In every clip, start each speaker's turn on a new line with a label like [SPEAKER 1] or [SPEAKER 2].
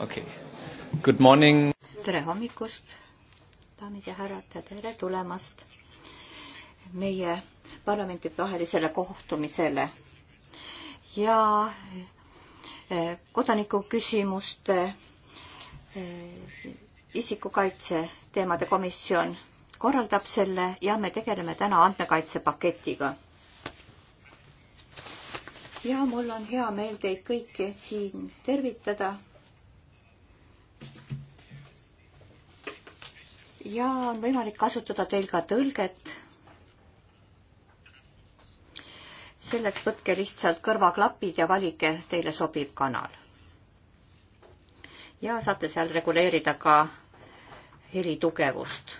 [SPEAKER 1] okei okay., good morning.
[SPEAKER 2] tere hommikust, daamid ja härrad ja tere tulemast meie parlamentivahelisele kohtumisele ja eh, kodanikuküsimuste eh, isikukaitse teemade komisjon korraldab selle ja me tegeleme täna andmekaitsepaketiga. ja mul on hea meel teid kõiki siin tervitada ja on võimalik kasutada teil ka tõlget. selleks võtke lihtsalt kõrvaklapid ja valige teile sobiv kanal. ja saate seal reguleerida ka heli tugevust.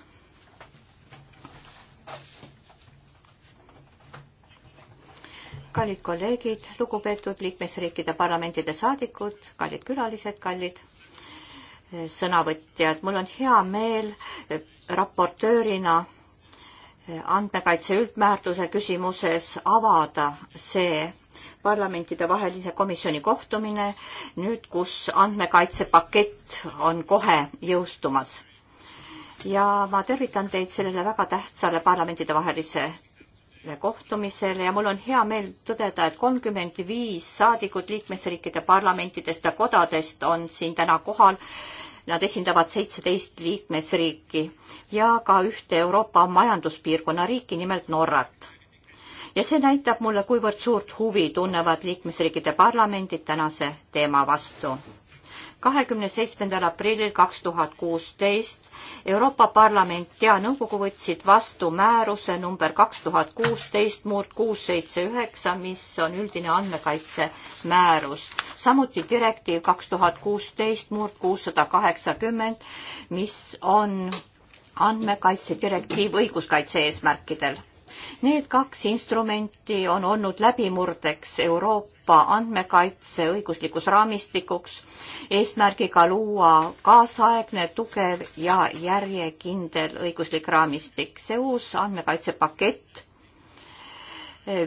[SPEAKER 2] kallid kolleegid, lugupeetud liikmesriikide parlamentide saadikud, kallid külalised, kallid sõnavõtjad. mul on hea meel eh, raportöörina eh, andmekaitse üldmäärtuse küsimuses avada see parlamentidevahelise komisjoni kohtumine nüüd, kus andmekaitsepakett on kohe jõustumas. ja ma tervitan teid sellele väga tähtsale parlamentidevahelise Äh, kohtumisele ja mul on hea meel tõdeda, et kolmkümmend viis saadikut liikmesriikide parlamentidest ja kodadest on siin täna kohal. Nad esindavad seitseteist liikmesriiki ja ka ühte Euroopa majanduspiirkonna riiki, nimelt Norrat. ja see näitab mulle, kuivõrd suurt huvi tunnevad liikmesriikide parlamendid tänase teema vastu kahekümne seitsmendal aprillil kaks tuhat kuusteist Euroopa Parlament ja nõukogu võtsid vastu määruse number kaks tuhat kuusteist muud kuus seitse üheksa, mis on üldine andmekaitse määrus. samuti direktiiv kaks tuhat kuusteist muud kuussada kaheksakümmend, mis on andmekaitse direktiiv õiguskaitse eesmärkidel Need kaks instrumenti on olnud läbimurdeks Euroopa andmekaitse õiguslikus raamistikuks, eesmärgiga luua kaasaegne, tugev ja järjekindel õiguslik raamistik. see uus andmekaitsepakett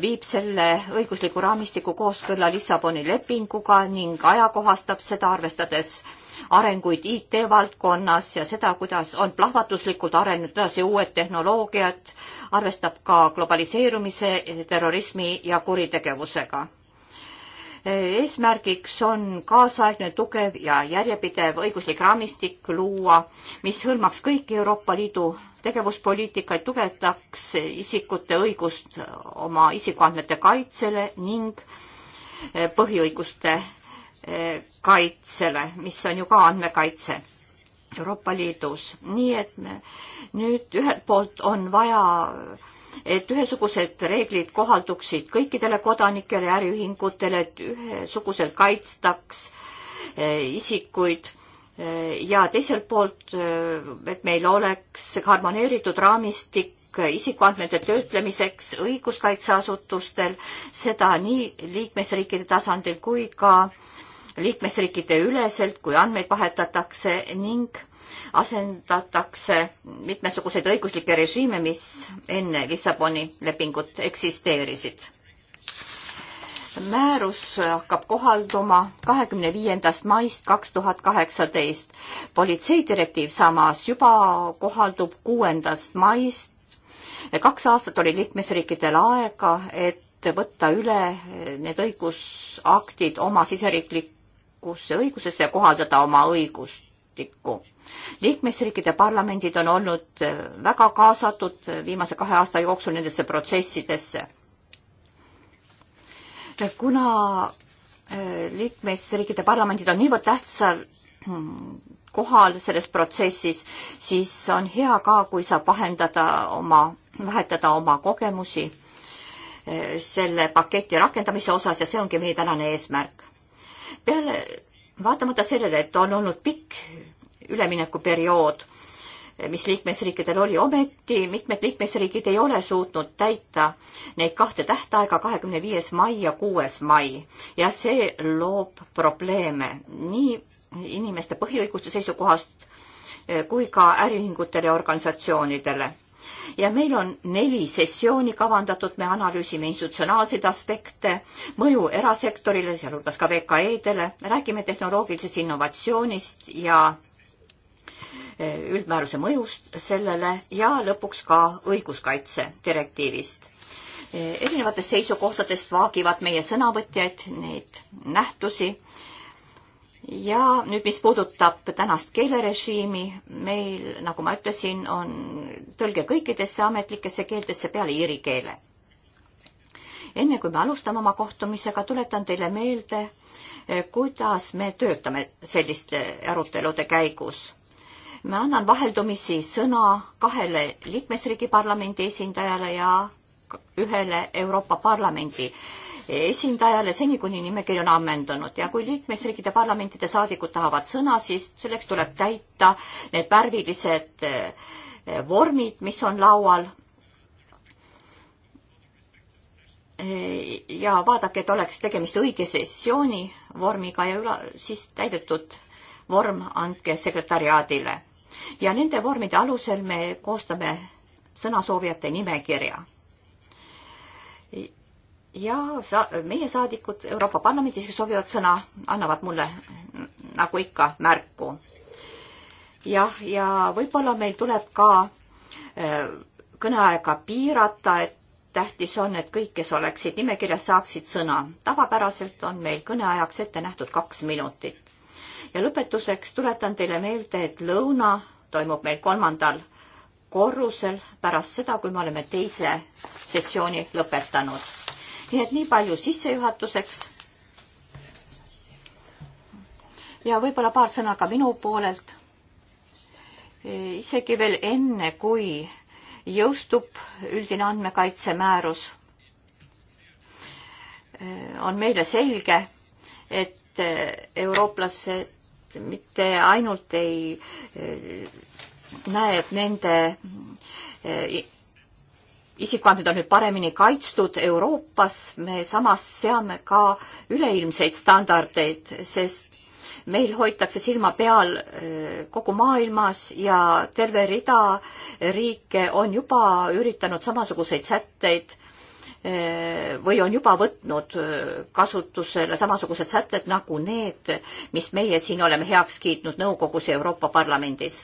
[SPEAKER 2] viib selle õigusliku raamistiku kooskõlla Lissaboni lepinguga ning ajakohastab seda, arvestades arenguid IT-valdkonnas ja seda, kuidas on plahvatuslikult arenenud edasi uued tehnoloogiad, arvestab ka globaliseerumise, terrorismi ja kuritegevusega. eesmärgiks on kaasaegne, tugev ja järjepidev õiguslik raamistik luua, mis hõlmaks kõiki Euroopa Liidu tegevuspoliitikaid tugevdaks isikute õigust oma isikuandmete kaitsele ning põhiõiguste kaitsele, mis on ju ka andmekaitse Euroopa Liidus. nii et me nüüd ühelt poolt on vaja et ühesugused reeglid kohalduksid kõikidele kodanikele ja äriühingutele, et ühesuguselt kaitstaks eh, isikuid eh, ja teiselt poolt, eh, et meil oleks harmoneeritud raamistik isikuandmete töötlemiseks õiguskaitseasutustel, seda nii liikmesriikide tasandil kui ka äh, liikmesriikide üleselt, kui andmeid vahetatakse ning asendatakse mitmesuguseid õiguslikke režiime, mis enne Lissaboni lepingut eksisteerisid. määrus hakkab kohalduma kahekümne viiendast maist kaks tuhat kaheksateist. politseidirektiiv samas juba kohaldub kuuendast maist. kaks aastat oli liikmesriikidel aega, et võtta üle need õigusaktid oma siseriiklik kodanikusse õigusesse ja kohaldada oma õigustikku. liikmesriikide parlamendid on olnud väga kaasatud viimase kahe aasta jooksul nendesse protsessidesse. kuna äh, liikmesriikide parlamendid on niivõrd tähtsal mm, kohal selles protsessis, siis on hea ka, kui saab vahendada oma, vahetada oma kogemusi äh, selle paketi rakendamise osas ja see ongi meie tänane eesmärk peale, vaatamata sellele, et on olnud pikk üleminekuperiood, mis liikmesriikidel oli, ometi mitmed liikmesriigid ei ole suutnud täita neid kahte tähtaega, kahekümne viies mai ja kuues mai ja see loob probleeme nii inimeste põhiõiguste seisukohast kui ka äriühingutele ja organisatsioonidele ja meil on neli sessiooni kavandatud, me analüüsime institutsionaalseid aspekte, mõju erasektorile, sealhulgas ka VKE-dele, räägime tehnoloogilisest innovatsioonist ja eh, üldmääruse mõjust sellele ja lõpuks ka õiguskaitse direktiivist. Eh, erinevatest seisukohtadest vaagivad meie sõnavõtjaid neid nähtusi ja nüüd, mis puudutab tänast keelerežiimi, meil, nagu ma ütlesin, on tõlge kõikidesse ametlikesse keeltesse peale iiri keele. enne kui me alustame oma kohtumisega, tuletan teile meelde, eh, kuidas me töötame selliste arutelude käigus. ma annan vaheldumisi sõna kahele liikmesriigi parlamendi esindajale ja ühele Euroopa Parlamendi äh, esindajale seni, kuni nimekiri on ammendunud ja kui liikmesriikide parlamentide saadikud tahavad sõna, siis selleks tuleb täita need värvilised eh, vormid, mis on laual. Eh, ja vaadake, et oleks tegemist õige sessiooni vormiga ja üla, siis täidetud vorm andke sekretäriaadile ja nende vormide alusel me koostame sõnasoovijate nimekirja ja sa, meie saadikud Euroopa Parlamendis, kes soovivad sõna, annavad mulle nagu ikka märku. jah, ja võib-olla meil tuleb ka äh, kõneaega piirata, et tähtis on, et kõik, kes oleksid nimekirjas, saaksid sõna. tavapäraselt on meil kõneajaks ette nähtud kaks minutit. ja lõpetuseks tuletan teile meelde, et lõuna toimub meil kolmandal korrusel pärast seda, kui me oleme teise sessiooni lõpetanud nii et nii palju sissejuhatuseks. ja võib-olla paar sõna ka minu poolelt. E, isegi veel enne, kui jõustub üldine andmekaitsemäärus, e, on meile selge, et e, eurooplased mitte ainult ei näe, et nende isikuandmed on nüüd paremini kaitstud Euroopas, me samas seame ka üleilmseid standardeid, sest meil hoitakse silma peal eh, kogu maailmas ja terve rida riike on juba üritanud samasuguseid sätteid eh, või on juba võtnud eh, kasutusele samasugused sätted nagu need, mis meie siin oleme heaks kiitnud Nõukogus ja Euroopa Parlamendis.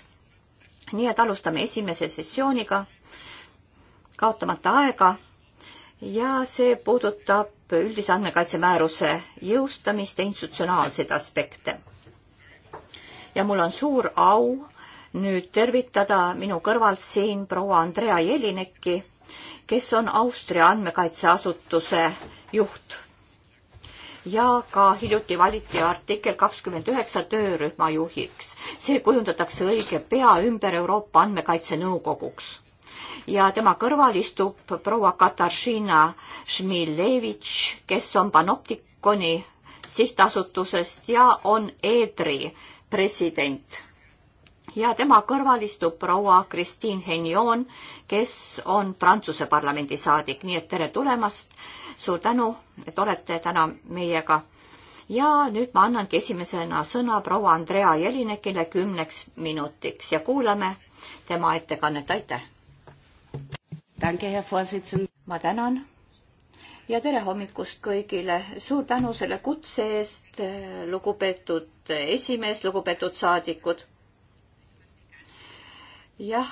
[SPEAKER 2] nii et alustame esimese sessiooniga kaotamata aega ja see puudutab üldise andmekaitsemääruse jõustamist ja institutsionaalseid aspekte. ja mul on suur au nüüd tervitada minu kõrval siin proua Andrea Jelinekki, kes on Austria andmekaitseasutuse juht ja ka hiljuti valiti artikkel kakskümmend üheksa töörühma juhiks. see kujundatakse õige pea ümber Euroopa Andmekaitse Nõukoguks ja tema kõrval istub proua Katarzyna Šmilevitš, kes on Panoptikoni sihtasutusest ja on EEDRi president. ja tema kõrval istub proua Kristiin Henjon, kes on Prantsuse parlamendi saadik, nii et tere tulemast. suur tänu, et olete täna meiega ja nüüd ma annangi esimesena sõna proua Andrea Jelinekile kümneks minutiks ja kuulame tema ettekannet, aitäh! ma tänan ja tere hommikust kõigile. suur tänu selle kutse eest, lugupeetud esimees, lugupeetud saadikud. jah,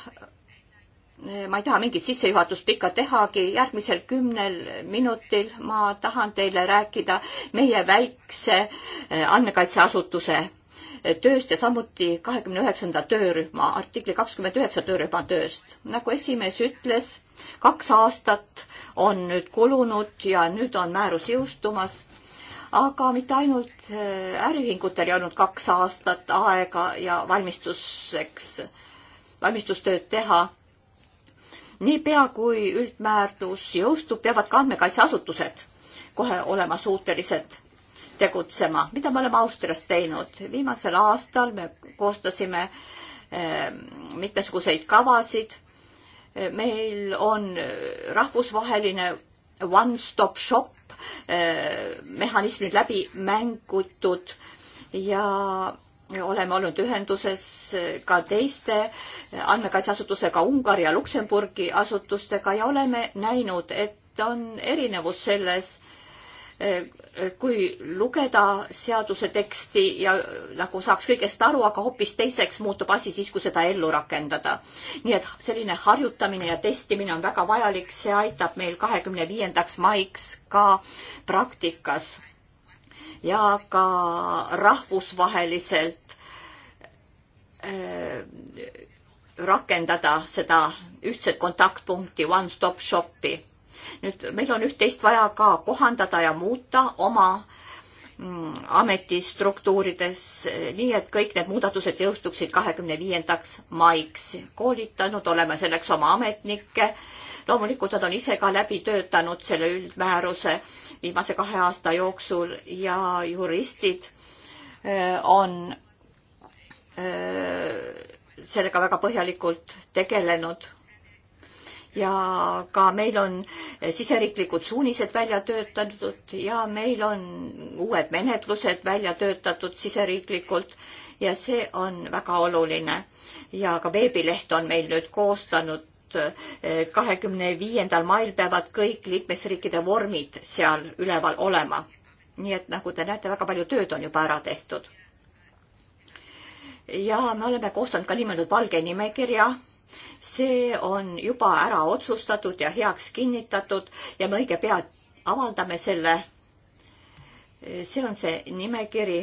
[SPEAKER 2] ma ei taha mingit sissejuhatust pikka tehagi, järgmisel kümnel minutil ma tahan teile rääkida meie väikse andmekaitseasutuse tööst ja samuti kahekümne üheksanda töörühma, artikli kakskümmend üheksa töörühma tööst. nagu esimees ütles, kaks aastat on nüüd kulunud ja nüüd on määrus jõustumas aga mitte ainult äh, äriühingutel ei olnud kaks aastat aega ja valmistuseks, valmistustööd teha. niipea kui üldmäärus jõustub, peavad ka andmekaitseasutused kohe olema suutelised tegutsema, mida me oleme Austrias teinud. viimasel aastal me koostasime ehm, mitmesuguseid kavasid. meil on rahvusvaheline one-stop shop ehm, mehhanismid läbi mängutud ja oleme olnud ühenduses eh, ka teiste eh, andmekaitseasutusega Ungari ja Luksemburgi asutustega ja oleme näinud, et on erinevus selles, Eh, kui lugeda seaduse teksti ja nagu saaks kõigest aru, aga hoopis teiseks muutub asi siis, kui seda ellu rakendada. nii et selline harjutamine ja testimine on väga vajalik, see aitab meil kahekümne viiendaks maiks ka praktikas ja ka rahvusvaheliselt äh, rakendada seda ühtset kontaktpunkti, one stop shopi nüüd meil on üht-teist vaja ka kohandada ja muuta oma mm, ametistruktuurides, nii et kõik need muudatused jõustuksid kahekümne viiendaks maiks. koolitanud oleme selleks oma ametnikke. loomulikult nad on ise ka läbi töötanud selle üldmääruse viimase kahe aasta jooksul ja juristid äh, on äh, sellega väga põhjalikult tegelenud ja ka meil on siseriiklikud suunised välja töötatud ja meil on uued menetlused välja töötatud siseriiklikult ja see on väga oluline. ja ka veebileht on meil nüüd koostanud kahekümne viiendal mail peavad kõik liikmesriikide vormid seal üleval olema. nii et nagu te näete, väga palju tööd on juba ära tehtud. ja me oleme koostanud ka niinimetatud valge nimekirja see on juba ära otsustatud ja heaks kinnitatud ja me õige pea avaldame selle. see on see nimekiri,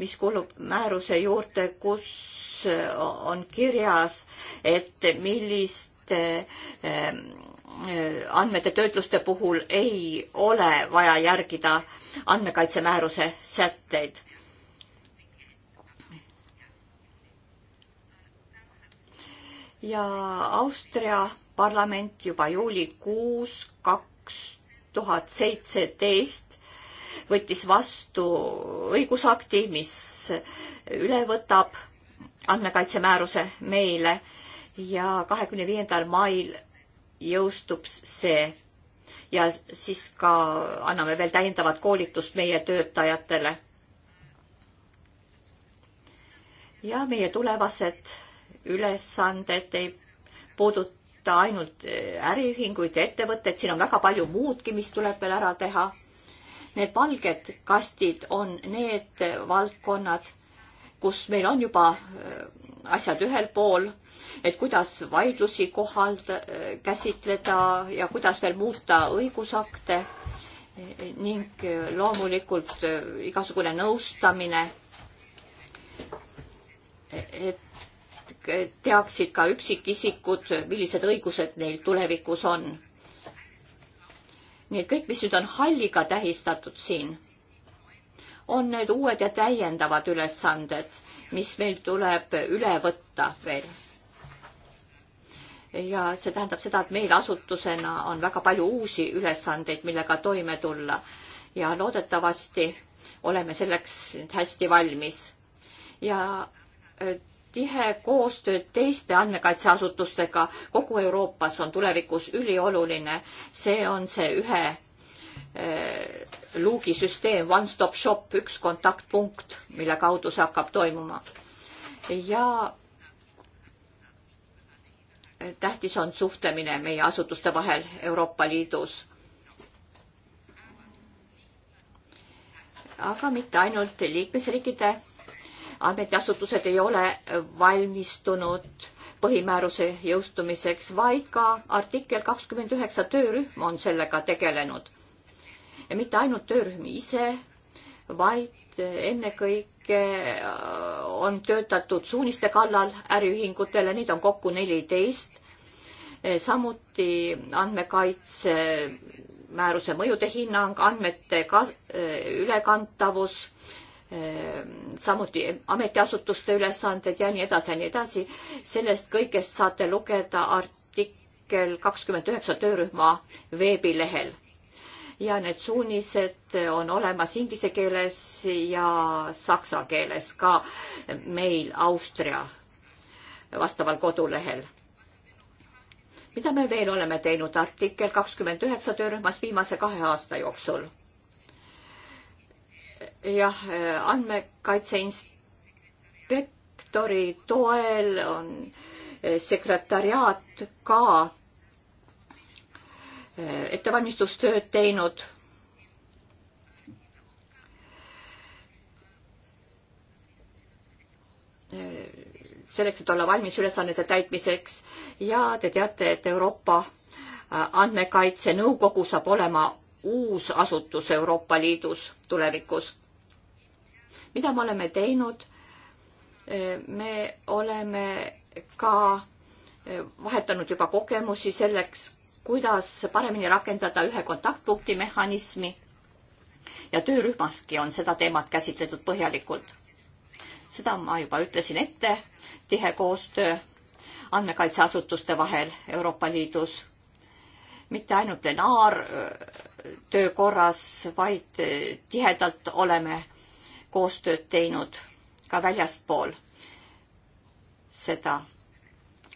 [SPEAKER 2] mis kuulub määruse juurde, kus on kirjas, et milliste ähm, äh, andmete töötluste puhul ei ole vaja järgida andmekaitsemääruse sätteid ja Austria parlament juba juulikuus kaks tuhat seitseteist võttis vastu õigusakti, mis üle võtab andmekaitsemääruse meile ja kahekümne viiendal mail jõustub see. ja siis ka anname veel täiendavat koolitust meie töötajatele. ja meie tulevased ülesanded ei puuduta ainult eh, äriühinguid ja ettevõtteid, siin on väga palju muudki, mis tuleb veel ära teha. Need valged kastid on need valdkonnad, kus meil on juba eh, asjad ühel pool, et kuidas vaidlusi kohalda, eh, käsitleda ja kuidas veel muuta õigusakte ning loomulikult igasugune nõustamine. et teaksid ka üksikisikud, millised õigused neil tulevikus on. nii et kõik, mis nüüd on halliga tähistatud siin, on need uued ja täiendavad ülesanded, mis meil tuleb üle võtta veel. ja see tähendab seda, et meil asutusena on väga palju uusi ülesandeid, millega toime tulla ja loodetavasti oleme selleks hästi valmis. ja äh, tihe koostöö teiste andmekaitseasutustega kogu Euroopas on tulevikus ülioluline. see on see ühe eh, luugisüsteem, one stop shop, üks kontaktpunkt, mille kaudu see hakkab toimuma. ja tähtis on suhtlemine meie asutuste vahel Euroopa Liidus. aga mitte ainult liikmesriikide ametiasutused ei ole valmistunud põhimääruse jõustumiseks, vaid ka artikkel kakskümmend üheksa töörühm on sellega tegelenud. ja mitte ainult töörühm ise, vaid ennekõike äh, on töötatud suuniste kallal äriühingutele, neid on kokku neliteist. Äh, samuti andmekaitse määruse mõjude hinnang, andmete ka-, äh, ülekantavus Ehm, samuti ametiasutuste ülesanded ja nii edasi ja nii edasi. sellest kõigest saate lugeda artikkel kakskümmend üheksa töörühma veebilehel. ja need suunised on olemas inglise keeles ja saksa keeles ka meil Austria vastaval kodulehel mida me veel oleme teinud artikkel kakskümmend üheksa töörühmas viimase kahe aasta jooksul? jah, eh, andmekaitse inspektori toel on eh, sekretariaat ka eh, ettevalmistustööd teinud. selleks, et olla valmis ülesannete täitmiseks ja te teate, et Euroopa Andmekaitse Nõukogu saab olema uus asutus Euroopa Liidus tulevikus mida me oleme teinud? me oleme ka e, vahetanud juba kogemusi selleks, kuidas paremini rakendada ühe kontaktpunkti mehhanismi ja töörühmaski on seda teemat käsitletud põhjalikult. seda ma juba ütlesin ette, tihe koostöö andmekaitseasutuste vahel Euroopa Liidus, mitte ainult plenaartöö e, korras, vaid e, tihedalt oleme koostööd teinud ka väljaspool seda,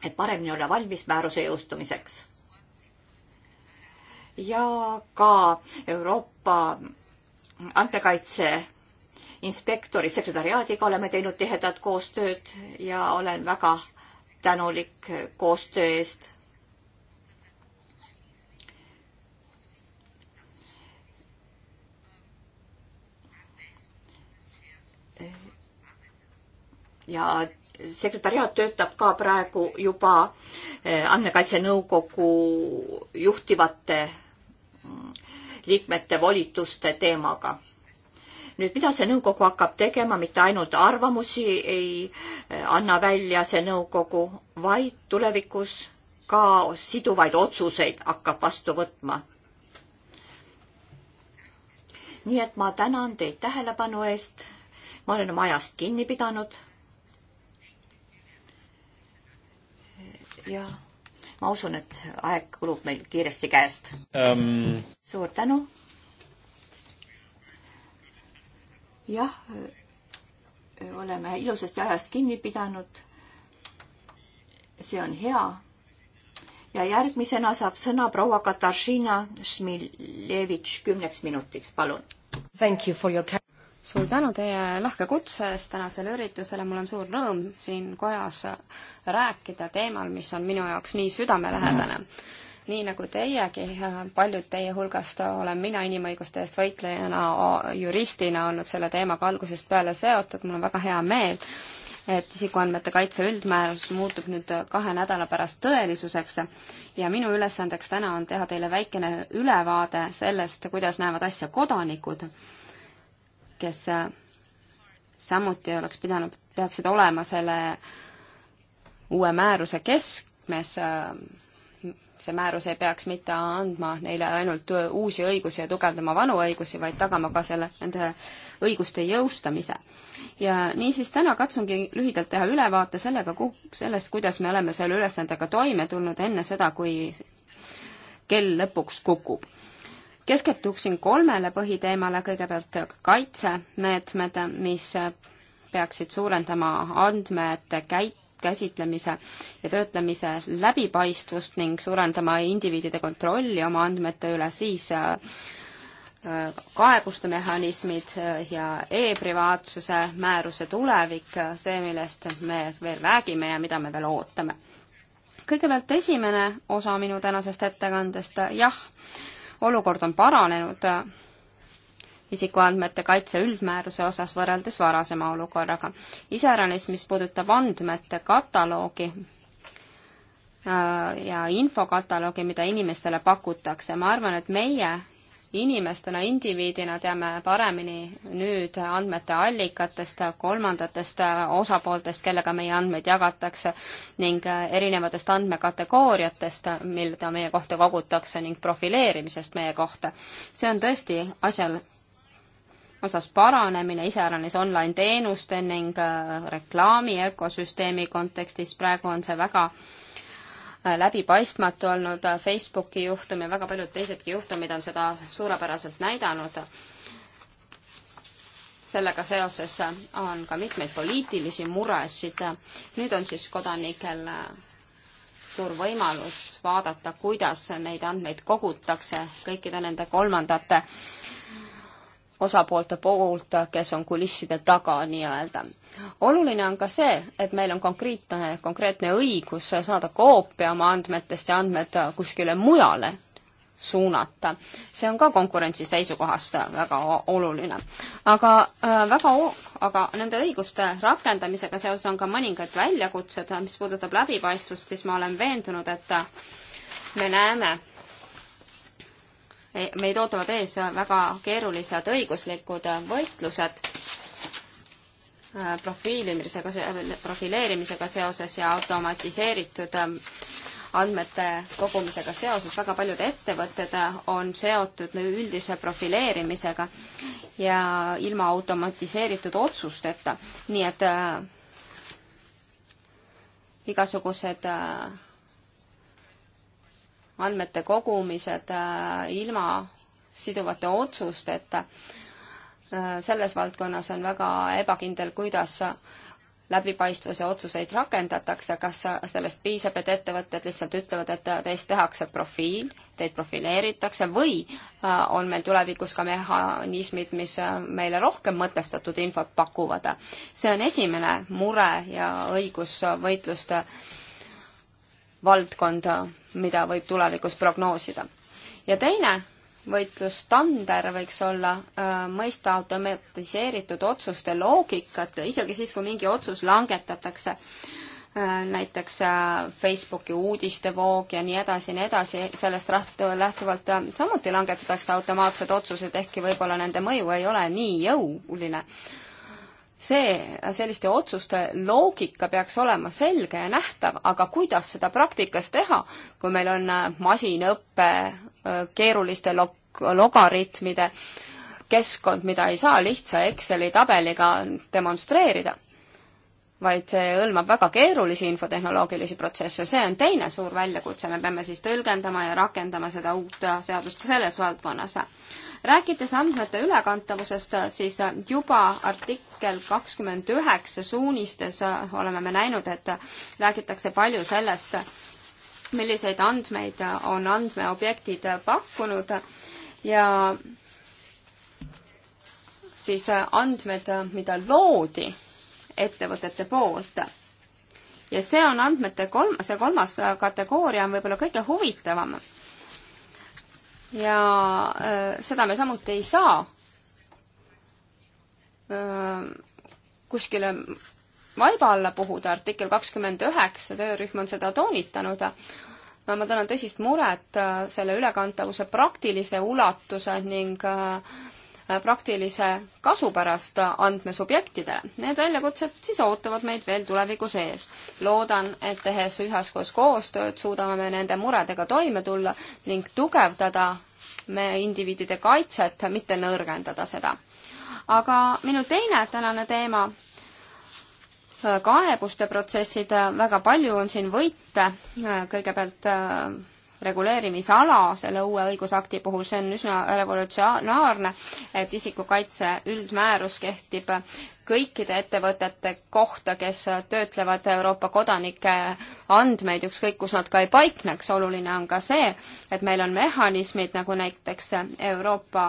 [SPEAKER 2] et paremini olla valmis määruse jõustumiseks. ja ka Euroopa andmekaitse inspektori sekretariaadiga oleme teinud tihedat koostööd ja olen väga tänulik koostöö eest ja sekretäriaat töötab ka praegu juba eh, Andmekaitse Nõukogu juhtivate mm, liikmete volituste teemaga. nüüd, mida see nõukogu hakkab tegema, mitte ainult arvamusi ei eh, anna välja see nõukogu, vaid tulevikus ka siduvaid otsuseid hakkab vastu võtma. nii et ma tänan teid tähelepanu eest. ma olen oma ajast kinni pidanud ja ma usun, et aeg kulub meil kiiresti käest um.... suur tänu. jah, oleme ilusasti ajast kinni pidanud. see on hea. ja järgmisena saab sõna proua Katarzyna Šmilevitš kümneks minutiks, palun. Thank you for your
[SPEAKER 1] suur tänu teie lahke kutse eest tänasele üritusele, mul on suur rõõm siin kojas rääkida teemal, mis on minu jaoks nii südamelähedane. nii nagu teiegi, paljud teie hulgast olen mina inimõiguste eest võitlejana, juristina olnud selle teemaga algusest peale seotud, mul on väga hea meel, et isikuandmete kaitse üldmäärus muutub nüüd kahe nädala pärast tõelisuseks ja minu ülesandeks täna on teha teile väikene ülevaade sellest, kuidas näevad asja kodanikud kes äh, samuti oleks pidanud, peaksid olema selle uue määruse keskmes, äh, see määrus ei peaks mitte andma neile ainult uusi õigusi ja tugevdama vanu õigusi, vaid tagama ka selle, nende õiguste jõustamise. ja niisiis täna katsungi lühidalt teha ülevaate sellega, sellest, kuidas me oleme selle ülesandega toime tulnud enne seda, kui kell lõpuks kukub keskenduksin kolmele põhiteemale, kõigepealt kaitsemeetmed, mis peaksid suurendama andmete käit-, käsitlemise ja töötlemise läbipaistvust ning suurendama indiviidide kontrolli oma andmete üle, siis äh, kaebuste mehhanismid ja e-privaatsuse määruse tulevik, see, millest me veel räägime ja mida me veel ootame. kõigepealt esimene osa minu tänasest ettekandest, jah, olukord on paranenud isikuandmete kaitse üldmääruse osas võrreldes varasema olukorraga. iseäranis, mis puudutab andmete kataloogi äh, ja infokataloogi, mida inimestele pakutakse, ma arvan, et meie inimestena, indiviidina teame paremini nüüd andmete allikatest, kolmandatest osapooltest, kellega meie andmeid jagatakse ning erinevatest andmekategooriatest, mida meie kohta kogutakse ning profileerimisest meie kohta. see on tõesti asjal osas paranemine iseäranis online teenuste ning reklaami ökosüsteemi kontekstis, praegu on see väga äh, Äh, läbipaistmatu olnud, äh, Facebooki juhtum ja väga paljud teisedki juhtumid on seda suurepäraselt näidanud. sellega seoses äh, on ka mitmeid poliitilisi muresid. nüüd on siis kodanikel suur võimalus vaadata, kuidas neid andmeid kogutakse kõikide nende kolmandate äh, osapoolte poolt, kes on kulisside taga nii-öelda. oluline on ka see, et meil on konkreetne, konkreetne õigus saada koopia oma andmetest ja andmed kuskile mujale suunata. see on ka konkurentsi seisukohast väga oluline. aga äh, väga, aga nende õiguste rakendamisega seoses on ka mõningad väljakutsed, mis puudutab läbipaistvust, siis ma olen veendunud, et me näeme, Eh, meid ootavad ees väga keerulised õiguslikud võitlused eh, profiilimisega, profileerimisega seoses ja automatiseeritud eh, andmete kogumisega seoses väga paljud ettevõtted on seotud üldise profileerimisega ja ilma automatiseeritud otsusteta, nii et igasugused äh, andmete kogumised äh, ilma siduvate otsusteta, äh, selles valdkonnas on väga ebakindel, kuidas läbipaistvuse otsuseid rakendatakse, kas sellest piisab, et ettevõtted lihtsalt ütlevad, et teist tehakse profiil, teid profileeritakse või äh, on meil tulevikus ka mehhanismid, mis meile rohkem mõtestatud infot pakuvad. see on esimene mure ja õigusvõitluste valdkond mida võib tulevikus prognoosida. ja teine võitlustander võiks olla äh, mõista automatiseeritud otsuste loogikat, isegi siis, kui mingi otsus langetatakse äh,, näiteks äh, Facebooki uudistevoog ja nii edasi ja nii edasi, sellest lähtuvalt äh, samuti langetatakse automaatsed otsused, ehkki võib-olla nende mõju ei ole nii jõuline äh, see, selliste otsuste loogika peaks olema selge ja nähtav, aga kuidas seda praktikas teha, kui meil on äh, masinõpe, äh, keeruliste log-, logaritmide keskkond, mida ei saa lihtsa Exceli tabeliga demonstreerida, vaid see hõlmab väga keerulisi infotehnoloogilisi protsesse, see on teine suur väljakutse, me peame siis tõlgendama ja rakendama seda uut äh, seadust ka selles valdkonnas rääkides andmete ülekantavusest, siis juba artikkel kakskümmend üheksa suunistes oleme me näinud, et räägitakse palju sellest, milliseid andmeid on andmeobjektid pakkunud ja siis andmed, mida loodi ettevõtete poolt. ja see on andmete kolm, see kolmas kategooria on võib-olla kõige huvitavam ja äh, seda me samuti ei saa äh, kuskile vaiba alla puhuda, artikkel kakskümmend üheksa, töörühm on seda toonitanud, no ma tunnen tõsist muret äh, selle ülekantavuse praktilise ulatuse ning Äh, praktilise kasu pärast andmesubjektidele. Need väljakutsed siis ootavad meid veel tulevikus ees. loodan, et tehes üheskoos koostööd, suudame me nende muredega toime tulla ning tugevdada me indiviidide kaitset, mitte nõrgendada seda. aga minu teine tänane teema, äh, kaebuste protsessid, äh, väga palju on siin võite, kõigepealt reguleerimisala selle uue õigusakti puhul, see on üsna revolutsionaarne, et isikukaitse üldmäärus kehtib kõikide ettevõtete kohta, kes töötlevad Euroopa kodanike andmeid, ükskõik kus nad ka ei paikneks, oluline on ka see, et meil on mehhanismid, nagu näiteks Euroopa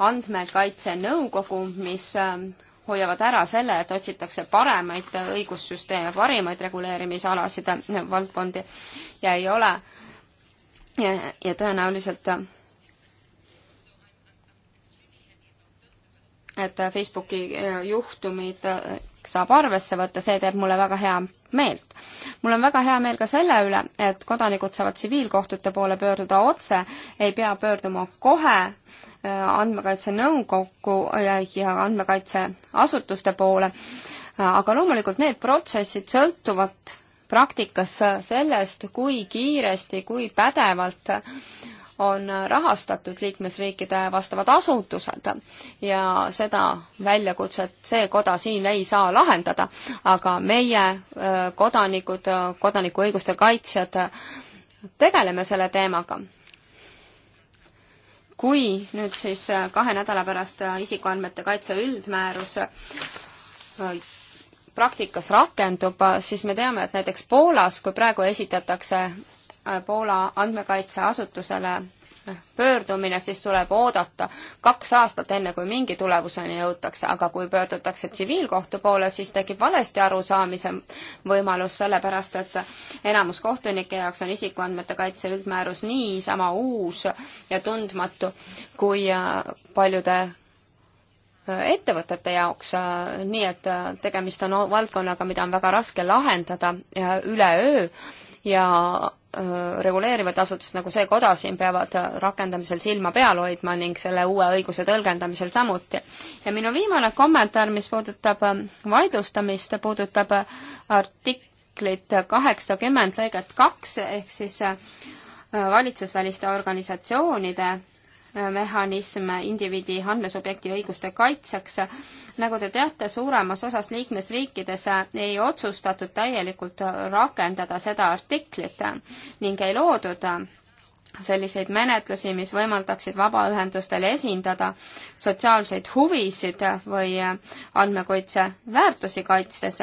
[SPEAKER 1] Andmekaitsenõukogu, mis ähm, hoiavad ära selle, et otsitakse paremaid õigussüsteeme, parimaid reguleerimisalasid, äh, valdkondi ja ei ole äh, ja, ja tõenäoliselt et Facebooki äh, juhtumid äh, saab arvesse võtta, see teeb mulle väga hea meelt. mul on väga hea meel ka selle üle, et kodanikud saavad tsiviilkohtute poole pöörduda otse, ei pea pöörduma kohe äh, Andmekaitse Nõukokku ja, ja andmekaitseasutuste poole, aga loomulikult need protsessid sõltuvad praktikas sellest, kui kiiresti, kui pädevalt on rahastatud liikmesriikide vastavad asutused ja seda väljakutset see koda siin ei saa lahendada, aga meie äh, kodanikud, kodanikuõiguste kaitsjad tegeleme selle teemaga. kui nüüd siis kahe nädala pärast isikuandmete kaitse üldmäärus äh, praktikas rakendub, siis me teame, et näiteks Poolas, kui praegu esitatakse äh, Poola andmekaitseasutusele äh, pöördumine, siis tuleb oodata kaks aastat, enne kui mingi tulemuseni jõutakse, aga kui pöördutakse tsiviilkohtu poole, siis tekib valesti arusaamise võimalus, sellepärast et enamus kohtunike jaoks on isikuandmete kaitse üldmäärus niisama uus ja tundmatu kui äh, paljude ettevõtete jaoks, äh, nii et äh, tegemist on valdkonnaga, mida on väga raske lahendada üleöö ja äh, reguleerivad asutused nagu see koda siin peavad rakendamisel silma peal hoidma ning selle uue õiguse tõlgendamisel samuti. ja minu viimane kommentaar, mis puudutab vaidlustamist, puudutab artiklit kaheksakümmend lõiget kaks ehk siis valitsusväliste organisatsioonide mehhanism indiviidi andmesubjekti õiguste kaitseks. nagu te teate, suuremas osas liikmesriikides ei otsustatud täielikult rakendada seda artiklit ning ei loodud selliseid menetlusi, mis võimaldaksid vabaühendustel esindada sotsiaalseid huvisid või andmekaitse väärtusi kaitstes.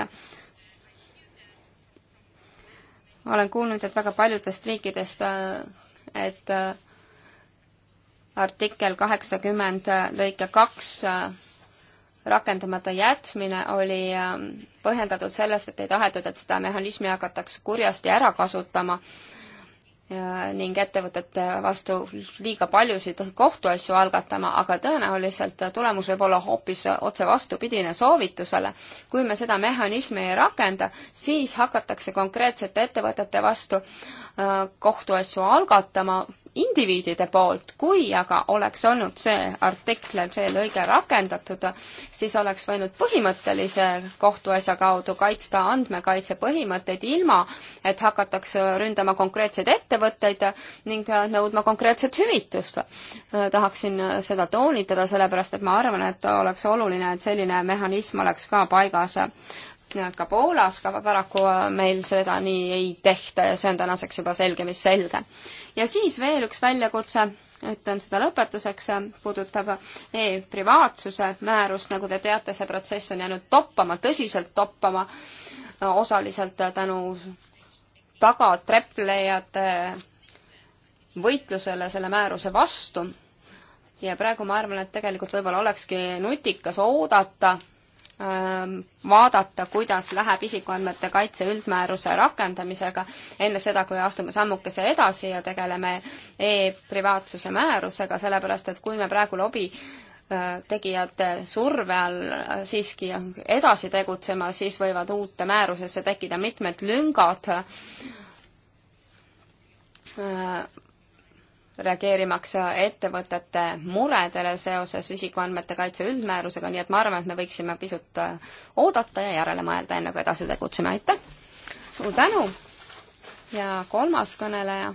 [SPEAKER 1] olen kuulnud, et väga paljudest riikidest, et artikkel kaheksakümmend lõike kaks äh, rakendamata jätmine oli ähm, põhjendatud sellest, et ei tahetud, et seda mehhanismi hakatakse kurjasti ära kasutama ning ettevõtete vastu liiga paljusid kohtuasju algatama, aga tõenäoliselt tulemus võib olla hoopis otse vastupidine soovitusele. kui me seda mehhanismi ei rakenda, siis hakatakse konkreetsete ettevõtete vastu äh, kohtuasju algatama indiviidide poolt, kui aga oleks olnud see artikkel, see lõige rakendatud, siis oleks võinud põhimõttelise kohtuasja kaudu kaitsta andmekaitse põhimõtteid ilma, et hakatakse ründama konkreetseid ettevõtteid ning nõudma konkreetset hüvitust. tahaksin seda toonitada, sellepärast et ma arvan, et oleks oluline, et selline mehhanism oleks ka paigas ka Poolas, aga paraku meil seda nii ei tehta ja see on tänaseks juba selge, mis selge ja siis veel üks väljakutse, ütlen seda lõpetuseks, äh, puudutab e-privaatsuse määrust, nagu te teate, see protsess on jäänud toppama, tõsiselt toppama, äh, osaliselt äh, tänu tagatreplejate võitlusele selle määruse vastu ja praegu ma arvan, et tegelikult võib-olla olekski nutikas oodata Ähm, vaadata, kuidas läheb isikuandmete kaitse üldmääruse rakendamisega, enne seda, kui astume sammukese edasi ja tegeleme e-privaatsuse määrusega, sellepärast et kui me praegu lobi äh, tegijate surve all äh, siiski edasi tegutsema, siis võivad uute määrusesse tekkida mitmed lüngad äh, reageerimaks ettevõtete muredele seoses isikuandmete kaitse üldmäärusega, nii et ma arvan, et me võiksime pisut oodata ja järele mõelda, enne kui edasi tegutseme, aitäh! suur tänu! ja kolmas kõneleja,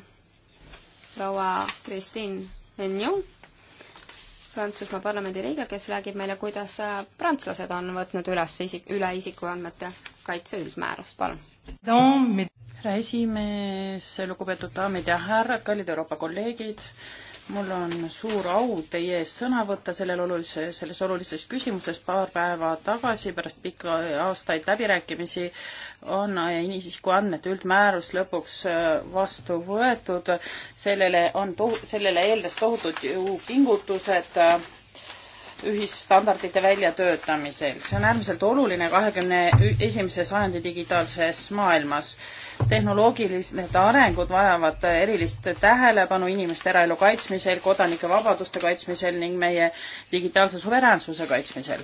[SPEAKER 1] proua Kristiin Enju Prantsusmaa parlamendi liige, kes räägib meile, kuidas äh, prantslased on võtnud üles isik, üle isikuandmete kaitse üldmäärust, palun
[SPEAKER 3] no,. härra esimees, lugupeetud daamid ja härrad, kallid Euroopa kolleegid, mul on suur au teie ees sõna võtta sellel olulise, selles olulises küsimuses. paar päeva tagasi pärast pikki aastaid läbirääkimisi on isikuandmete üldmäärus lõpuks äh, vastu võetud. sellele on, sellele eeldas tohutud ju pingutused äh, ühisstandardite väljatöötamisel. see on äärmiselt oluline kahekümne esimese sajandi digitaalses maailmas. tehnoloogilised arengud vajavad erilist tähelepanu inimeste eraelu kaitsmisel, kodanike vabaduste kaitsmisel ning meie digitaalse suveräänsuse kaitsmisel.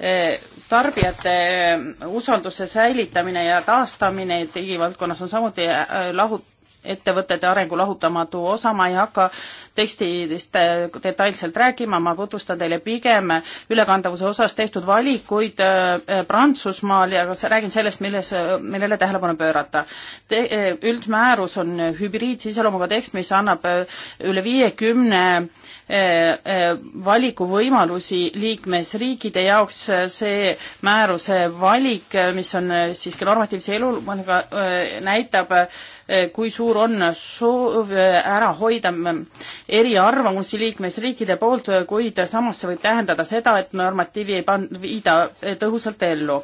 [SPEAKER 3] E, tarbijate e, usalduse säilitamine ja taastamine digivaldkonnas on samuti e, lahut-, ettevõtete arengu lahutamatu osa, ma ei hakka tekstidest äh, detailselt rääkima, ma tutvustan teile pigem ülekandavuse osas tehtud valikuid äh, Prantsusmaal ja kas räägin sellest, milles, millele tähelepanu pöörata. Äh, üldmäärus on hübriidse iseloomuga tekst, mis annab üle viiekümne valikuvõimalusi liikmesriikide jaoks, see määruse valik, mis on siiski normatiivse elu, näitab äh, Eh, kui suur on soov eh, ära hoida mm, eriarvamusi liikmesriikide poolt, eh, kuid samas see võib tähendada seda, et normatiivi ei pan-, viida tõhusalt ellu.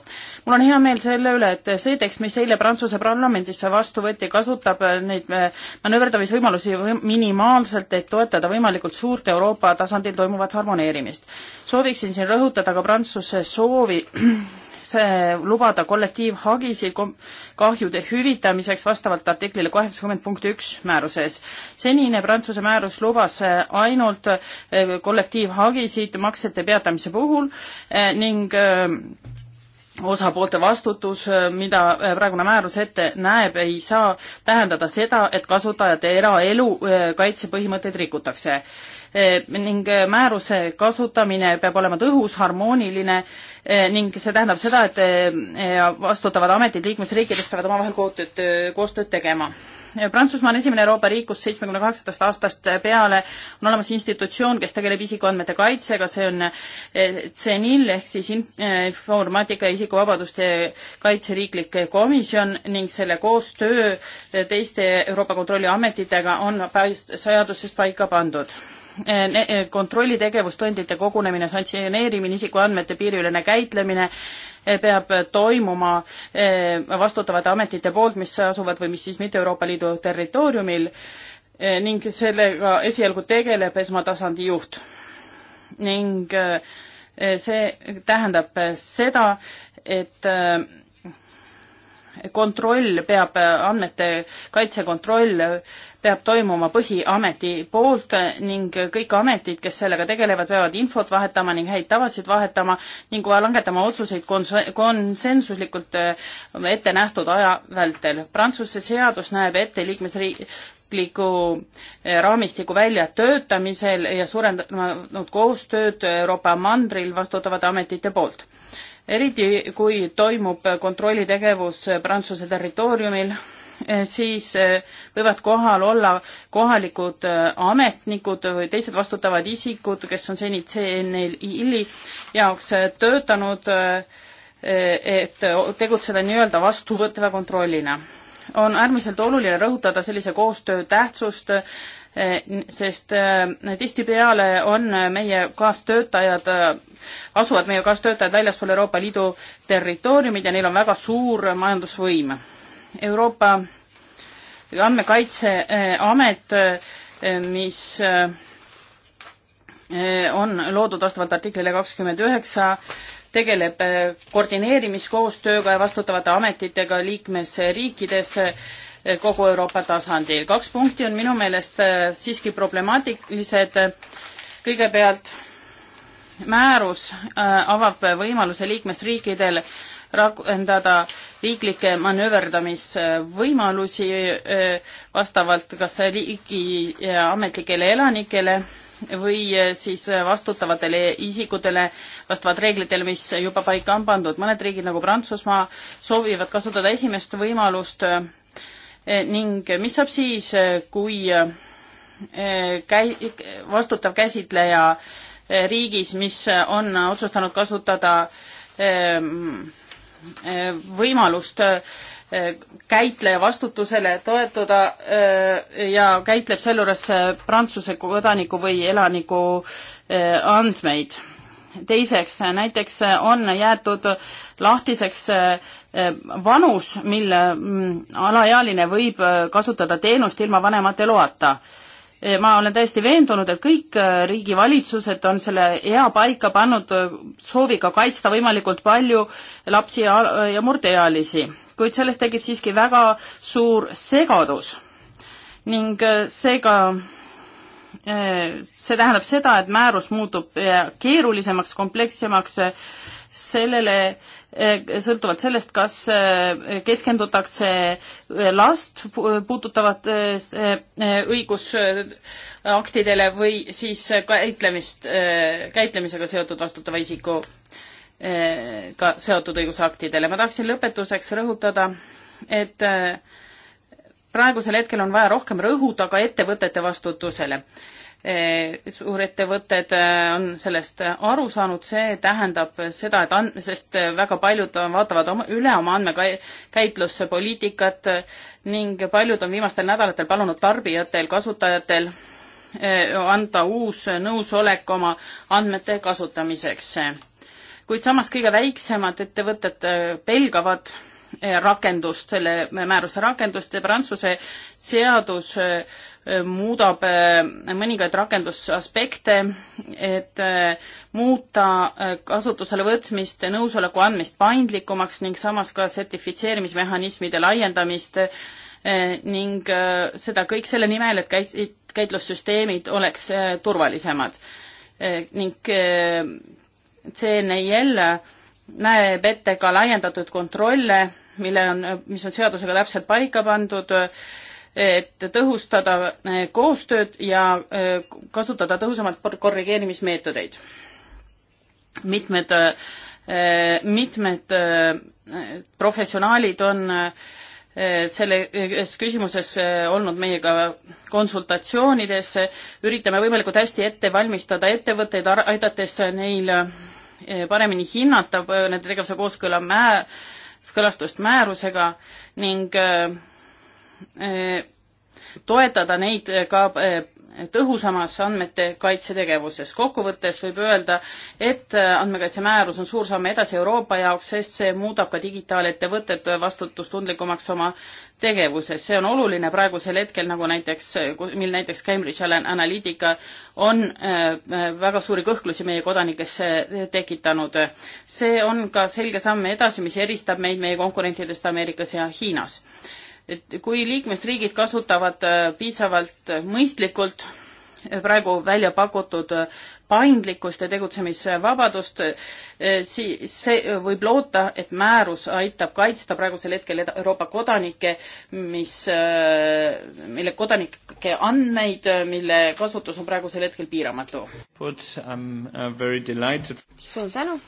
[SPEAKER 3] mul on hea meel selle üle, et see tekst, mis eile Prantsuse parlamendis vastu võeti, kasutab neid manööverdamisvõimalusi minimaalselt, et toetada võimalikult suurt Euroopa tasandil toimuvat harmoneerimist. sooviksin siin rõhutada ka Prantsuse soovi lubada kollektiivhagisi kahjude hüvitamiseks vastavalt artiklile kaheksakümmend punkt üks määruses. senine Prantsuse määrus lubas eh, ainult eh, kollektiivhagisid maksete peatamise puhul eh, ning osapoolte vastutus, äh, mida äh, praegune määrus ette näeb, ei saa tähendada seda, et kasutajate eraelu äh, kaitsepõhimõtteid rikutakse. ning määruse kasutamine peab olema tõhus, harmooniline ning see tähendab seda, et vastutavad ametid liikmesriikides peavad omavahel koostööd, koostööd tegema Prantsusmaa on esimene Euroopa riik, kus seitsmekümne kaheksandast aastast peale on olemas institutsioon, kes tegeleb isikuandmete kaitsega, see on CENIL eh, ehk siis eh, informaatika ja isikuvabaduste kaitse riiklik komisjon ning selle koostöö teiste Euroopa Kontrolliametitega on seaduses paika pandud Eh, eh, kontrollitegevus, tõendite kogunemine, sanktsioneerimine, isikuandmete piiriülene käitlemine eh, peab toimuma vastutavate ametite poolt, mis asuvad või mis siis mitte Euroopa Liidu territooriumil ning sellega esialgu tegeleb esmatasandi juht. ning see tähendab seda, et kontroll peab, andmete kaitsekontroll peab toimuma põhiameti poolt ning kõik ametid, kes sellega tegelevad, peavad infot vahetama ning häid tavasid vahetama ning langetama otsuseid kons-, konsensuslikult äh, ette nähtud aja vältel. Prantsuse seadus näeb ette liikmesriikliku äh, raamistiku väljatöötamisel ja suurendanud koostööd Euroopa mandril vastutavate ametite poolt eriti kui toimub kontrollitegevus Prantsuse territooriumil, eh, siis eh, võivad kohal olla kohalikud eh, ametnikud või teised vastutavad isikud, kes on seni CNL-i jaoks töötanud, et tegutseda nii-öelda vastuvõtva kontrollina. on äärmiselt oluline rõhutada sellise koostöö tähtsust Eh, sest eh, tihtipeale on meie kaastöötajad, eh, asuvad meie kaastöötajad väljaspool Euroopa Liidu territooriumid ja neil on väga suur majandusvõim. Euroopa Andmekaitseamet, mis on loodud vastavalt artiklile kakskümmend üheksa, tegeleb koordineerimiskoostööga ja vastutavate ametitega liikmesriikides kogu Euroopa tasandil. kaks punkti on minu meelest äh, siiski problemaatilised. kõigepealt määrus äh, avab võimaluse liikmesriikidel rakendada riiklikke manööverdamisvõimalusi äh, vastavalt kas riigi ametlikele elanikele või siis vastutavatele isikutele vastavalt reeglitele, mis juba paika on pandud. mõned riigid nagu Prantsusmaa soovivad kasutada esimest võimalust Eh, ning mis saab siis, eh, kui eh, käi-, vastutav käsitleja riigis, mis on otsustanud kasutada ehm, võimalust käitleja vastutusele toetuda ja käitleb sealjuures Prantsuse kodaniku või elaniku andmeid teiseks, näiteks on jäetud lahtiseks eh, vanus, mil mm, alaealine võib eh, kasutada teenust ilma vanemate loata. Eh, ma olen täiesti veendunud, et kõik riigi valitsused on selle ea paika pannud sooviga kaitsta võimalikult palju lapsi ja, ja murdeealisi, kuid sellest tekib siiski väga suur segadus ning seega Äh, see tähendab seda, et määrus muutub äh, keerulisemaks, komplekssemaks, äh, sellele, sõltuvalt sellest, kas keskendutakse last puudutavat õigusaktidele või siis käitlemist, käitlemisega seotud vastutava isiku ka seotud õigusaktidele. ma tahaksin lõpetuseks rõhutada, et äh, praegusel hetkel on vaja rohkem rõhuda ka ettevõtete vastutusele. E, suurettevõtted e, on sellest aru saanud, see tähendab seda, et and-, sest väga paljud vaatavad oma, üle oma andmekäitluse e, poliitikat ning paljud on viimastel nädalatel palunud tarbijatel, kasutajatel anda uus nõusolek oma andmete kasutamiseks. kuid samas kõige väiksemad ettevõtted pelgavad Eh, rakendust, selle määruse rakendust ja Prantsuse seadus eh, muudab eh, mõningaid rakendusaspekte, et muuta kasutusele võtmist, nõusoleku andmist paindlikumaks ning samas ka sertifitseerimismehhanismide laiendamist ning seda kõik selle nimel, et käit-, käitlussüsteemid oleks turvalisemad. ning CNIL näeb ette ka laiendatud kontrolle, mille on, mis on seadusega täpselt paika pandud, et tõhustada eh, koostööd ja eh, kasutada tõhusamalt korrigeerimismeetodeid. mitmed, eh, mitmed professionaalid on selles küsimuses olnud meiega konsultatsioonides, üritame võimalikult hästi ette valmistada ettevõtteid, aidates neil Eh, paremini hinnata eh, nende tegevuse kooskõla määr-, kõlastust määrusega ning eh, toetada neid ka tõhusamas andmete kaitsetegevuses. kokkuvõttes võib öelda, et andmekaitsemäärus on suur samm edasi Euroopa jaoks, sest see muudab ka digitaalettevõtted vastutustundlikumaks oma tegevuses. see on oluline praegusel hetkel, nagu näiteks, mil näiteks Cambridge Analytica on äh, väga suuri kõhklusi meie kodanikesse tekitanud. see on ka selge samm edasi, mis eristab meid meie konkurentidest Ameerikas ja Hiinas et kui liikmesriigid kasutavad äh, piisavalt mõistlikult äh, praegu välja pakutud äh, paindlikkust ja tegutsemisvabadust, siis see võib loota, et määrus aitab kaitsta praegusel hetkel Euroopa kodanikke, mis, mille kodanike andmeid, mille kasutus on praegusel hetkel piiramatu. Um, uh, suur tänu,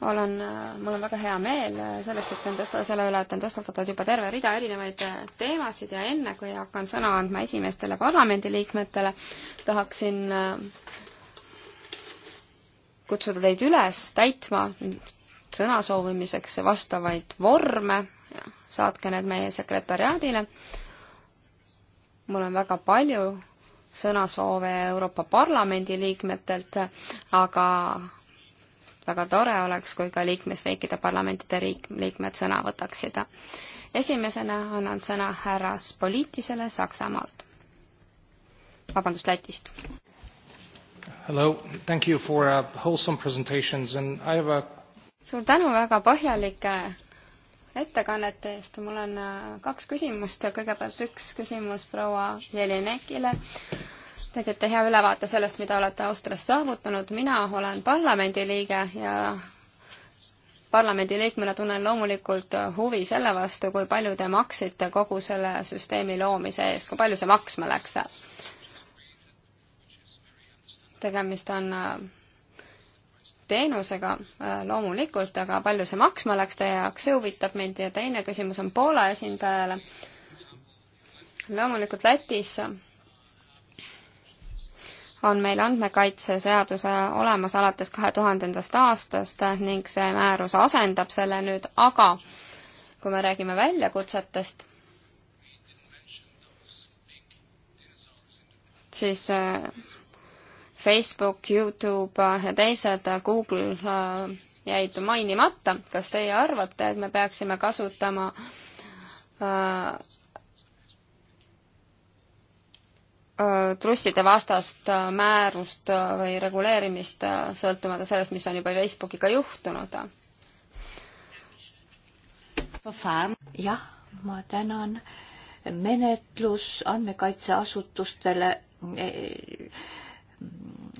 [SPEAKER 1] olen, mul on väga hea meel sellest, et on tõsta-, selle üle, et on tõstatatud juba terve rida erinevaid teemasid ja enne, kui hakkan sõna andma esimestele parlamendiliikmetele, tahaksin äh, kutsuda teid üles täitma sõna soovimiseks vastavaid vorme, saatke need meie sekretäriaadile. mul on väga palju sõnasoove Euroopa Parlamendi liikmetelt, aga väga tore oleks, kui ka liikmesriikide parlamentide riik, liikmed sõna võtaksid. esimesena annan sõna härra Spolitisele Saksamaalt. vabandust, Lätist.
[SPEAKER 2] Hello, thank you for uh, wholesome presentations and I have a
[SPEAKER 1] suur tänu väga põhjalike ettekannete eest, mul on äh, kaks küsimust, kõigepealt üks küsimus proua Jelinekile tegite hea ülevaate sellest, mida olete Austrias saavutanud, mina olen parlamendiliige ja parlamendiliikmena tunnen loomulikult huvi selle vastu, kui palju te maksite kogu selle süsteemi loomise eest, kui palju see maksma läks. tegemist on äh, teenusega äh, loomulikult, aga palju see maksma läks teie jaoks, see huvitab mind ja teine küsimus on Poola esindajale. loomulikult Lätis on meil andmekaitseseaduse olemas alates kahe tuhandendast aastast ning see määrus asendab selle nüüd, aga kui me räägime väljakutsetest, siis äh, Facebook, Youtube äh, ja teised, äh, Google jäid mainimata. kas teie arvate, et me peaksime kasutama Äh, trusside vastast äh, määrust äh, või reguleerimist, sõltumata sellest,
[SPEAKER 2] mis on juba Facebookiga juhtunud. jah, ma tänan. menetlus andmekaitseasutustele e,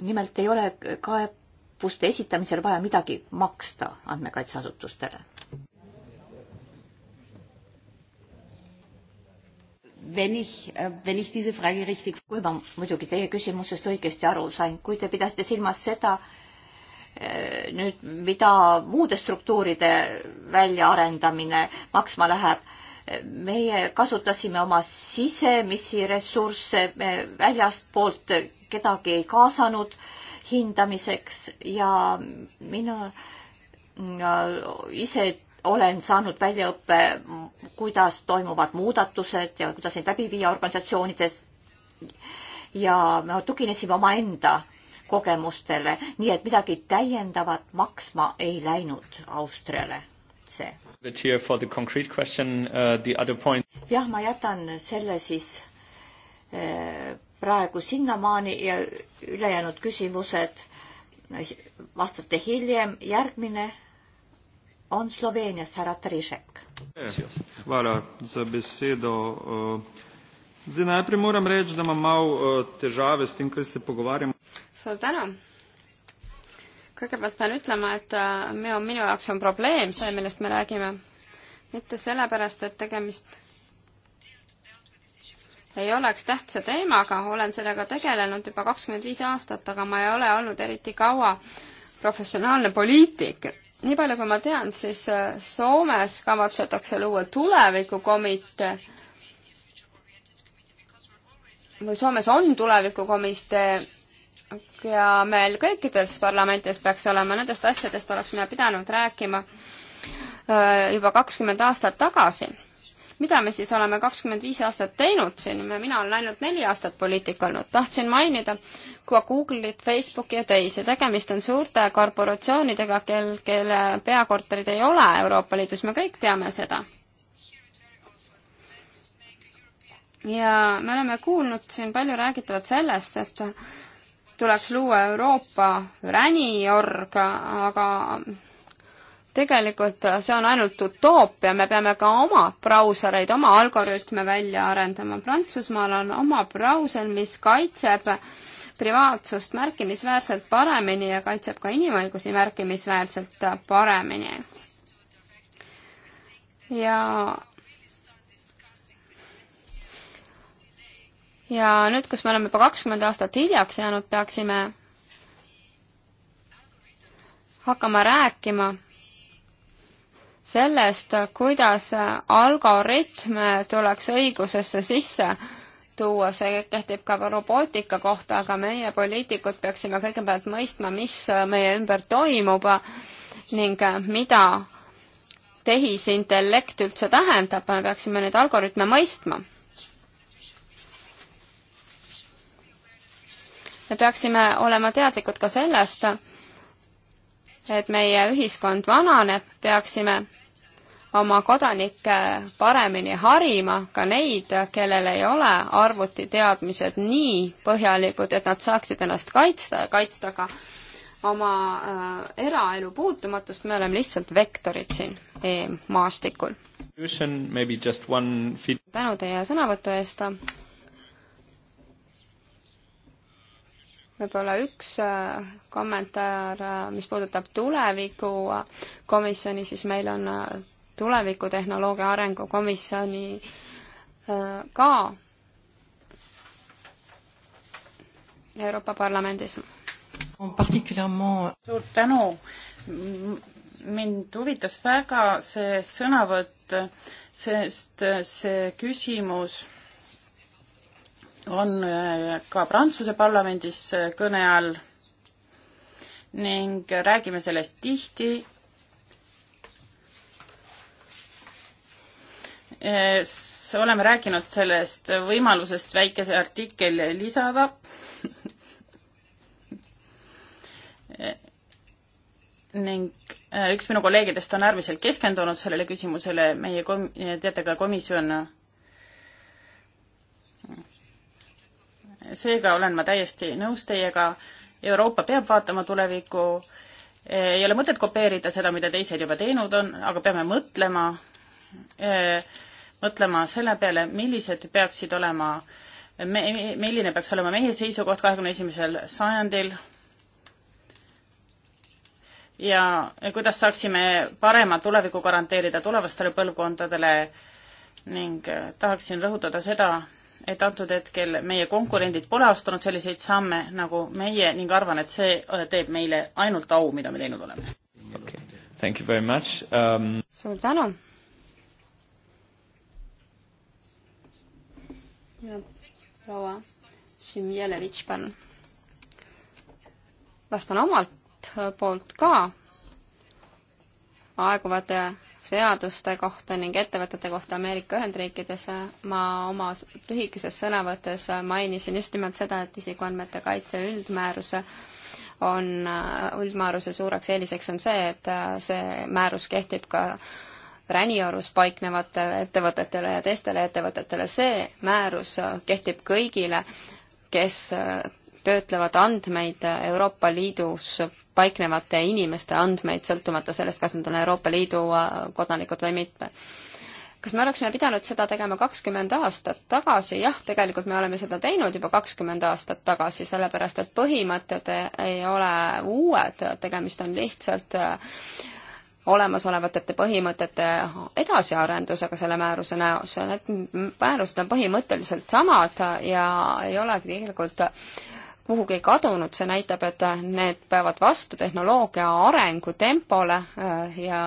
[SPEAKER 2] nimelt ei ole kaebuste esitamisel vaja midagi maksta andmekaitseasutustele Ich, äh, ich richtig... kui ma muidugi teie küsimusest õigesti aru sain, kui te pidasite silmas seda äh, nüüd, mida muude struktuuride väljaarendamine maksma läheb, meie kasutasime oma sisemisi ressursse, me väljastpoolt kedagi ei kaasanud hindamiseks ja mina mm, äh, ise olen saanud väljaõppe, kuidas toimuvad muudatused ja kuidas neid läbi viia organisatsioonides. ja me tuginesime omaenda kogemustele, nii et midagi täiendavat maksma ei läinud Austriale see. Uh, jah, ma jätan selle siis uh, praegu sinnamaani ja ülejäänud küsimused vastate hiljem. järgmine on Slovenijast härra Trišek. Hvala za besedo. Eh, zdaj najprej moram reči, da imam malo eh, težave s tem, kaj se pogovarjamo.
[SPEAKER 1] suur tänu. kõigepealt pean ütlema, et eh, me, minu jaoks on probleem see, millest me räägime. mitte sellepärast, et tegemist ei oleks tähtsa teemaga, olen sellega tegelenud juba kakskümmend viis aastat, aga ma ei ole olnud eriti kaua professionaalne poliitik nii palju kui ma tean, siis äh, Soomes kavatsetakse luua tulevikukomitee või Soomes on tulevikukomitee ja meil kõikides parlamentides peaks olema, nendest asjadest oleksime pidanud rääkima äh, juba kakskümmend aastat tagasi. mida me siis oleme kakskümmend viis aastat teinud siin, mina olen ainult neli aastat poliitik olnud, tahtsin mainida, Aqua, Google'it, Facebooki ja teisi. tegemist on suurte korporatsioonidega, kel, kelle peakorterid ei ole Euroopa Liidus, me kõik teame seda. ja me oleme kuulnud siin palju räägitavat sellest, et tuleks luua Euroopa räniorg, aga tegelikult see on ainult utoopia, me peame ka oma brausereid, oma algoritme välja arendama. Prantsusmaal on oma brauser, mis kaitseb äh, privaatsust märkimisväärselt paremini ja kaitseb ka inimõigusi märkimisväärselt paremini. ja ja nüüd, kus me oleme juba kakskümmend aastat hiljaks jäänud, peaksime hakkama rääkima sellest, kuidas algoritme tuleks õigusesse sisse tuua, see kehtib ka robootika kohta, aga meie, poliitikud, peaksime kõigepealt mõistma, mis meie ümber toimub ning mida tehisintellekt üldse tähendab, me peaksime neid algoritme mõistma. me peaksime olema teadlikud ka sellest, et meie ühiskond vananeb, peaksime oma kodanikke paremini harima, ka neid, kellel ei ole arvutiteadmised nii põhjalikud, et nad saaksid ennast kaitsta, kaitsta ka oma äh, eraelu puutumatust, me oleme lihtsalt vektorid siin e maastikul. tänu teie sõnavõtu eest. võib-olla üks äh, kommentaar äh,, mis puudutab tuleviku komisjoni, siis meil on äh, tulevikutehnoloogia arengukomisjoni äh, ka
[SPEAKER 3] Euroopa Parlamendis. suur tänu, mind huvitas väga see sõnavõtt, sest see küsimus on äh, ka Prantsuse parlamendis äh, kõne all ning räägime sellest tihti oleme rääkinud sellest võimalusest väikese artikkel lisada ning e, üks minu kolleegidest on äärmiselt keskendunud sellele küsimusele, meie kom-, e, teate ka komisjon seega olen ma täiesti nõus teiega, Euroopa peab vaatama tulevikku, e, ei ole mõtet kopeerida seda, mida teised juba teinud on, aga peame mõtlema Äh, mõtlema selle peale, millised peaksid olema me, milline peaks olema meie seisukoht kahekümne esimesel sajandil ja kuidas saaksime parema tuleviku garanteerida tulevastele põlvkondadele ning äh, tahaksin rõhutada seda, et antud hetkel meie konkurendid pole astunud selliseid samme nagu meie ning arvan, et see äh, teeb meile ainult au, mida me teinud oleme
[SPEAKER 1] okay.. Um... suur tänu! proua Šimjelevitš, palun. vastan omalt poolt ka aeguvate seaduste kohta ning ettevõtete kohta Ameerika Ühendriikides. ma oma lühikeses sõnavõttes mainisin just nimelt seda, et isikuandmete kaitse üldmääruse on, üldmääruse suureks eeliseks on see, et see määrus kehtib ka Räniorus paiknevatele ettevõtetele ja teistele ettevõtetele. see määrus kehtib kõigile, kes äh, töötlevad andmeid Euroopa Liidus paiknevate inimeste andmeid, sõltumata sellest, kas nad on Euroopa Liidu äh, kodanikud või mitte. kas me oleksime pidanud seda tegema kakskümmend aastat tagasi? jah, tegelikult me oleme seda teinud juba kakskümmend aastat tagasi, sellepärast et põhimõtted ei ole uued, tegemist on lihtsalt äh, olemasolevate põhimõtete edasiarendusega selle määruse näos. Need määrused on põhimõtteliselt samad ja ei ole tegelikult kuhugi kadunud, see näitab, et need peavad vastu tehnoloogia arengutempole äh, ja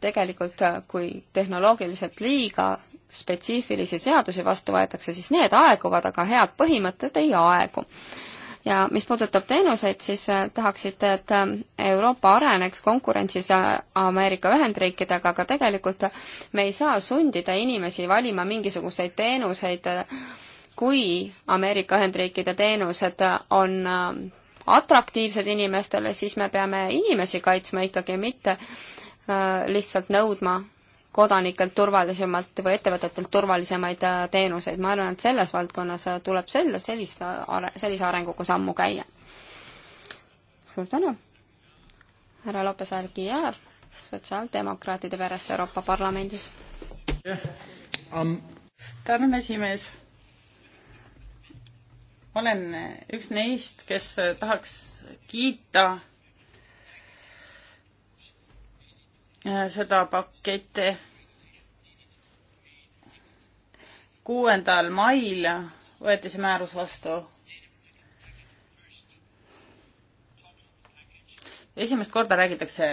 [SPEAKER 1] tegelikult kui tehnoloogiliselt liiga spetsiifilisi seadusi vastu võetakse, siis need aeguvad, aga head põhimõtted ei aegu ja mis puudutab teenuseid, siis äh, tahaksite, et äh, Euroopa areneks konkurentsis äh, Ameerika Ühendriikidega, aga tegelikult me ei saa sundida inimesi valima mingisuguseid teenuseid, kui Ameerika Ühendriikide teenused on atraktiivsed inimestele, siis me peame inimesi kaitsma ikkagi, mitte lihtsalt nõudma kodanikelt turvalisemalt või ettevõtetelt turvalisemaid äh, teenuseid. ma arvan, et selles valdkonnas äh, tuleb selle, sellist äh, are,, sellise arenguga sammu käia. suur tänu, härra Lopes-Algiar, sotsiaaldemokraatide perest Euroopa
[SPEAKER 3] Parlamendis. Um, tänan, esimees olen üks neist, kes tahaks kiita Äh, seda pakette kuuendal mail võeti see määrus vastu. esimest korda räägitakse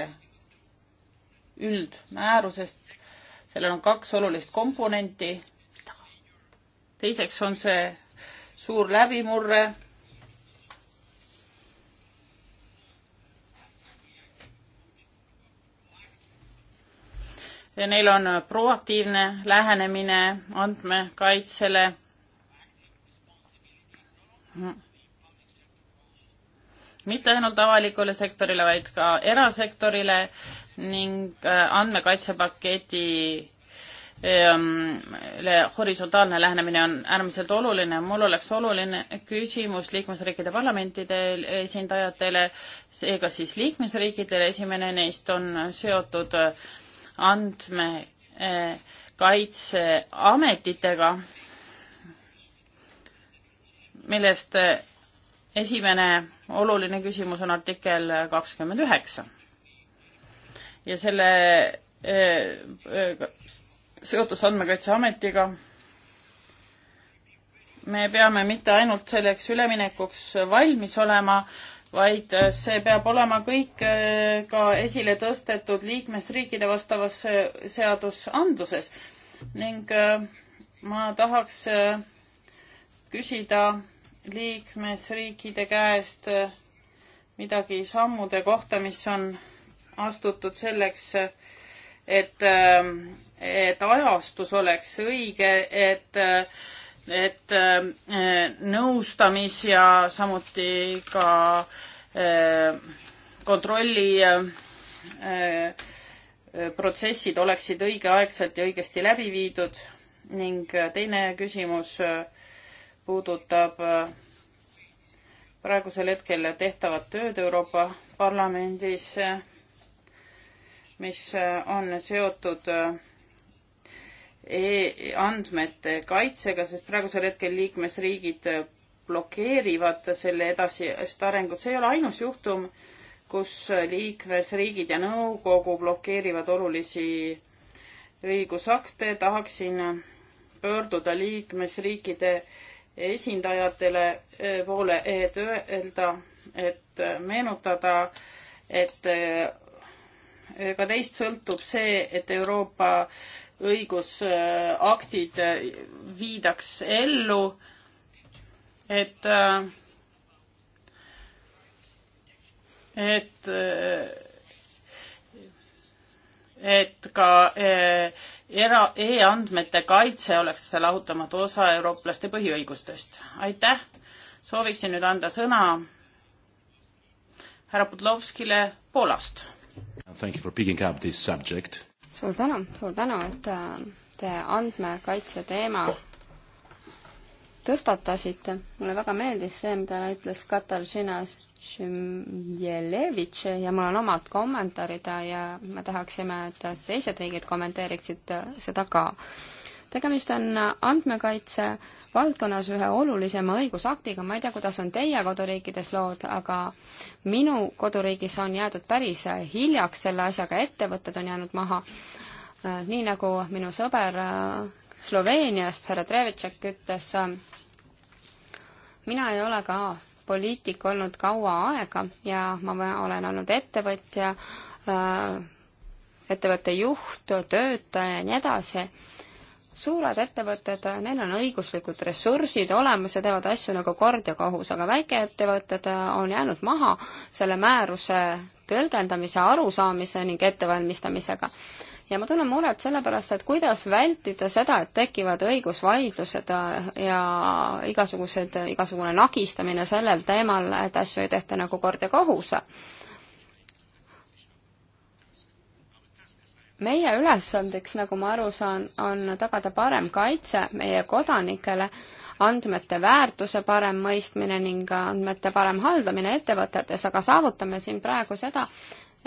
[SPEAKER 3] üldmäärusest, sellel on kaks olulist komponenti. teiseks on see suur läbimurre neil on proaktiivne lähenemine andmekaitsele. mitte ainult avalikule sektorile, vaid ka erasektorile ning äh, andmekaitsepaketi ähm, horisontaalne lähenemine on äärmiselt oluline. mul oleks oluline küsimus liikmesriikide parlamentide esindajatele, seega siis liikmesriikidele. esimene neist on seotud äh, andmekaitseametitega, eh, millest eh, esimene oluline küsimus on artikkel kakskümmend üheksa. ja selle eh, seotus Andmekaitseametiga me peame mitte ainult selleks üleminekuks valmis olema, vaid äh, see peab olema kõik äh, ka esile tõstetud liikmesriikide vastavas äh, seadusandluses. ning ma tahaks küsida liikmesriikide käest midagi sammude kohta, mis on astutud selleks, et, et ajastus oleks õige, et et eh, nõustamis ja samuti ka eh, kontrolli eh, protsessid oleksid õigeaegselt ja õigesti läbi viidud ning teine küsimus puudutab praegusel hetkel tehtavat tööd Euroopa Parlamendis, mis on seotud e andmete kaitsega, sest praegusel hetkel liikmesriigid blokeerivad selle edasist arengut. see ei ole ainus juhtum, kus liikmesriigid ja nõukogu blokeerivad olulisi õigusakte. tahaksin pöörduda liikmesriikide esindajatele e, poole, et öelda, et meenutada, et e, ka teist sõltub see, et Euroopa õigusaktid äh, viidaks ellu, et, äh, et, äh, et ka era e, e-andmete kaitse oleks lahutamatu osa eurooplaste põhiõigustest. aitäh, sooviksin nüüd anda sõna härra Pudlovskile Poolast.
[SPEAKER 2] Thank you for picking up this subject
[SPEAKER 1] suur tänu, suur tänu, et äh, te andmekaitse teema tõstatasite. mulle väga meeldis see, mida ütles Katarzyna Šmjelevitš ja mul on omad kommentaarid ja me tahaksime, et teised riigid kommenteeriksid äh, seda ka tegemist on andmekaitse valdkonnas ühe olulisema õigusaktiga, ma ei tea, kuidas on teie koduriikides lood, aga minu koduriigis on jäädud päris hiljaks selle asjaga, ettevõtted on jäänud maha. nii nagu minu sõber äh, Sloveeniast, härra Trevitšek ütles, mina ei ole ka poliitik olnud kaua aega ja ma olen olnud ettevõtja, äh, ettevõtte juht, töötaja ja nii edasi suured ettevõtted, neil on õiguslikud ressursid olemas ja teevad asju nagu kord ja kohus, aga väikeettevõtted äh, on jäänud maha selle määruse tõlgendamise, arusaamise ning ettevalmistamisega ja ma tunnen muret sellepärast, et kuidas vältida seda, et tekivad õigusvaidlused äh, ja igasugused, igasugune nagistamine sellel teemal, et asju ei tehta nagu kord ja kohus. meie ülesandeks, nagu ma aru saan, on tagada parem kaitse meie kodanikele, andmete väärtuse parem mõistmine ning andmete parem haldamine ettevõtetes, aga saavutame siin praegu seda,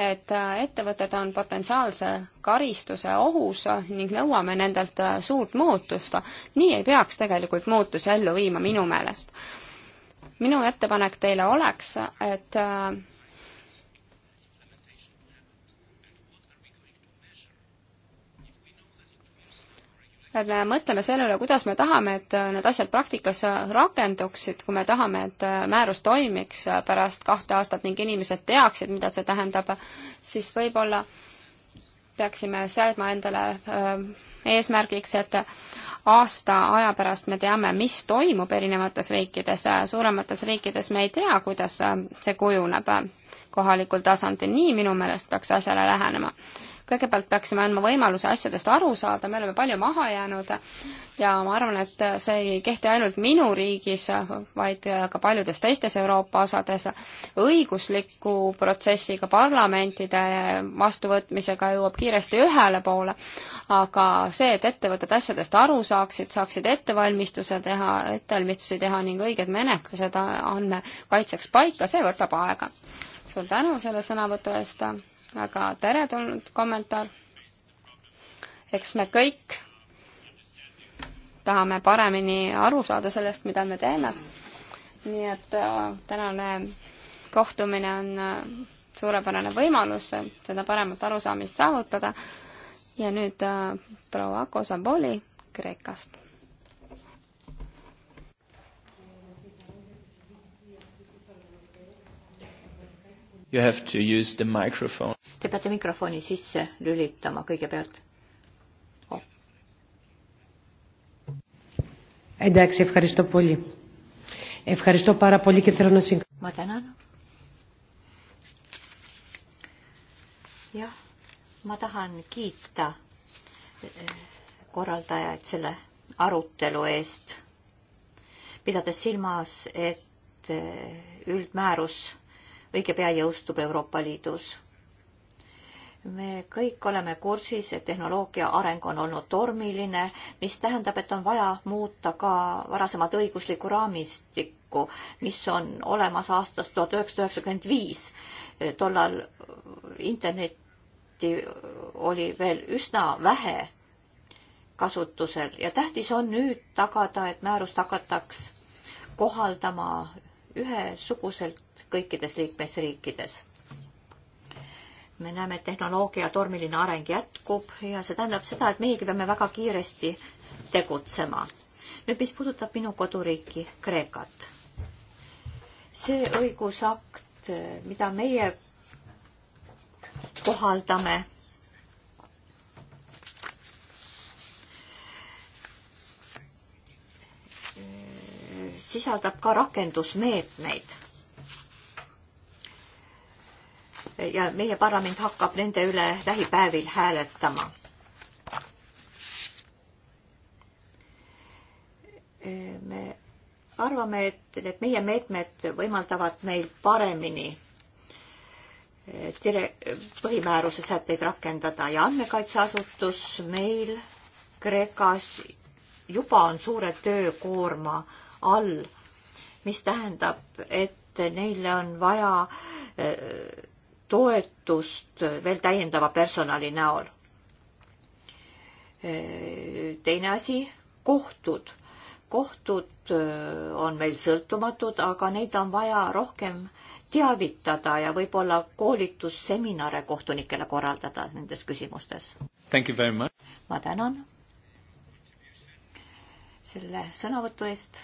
[SPEAKER 1] et äh, ettevõtted on potentsiaalse karistuse ohus ning nõuame nendelt äh, suurt muutust. nii ei peaks tegelikult muutusi ellu viima minu meelest. minu ettepanek teile oleks, et äh, et me mõtleme selle üle, kuidas me tahame, et need asjad praktikas rakenduksid, kui me tahame, et määrus toimiks pärast kahte aastat ning inimesed teaksid, mida see tähendab, siis võib-olla peaksime seadma endale äh, eesmärgiks, et aasta aja pärast me teame, mis toimub erinevates riikides, suuremates riikides me ei tea, kuidas see kujuneb kohalikul tasandil, nii minu meelest peaks asjale lähenema kõigepealt peaksime andma võimaluse asjadest aru saada, me oleme palju maha jäänud ja ma arvan, et see ei kehti ainult minu riigis, vaid ka paljudes teistes Euroopa osades. õigusliku protsessiga, parlamentide vastuvõtmisega jõuab kiiresti ühele poole, aga see, et ettevõtted asjadest aru saaksid, saaksid ettevalmistuse teha, ettevalmistusi teha ning õiged menetlused andmekaitseks paika, see võtab aega. suur tänu selle sõnavõtu eest väga teretulnud kommentaar. eks me kõik tahame paremini aru saada sellest, mida me teeme. nii et äh, tänane kohtumine on äh, suurepärane võimalus äh, seda paremat arusaamist saavutada. ja nüüd proua Akosaboli Kreekast. You have to use the microphone.
[SPEAKER 2] Te peate mikrofoni sisse lülitama kõigepealt oh..
[SPEAKER 3] Εντάξει, ευχαριστώ πολύ. Ευχαριστώ πάρα πολύ και θέλω να
[SPEAKER 2] συγχαρώ. jah, ma tahan kiita eh, korraldajaid selle arutelu eest, pidades silmas, et eh, üldmäärus õige pea jõustub Euroopa Liidus. me kõik oleme kursis, et tehnoloogia areng on olnud tormiline, mis tähendab, et on vaja muuta ka varasemat õiguslikku raamistikku, mis on olemas aastast tuhat üheksasada üheksakümmend viis. tollal internetti oli veel üsna vähe kasutusel ja tähtis on nüüd tagada, et määrust hakataks kohaldama ühesuguselt kõikides liikmesriikides. me näeme, et tehnoloogia tormiline areng jätkub ja see tähendab seda, et meiegi peame väga kiiresti tegutsema. nüüd, mis puudutab minu koduriiki Kreekat. see õigusakt, mida meie kohaldame sisaldab ka rakendusmeetmeid. ja meie parlament hakkab nende üle lähipäevil hääletama. me arvame, et need meie meetmed võimaldavad meil paremini eh, dire-, põhimääruse sätteid rakendada ja andmekaitseasutus meil Kreekas juba on suure töökoorma all, mis tähendab, et neile on vaja eh, toetust veel täiendava personali näol. Eh, teine asi, kohtud. kohtud eh, on meil sõltumatud, aga neid on vaja rohkem teavitada ja võib-olla koolitusseminare kohtunikele korraldada nendes küsimustes. ma tänan selle sõnavõtu eest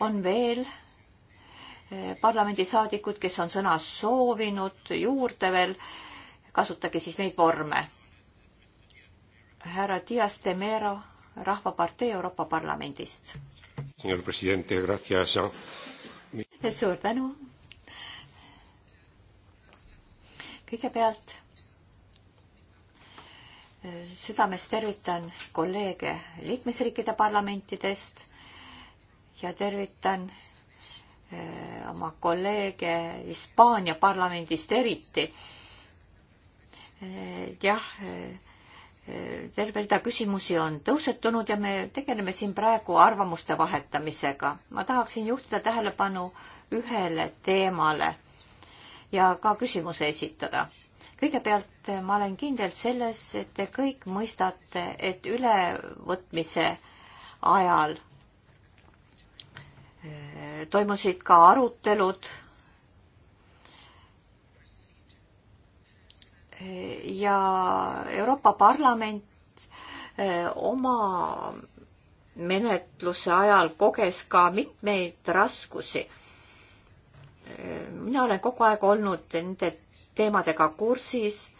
[SPEAKER 2] on veel eh, parlamendisaadikud, kes on sõna soovinud juurde veel, kasutage siis neid vorme. härra Dias de Mero, Rahvapartei Euroopa Parlamendist. suur tänu. kõigepealt eh, südamest tervitan kolleege liikmesriikide parlamentidest ja tervitan eh, oma kolleege Hispaania parlamendist eriti. Eh, jah, eh, terve rida küsimusi on tõusetunud ja me tegeleme siin praegu arvamuste vahetamisega. ma tahaksin juhtida tähelepanu ühele teemale ja ka küsimuse esitada. kõigepealt ma olen kindel selles, et te kõik mõistate, et ülevõtmise ajal toimusid ka arutelud ja Euroopa Parlament eh, oma menetluse ajal koges ka mitmeid raskusi. Eh, mina olen kogu aeg olnud nende teemadega kursis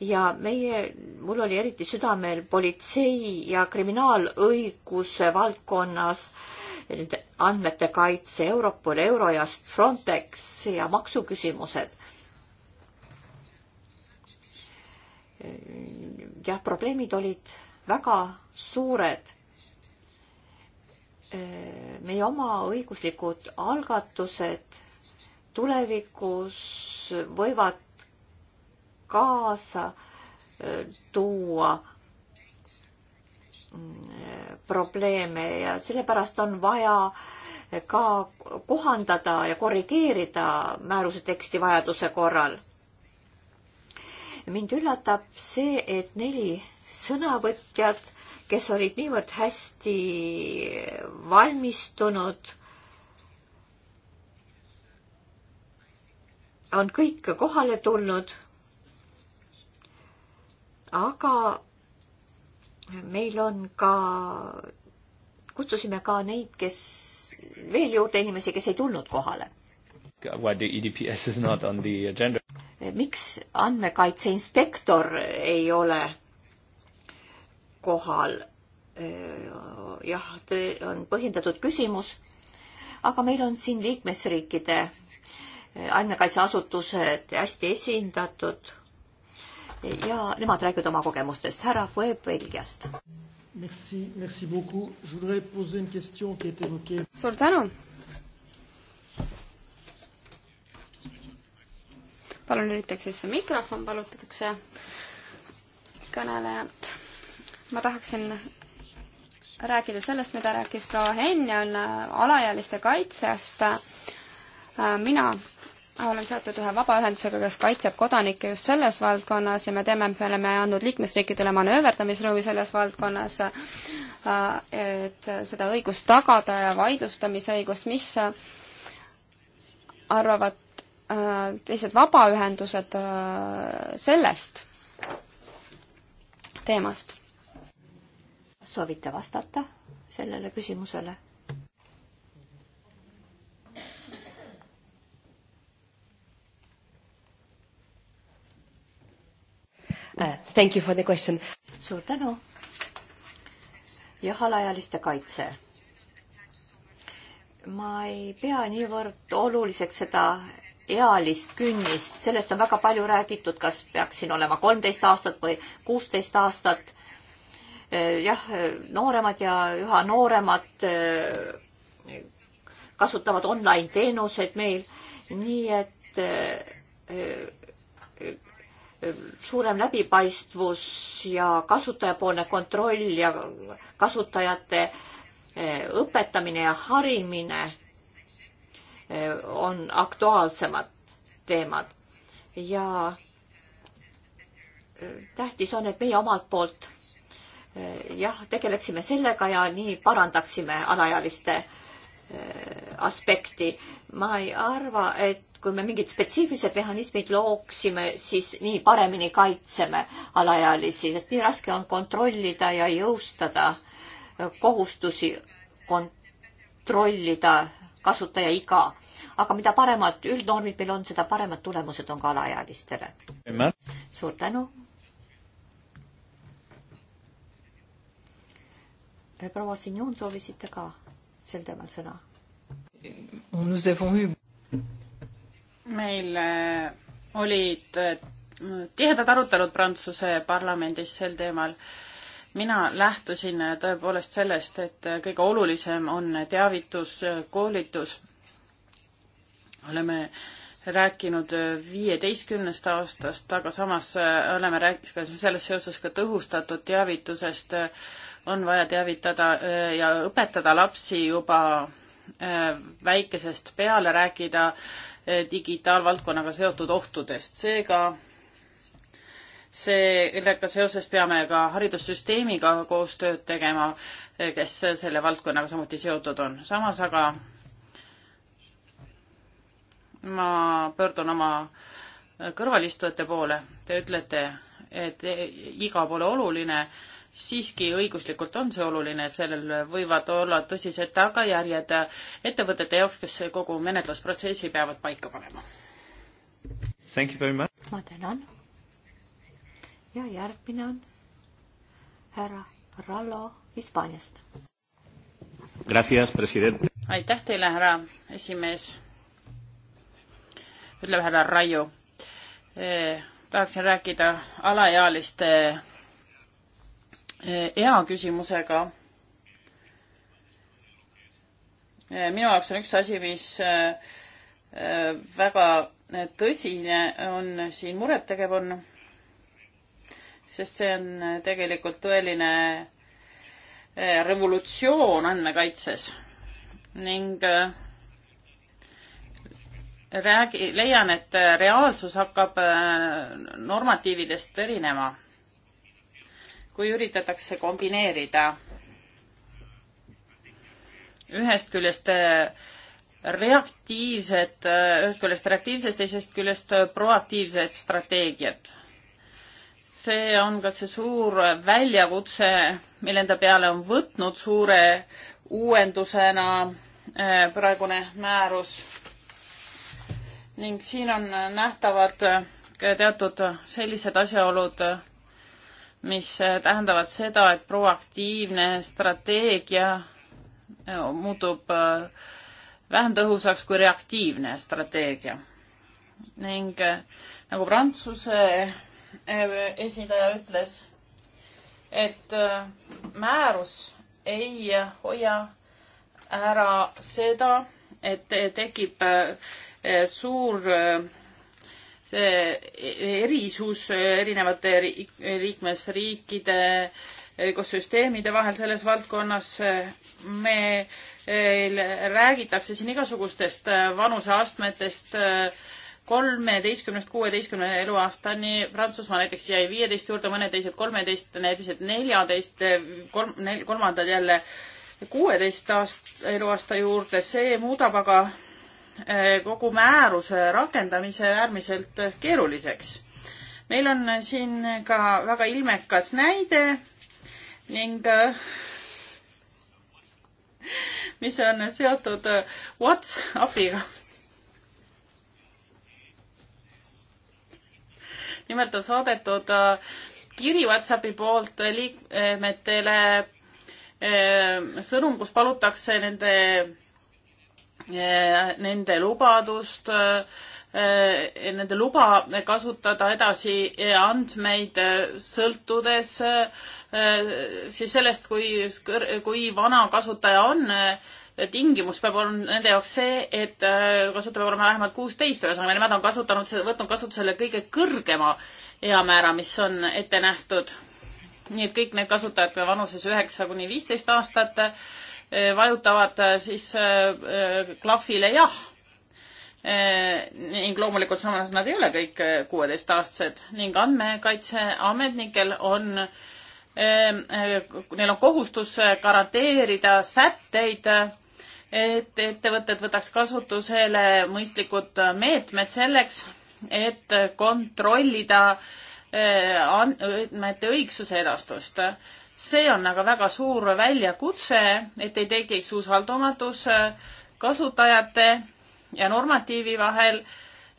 [SPEAKER 2] ja meie, mul oli eriti südamel politsei ja kriminaalõiguse valdkonnas äh, nende andmete kaitse, Europol, Eurojust, Frontex ja maksuküsimused. jah, probleemid olid väga suured. meie oma õiguslikud algatused tulevikus võivad kaasa tuua probleeme ja sellepärast on vaja ka kohandada ja korrigeerida määruse teksti vajaduse korral. mind üllatab see, et neli sõnavõtjat, kes olid niivõrd hästi valmistunud, on kõik kohale tulnud, aga meil on ka, kutsusime ka neid, kes, veel juurde inimesi, kes ei tulnud kohale. E miks andmekaitse inspektor ei ole kohal? jah, on põhjendatud küsimus, aga meil on siin liikmesriikide andmekaitseasutused hästi esindatud ja nemad räägivad oma kogemustest. härra Fue Belgiast. Merci, merci beaucoup. Je voudrais poser une question qui est évoquée. Suur tänu.
[SPEAKER 1] palun lülitage sisse mikrofon, palutatakse kõnelejalt. ma tahaksin rääkida sellest, mida rääkis proua Henn, on alaealiste kaitsest. mina olen seotud ühe vabaühendusega, kes kaitseb kodanikke just selles valdkonnas ja me teeme, me oleme andnud liikmesriikidele manööverdamisruumi selles valdkonnas, äh, et seda õigust tagada ja vaidlustamisõigust, mis arvavad äh, teised vabaühendused äh, sellest
[SPEAKER 2] teemast? soovite vastata sellele küsimusele? Uh, thank you for the question. suur tänu. jah, alaealiste kaitse. ma ei pea niivõrd oluliseks seda ealist künnist, sellest on väga palju räägitud, kas peaks siin olema kolmteist aastat või kuusteist aastat. Eh, jah, nooremad ja üha nooremad eh, kasutavad online teenuseid meil, nii et eh, suurem läbipaistvus ja kasutajapoolne kontroll ja kasutajate eh, õpetamine ja harimine eh, on aktuaalsemad teemad. ja eh, tähtis on, et meie omalt poolt jah, tegeleksime sellega ja nii parandaksime alaealiste aspekti. ma ei arva, et kui me mingid spetsiifilised mehhanismid looksime, siis nii paremini kaitseme alaealisi, sest nii raske on kontrollida ja jõustada kohustusi kontrollida kasutaja iga. aga mida paremad üldnormid meil on, seda paremad tulemused on ka alaealistele. suur tänu. proua Sinjun, soovisite ka
[SPEAKER 3] sel teemal sõna? meil äh, olid äh, tihedad arutelud Prantsuse parlamendis sel teemal. mina lähtusin äh, tõepoolest sellest, et kõige olulisem on teavitus, koolitus. oleme rääkinud viieteistkümnest aastast, aga samas oleme rääkinud selles seoses ka tõhustatud teavitusest. on vaja teavitada ja õpetada lapsi juba väikesest peale, rääkida digitaalvaldkonnaga seotud ohtudest. seega sellega seoses peame ka haridussüsteemiga koostööd tegema, kes selle valdkonnaga samuti seotud on. samas aga ma pöördun oma kõrvalistujate poole, te ütlete, et iga pole oluline siiski õiguslikult on see oluline, sellel võivad olla tõsised tagajärjed ettevõtete jaoks, kes kogu menetlusprotsessi peavad paika panema.
[SPEAKER 2] ma tänan. ja järgmine on
[SPEAKER 3] härra Rallo Hispaaniast. aitäh teile, härra esimees, ütleb härra Raiu eh, tahaksin rääkida alaealiste eaküsimusega. Eh, minu jaoks on üks asi, mis eh, eh, väga tõsine on, siin murettegev on, sest see on tegelikult tõeline revolutsioon andmekaitses ning räägi, leian, et reaalsus hakkab normatiividest erinema kui üritatakse kombineerida ühest küljest äh, reaktiivset, äh, ühest küljest reaktiivset, teisest küljest äh, proaktiivset strateegiat. see on ka see suur väljakutse, mille enda peale on võtnud suure uuendusena praegune määrus. ning siin on nähtavad teatud sellised asjaolud, mis äh, tähendavad seda, et proaktiivne strateegia äh, muutub äh, vähem tõhusaks kui reaktiivne strateegia. ning nagu Prantsuse esindaja ütles, et määrus ei hoia ära seda, et tekib suur see erisus erinevate liikmesriikide ökosüsteemide eh, vahel selles valdkonnas. meil eh, räägitakse siin igasugustest eh, vanuseastmetest kolmeteistkümnest kuueteistkümne eluaastani, Prantsusmaa näiteks jäi viieteist juurde, mõned teised kolmeteist, teised neljateist, kolm, kolmandad jälle kuueteist aast-, eluaasta juurde, see muudab aga Eh, kogu määruse rakendamise äärmiselt keeruliseks. meil on siin ka väga ilmekas näide ning eh, mis on seotud Whatsappiga. nimelt on saadetud eh, kiri Whatsappi poolt liikmetele sõnum, kus palutakse nende Eh, nende lubadust, eh, eh, nende luba kasutada edasi andmeid sõltudes siis sellest, kui, kui vana kasutaja on. tingimus peab olema nende jaoks see, et kasutaja peab olema vähemalt kuusteist, ühesõnaga nemad on kasutanud, võtnud kasutusele kõige kõrgema eamäära, mis on ette nähtud. nii et kõik need kasutajad vanuses üheksa kuni viisteist aastat Eh, vajutavad eh, siis eh, klahvile jah. ning loomulikult samas nad ei ole kõik kuueteistaastased ning andmekaitseametnikel on Neil on kohustus garanteerida sätteid, et ettevõtted võtaks kasutusele mõistlikud meetmed selleks, et kontrollida andmete õigsuse edastust see on aga väga suur väljakutse, et ei tekiks usaldamatus äh, kasutajate ja normatiivi vahel,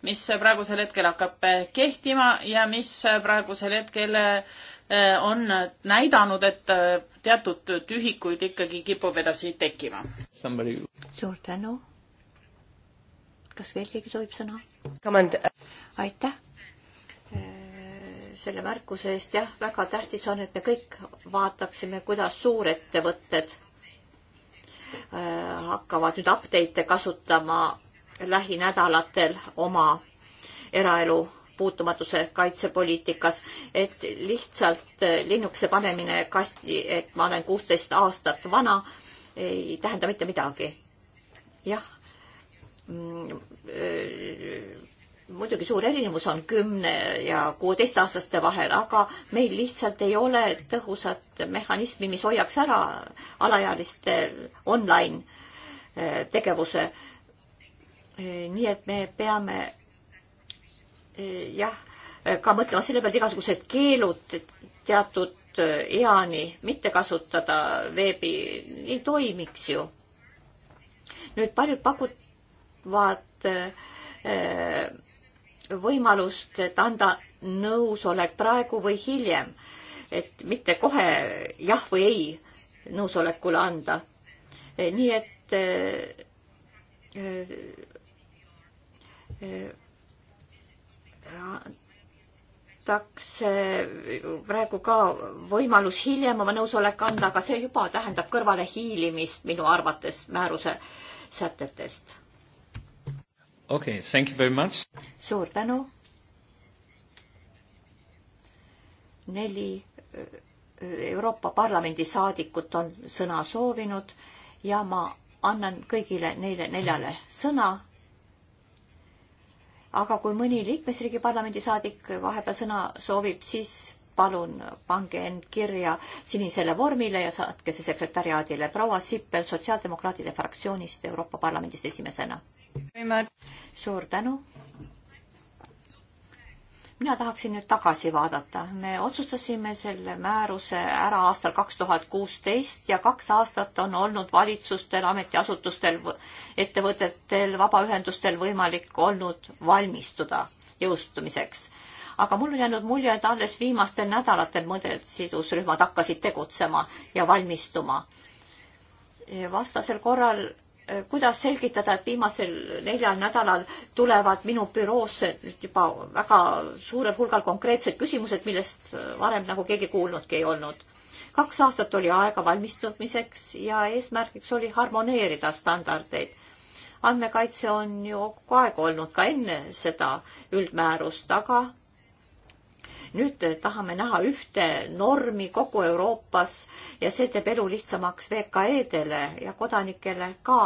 [SPEAKER 3] mis praegusel hetkel hakkab äh, kehtima ja mis äh, praegusel hetkel on näidanud, et teatud tühikuid ikkagi kipub edasi tekkima.
[SPEAKER 2] suur tänu. kas veel keegi soovib sõna? aitäh selle märkuse eest. jah, väga tähtis on, et me kõik vaataksime, kuidas suurettevõtted äh, hakkavad nüüd update'e kasutama lähinädalatel oma eraelu puutumatuse kaitsepoliitikas, et lihtsalt äh, linnukese panemine kasti, et ma olen kuusteist aastat vana, ei tähenda mitte midagi. jah, mm, äh, muidugi suur erinevus on kümne ja kuueteistaastaste vahel, aga meil lihtsalt ei ole tõhusat mehhanismi, mis hoiaks ära alaealistel online eh, tegevuse. Eh, nii et me peame eh, jah, ka mõtlema selle peale, et igasugused keelud teatud eani mitte kasutada veebi, ei toimiks ju. nüüd paljud pakuvad äh, võimalust, et anda nõusolek praegu või hiljem, et mitte kohe jah või ei nõusolekule anda. E, nii et äh, äh, antakse praegu ka võimalus hiljem oma nõusolek anda, aga see juba tähendab kõrvale hiilimist minu arvates määruse sätetest
[SPEAKER 3] okei okay,, thank you very much.
[SPEAKER 2] suur tänu. neli eh, Euroopa Parlamendi saadikut on sõna soovinud ja ma annan kõigile neile neljale sõna. aga kui mõni liikmesriigi parlamendi saadik vahepeal sõna soovib, siis palun pange end kirja sinisele vormile ja saatke see sekretäriaadile. proua Sippel Sotsiaaldemokraatide fraktsioonist Euroopa Parlamendist esimesena. suur tänu. mina tahaksin nüüd tagasi vaadata. me otsustasime selle määruse ära aastal kaks tuhat kuusteist ja kaks aastat on olnud valitsustel, ametiasutustel, ettevõtetel, vabaühendustel võimalik olnud valmistuda jõustumiseks aga mul on jäänud mulje, et alles viimastel nädalatel mõned sidusrühmad hakkasid tegutsema ja valmistuma. vastasel korral, e, kuidas selgitada, et viimasel neljal nädalal tulevad minu büroosse nüüd juba väga suurel hulgal konkreetsed küsimused, millest e, varem nagu keegi kuulnudki ei olnud kaks aastat oli aega valmistumiseks ja eesmärgiks oli harmoneerida standardeid. andmekaitse on ju kogu aeg olnud ka enne seda üldmäärust, aga nüüd eh, tahame näha ühte normi kogu Euroopas ja see teeb elu lihtsamaks VKE-dele ja kodanikele ka,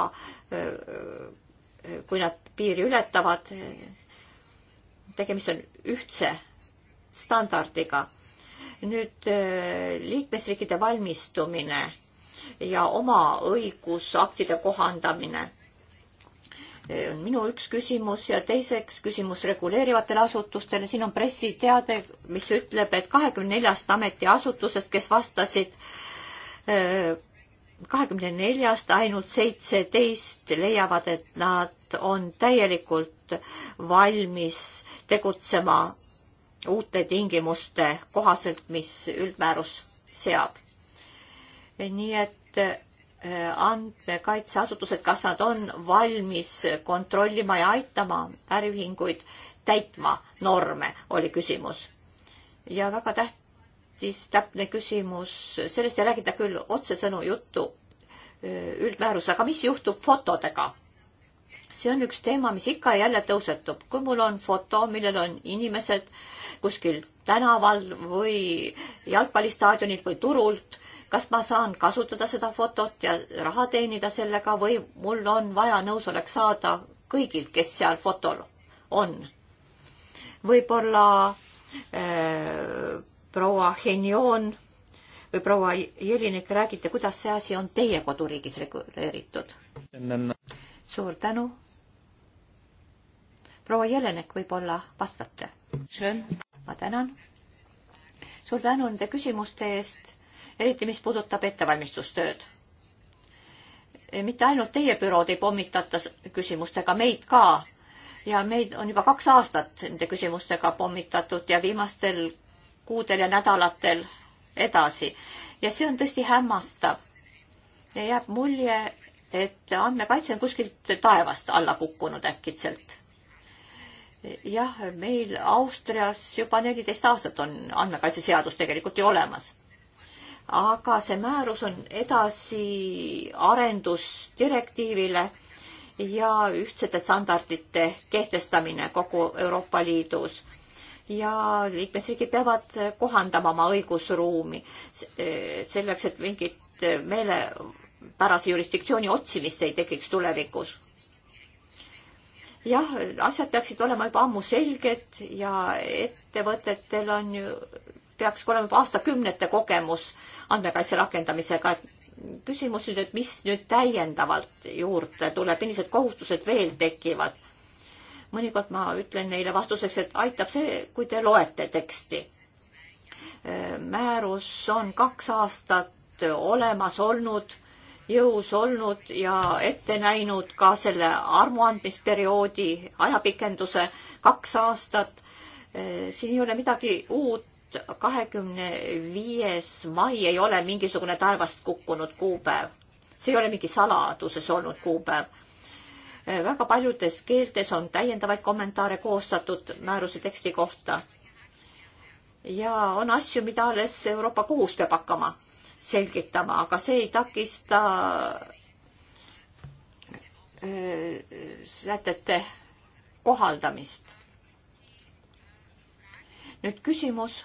[SPEAKER 2] eh, kui nad piiri ületavad. tegemist on ühtse standardiga. nüüd eh, liikmesriikide valmistumine ja oma õigusaktide kohandamine on minu üks küsimus ja teiseks küsimus reguleerivatele asutustele. siin on pressiteade, mis ütleb, et kahekümne neljast ametiasutusest, kes vastasid kahekümne neljast ainult seitseteist leiavad, et nad on täielikult valmis tegutsema uute tingimuste kohaselt, mis üldmäärus seab. nii et andmekaitseasutused, kas nad on valmis kontrollima ja aitama äriühinguid täitma norme, oli küsimus. ja väga tähtis täpne küsimus, sellest ei räägita küll otsesõnu juttu üldmäärus, aga mis juhtub fotodega? see on üks teema, mis ikka ja jälle tõusetub. kui mul on foto, millel on inimesed kuskil tänaval või jalgpallistaadionil või turult kas ma saan kasutada seda fotot ja raha teenida sellega või mul on vaja nõusolek saada kõigilt, kes seal fotol on. võib-olla äh, proua Henjon või proua Jelinek, räägite, kuidas see asi on teie koduriigis reguleeritud? suur tänu. proua Jelinek, võib-olla vastate? ma tänan. suur tänu nende küsimuste eest eriti mis puudutab ettevalmistustööd. mitte ainult teie bürood ei pommitata küsimustega, meid ka. ja meid on juba kaks aastat nende küsimustega pommitatud ja viimastel kuudel ja nädalatel edasi. ja see on tõesti hämmastav. ja jääb mulje, et andmekaitse on kuskilt taevast alla kukkunud äkitselt jah, meil Austrias juba neliteist aastat on andmekaitseseadus tegelikult ju olemas aga see määrus on edasi arendusdirektiivile ja ühtsete standardite kehtestamine kogu Euroopa Liidus ja liikmesriigid peavad kohandama oma õigusruumi eh, selleks, et mingit meelepärase jurisdiktsiooni otsimist ei tekiks tulevikus. jah, asjad peaksid olema juba ammu selged ja ettevõtetel on ju peaks olema juba aastakümnete kogemus andmekaitse rakendamisega. küsimus nüüd, et mis nüüd täiendavalt juurde tuleb, millised kohustused veel tekivad? mõnikord ma ütlen neile vastuseks, et aitab see, kui te loete teksti. määrus on kaks aastat olemas olnud, jõus olnud ja ette näinud ka selle armuandmisperioodi ajapikenduse kaks aastat siin ei ole midagi uut et kahekümne viies mai ei ole mingisugune taevast kukkunud kuupäev. see ei ole mingi saladuses olnud kuupäev. väga paljudes keeltes on täiendavaid kommentaare koostatud määruse teksti kohta. ja on asju, mida alles Euroopa Kohus peab hakkama selgitama, aga see ei takista äh, sätete kohaldamist. nüüd küsimus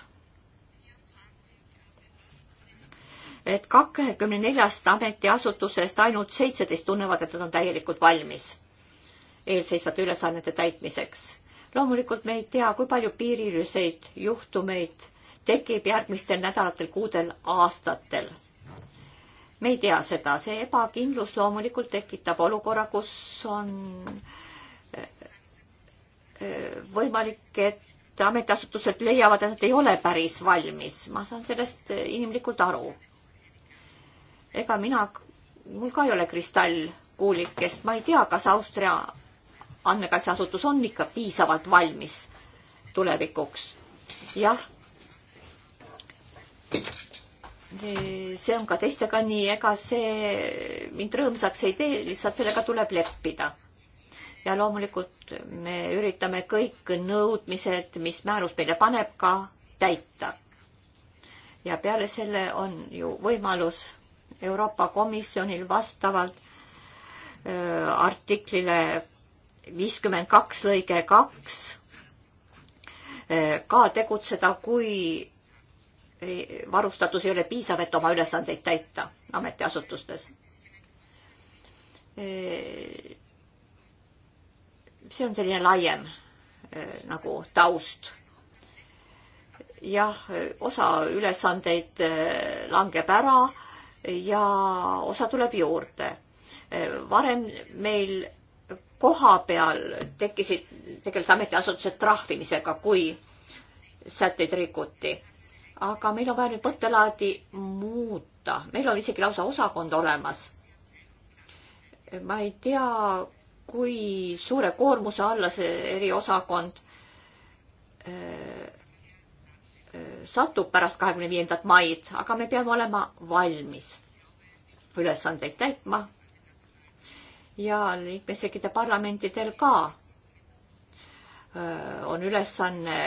[SPEAKER 2] et kahekümne neljast ametiasutusest ainult seitseteist tunnevad, et nad on täielikult valmis eelseisvate ülesannete täitmiseks. loomulikult me ei tea, kui palju piiriüleseid juhtumeid tekib järgmistel nädalatel, kuudel, aastatel. me ei tea seda, see ebakindlus loomulikult tekitab olukorra, kus on eh, eh, võimalik, et ametiasutused leiavad, et nad ei ole päris valmis. ma saan sellest eh, inimlikult aru ega mina, mul ka ei ole kristallkuulikest, ma ei tea, kas Austria andmekaitseasutus on ikka piisavalt valmis tulevikuks. jah. see on ka teistega nii, ega see mind rõõmsaks ei tee, lihtsalt sellega tuleb leppida. ja loomulikult me üritame kõik nõudmised, mis määrus meile paneb, ka täita. ja peale selle on ju võimalus Euroopa Komisjonil vastavalt öö, artiklile viiskümmend kaks lõige kaks ka tegutseda, kui varustatus ei ole piisav, et oma ülesandeid täita ametiasutustes. see on selline laiem nagu taust. jah, osa ülesandeid langeb ära ja osa tuleb juurde. varem meil koha peal tekkisid tegelikult ametiasutused trahvimisega, kui sätteid rikuti. aga meil on vaja nüüd mõttelaadi muuta, meil on isegi lausa osakond olemas. ma ei tea, kui suure koormuse alla see eriosakond äh, satub pärast kahekümne viiendat maid, aga me peame olema valmis ülesandeid täitma ja liikmesriikide parlamentidel ka on ülesanne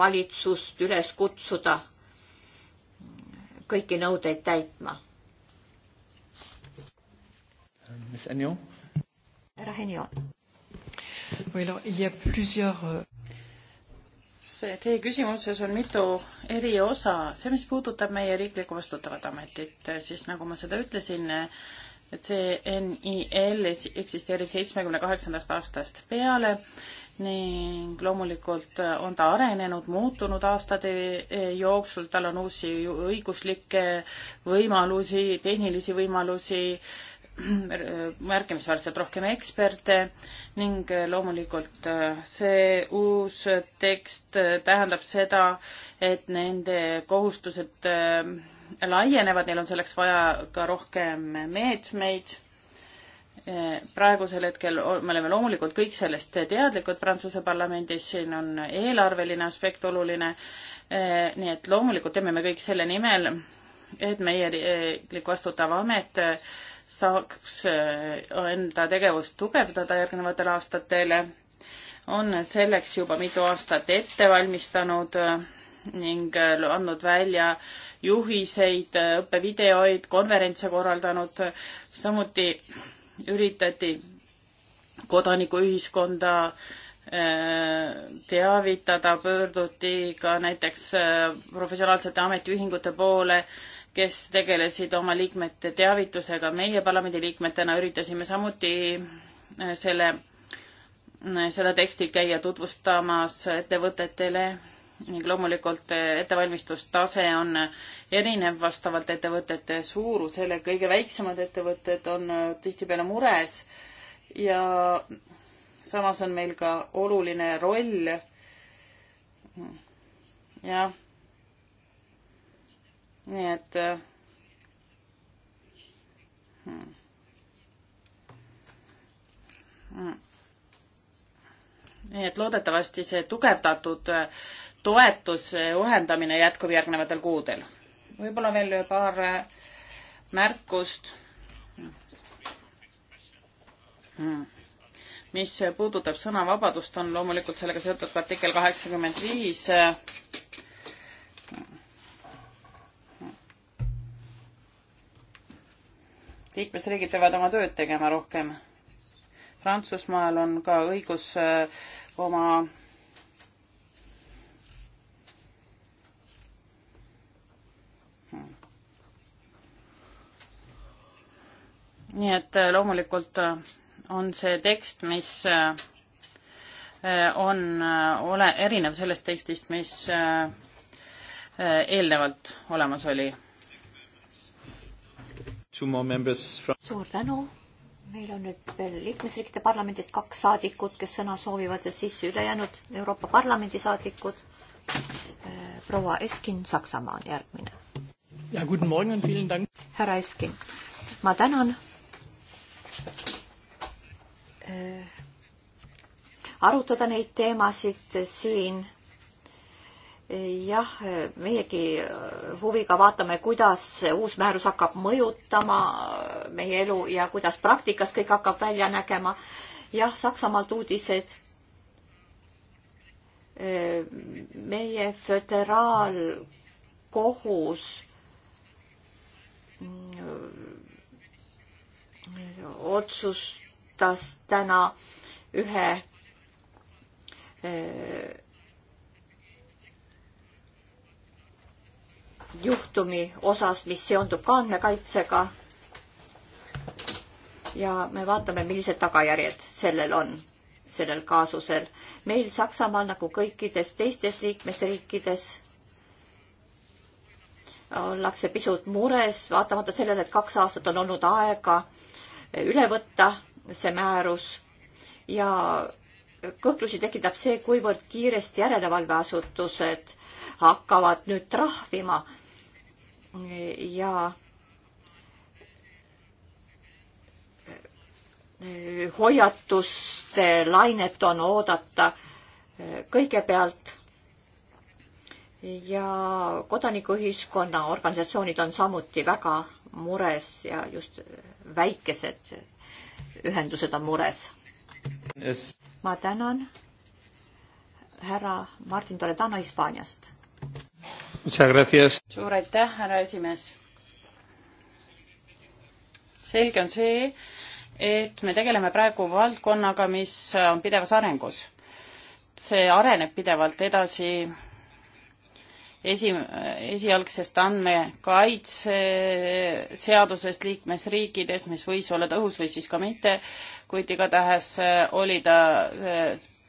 [SPEAKER 2] valitsust üles kutsuda kõiki nõudeid täitma.
[SPEAKER 3] härra Henjon see teie küsimuses on mitu eri osa. see, mis puudutab meie riiklikku vastutavat ametit, siis nagu ma seda ütlesin, et see NIL eksisteerib seitsmekümne kaheksandast aastast peale ning loomulikult on ta arenenud, muutunud aastate jooksul, tal on uusi õiguslikke võimalusi, tehnilisi võimalusi märkimisväärselt rohkem eksperte ning loomulikult äh, see uus tekst äh, tähendab seda, et nende kohustused äh, laienevad, neil on selleks vaja ka rohkem meetmeid. praegusel hetkel me oleme loomulikult kõik sellest teadlikud Prantsuse parlamendis, siin on eelarveline aspekt oluline. nii et loomulikult teeme me kõik selle nimel, et meie riiklik vastutav amet äh, saaks äh, enda tegevust tugevdada järgnevatel aastatel, on selleks juba mitu aastat ette valmistanud äh, ning äh, andnud välja juhiseid, õppevideoid, konverentse korraldanud, samuti üritati kodanikuühiskonda teavitada, pöörduti ka näiteks professionaalsete ametiühingute poole, kes tegelesid oma liikmete teavitusega. meie parlamendi liikmetena üritasime samuti äh, selle, äh, seda teksti käia tutvustamas ettevõtetele ning loomulikult äh, ettevalmistustase on erinev vastavalt ettevõtete suurusele. kõige väiksemad ettevõtted on tihtipeale mures ja samas on meil ka oluline roll. jah nii et äh, hmm.. Hmm. nii et loodetavasti see tugevdatud äh, toetuse ühendamine jätkub järgnevatel kuudel. võib-olla veel paar äh, märkust hmm mis puudutab sõnavabadust, on loomulikult sellega seotud ka artikkel kaheksakümmend viis liikmesriigid peavad oma tööd tegema rohkem. Prantsusmaal on ka õigus äh, oma hmm. nii et äh, loomulikult äh, on see tekst, mis on ole-, erinev sellest tekstist, mis eelnevalt olemas oli suur tänu.
[SPEAKER 2] meil on nüüd veel liikmesriikide parlamendist kaks saadikut, kes sõna soovivad ja siis ülejäänud Euroopa Parlamendi saadikud. Äh, proua Eskin, Saksamaa on järgmine. ja guten morgen, vielen dank. härra Eskin, ma tänan. Äh, arutada neid teemasid siin jah, meiegi huviga vaatame, kuidas uus määrus hakkab mõjutama meie elu ja kuidas praktikas kõik hakkab välja nägema. jah, Saksamaalt uudised. meie föderaalkohus otsustas täna ühe juhtumi osas, mis seondub ka andmekaitsega. ja me vaatame, millised tagajärjed sellel on, sellel kaasusel. meil Saksamaal nagu kõikides teistes liikmesriikides ollakse pisut mures, vaatamata sellele, et kaks aastat on olnud aega üle võtta see määrus ja kõhklusi tekitab see, kuivõrd kiiresti järelevalveasutused hakkavad nüüd trahvima ja hoiatuste lainet on oodata kõigepealt ja kodanikuühiskonna organisatsioonid on samuti väga mures ja just väikesed ühendused on mures. ma tänan
[SPEAKER 3] härra Martin Toledano Hispaaniast
[SPEAKER 1] suur
[SPEAKER 3] aitäh, härra esimees. selge on see, et me tegeleme praegu valdkonnaga, mis on pidevas arengus. see areneb pidevalt edasi esi, esialgsest andmekaitseseadusest liikmesriikides, mis võis olla tõhus või siis ka mitte, kuid igatahes oli ta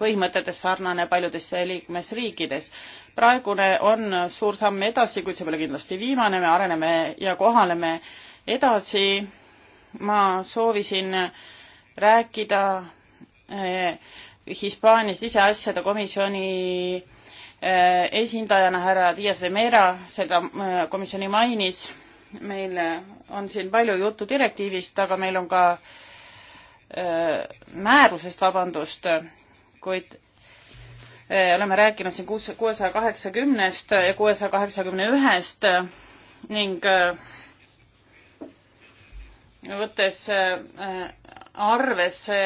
[SPEAKER 3] põhimõtetes sarnane paljudes liikmesriikides. praegune on suur samm edasi, kuid see pole kindlasti viimane, me areneme ja kohaneme edasi. ma soovisin rääkida eh, Hispaania siseasjade komisjoni eh, esindajana härra Diaz de Mera seda eh, komisjoni mainis. meil on siin palju juttu direktiivist, aga meil on ka määrusest, vabandust, isikuid. Eh, oleme rääkinud siin kuus, kuuesaja kaheksakümnest ja kuuesaja kaheksakümne ühest eh, ning eh, võttes arvesse,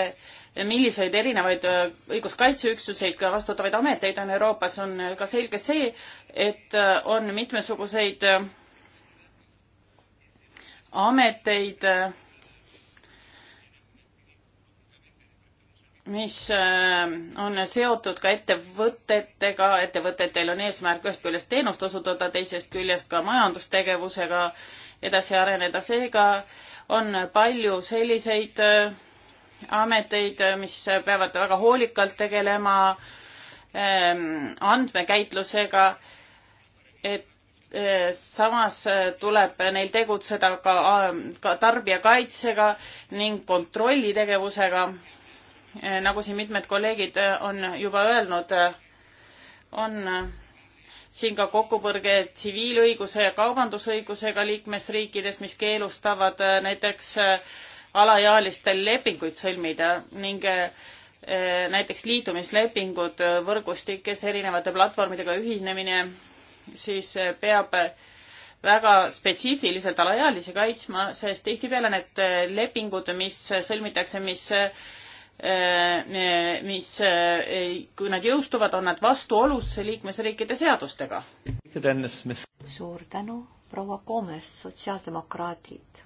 [SPEAKER 3] milliseid erinevaid õiguskaitseüksuseid, ka vastutavaid ameteid on Euroopas, on ka selge see, et on mitmesuguseid ameteid, mis äh, on seotud ka ettevõtetega, ettevõtetel on eesmärk ühest küljest teenust osutada, teisest küljest ka majandustegevusega edasi areneda, seega on palju selliseid äh, ameteid, äh, mis peavad väga hoolikalt tegelema ähm, andmekäitlusega, et samas tuleb neil tegutseda ka, ka tarbijakaitsega ning kontrollitegevusega Eh, nagu siin mitmed kolleegid eh, on juba öelnud, eh, on siin ka kokkupõrge tsiviilõiguse ja kaubandusõigusega liikmesriikides, mis keelustavad näiteks alaealistel lepinguid sõlmida ning näiteks liitumislepingud võrgustikes erinevate platvormidega ühinemine, siis peab väga spetsiifiliselt alaealisi kaitsma, sest tihtipeale need lepingud, mis sõlmitakse, mis Äh, mis, äh, kui nad jõustuvad, on nad vastuolus liikmesriikide seadustega.
[SPEAKER 2] suur tänu, proua Gomes, sotsiaaldemokraadid,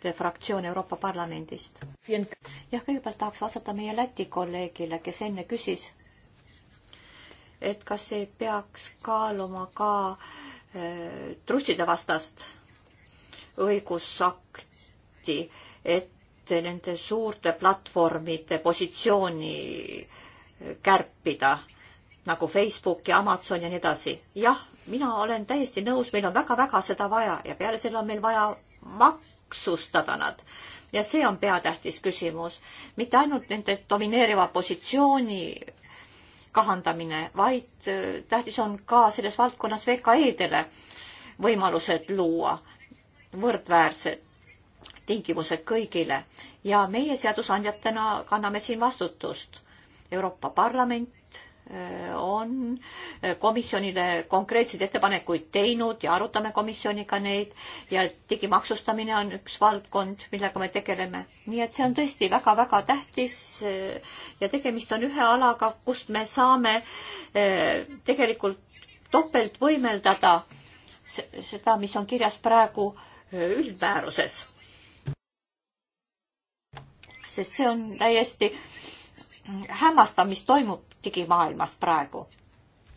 [SPEAKER 2] teie fraktsioon Euroopa Parlamendist. jah, kõigepealt tahaks vastata meie Läti kolleegile, kes enne küsis, et kas ei peaks kaaluma ka äh, trustide vastast õigusakti, et nende suurte platvormide positsiooni kärpida nagu Facebook ja Amazon ja nii edasi. jah, mina olen täiesti nõus, meil on väga-väga seda vaja ja peale selle on meil vaja maksustada nad. ja see on peatähtis küsimus. mitte ainult nende domineeriva positsiooni kahandamine, vaid äh, tähtis on ka selles valdkonnas VKE-dele võimalused luua, võrdväärsed tingimused kõigile ja meie seadusandjatena kanname siin vastutust. Euroopa Parlament äh, on äh, komisjonile konkreetseid ettepanekuid teinud ja arutame komisjoniga neid ja digimaksustamine on üks valdkond, millega me tegeleme. nii et see on tõesti väga-väga tähtis äh, ja tegemist on ühe alaga, kust me saame tegelikult topelt võimeldada seda, mis on kirjas praegu üldmääruses sest see on täiesti hämmastav, mis toimub digimaailmas praegu.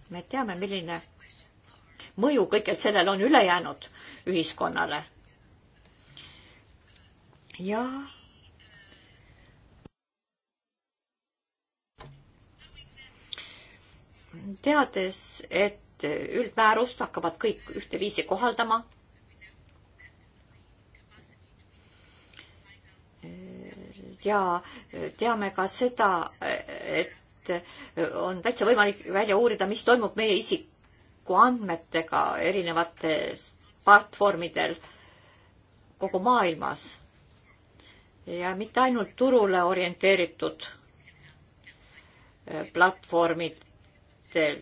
[SPEAKER 2] me teame, milline mõju kõigel sellel on ülejäänud ühiskonnale. ja teades, et üldmäärust hakkavad kõik ühteviisi kohaldama ja teame ka seda, et on täitsa võimalik välja uurida, mis toimub meie isikuandmetega erinevates platvormidel kogu maailmas. ja mitte ainult turule orienteeritud platvormidel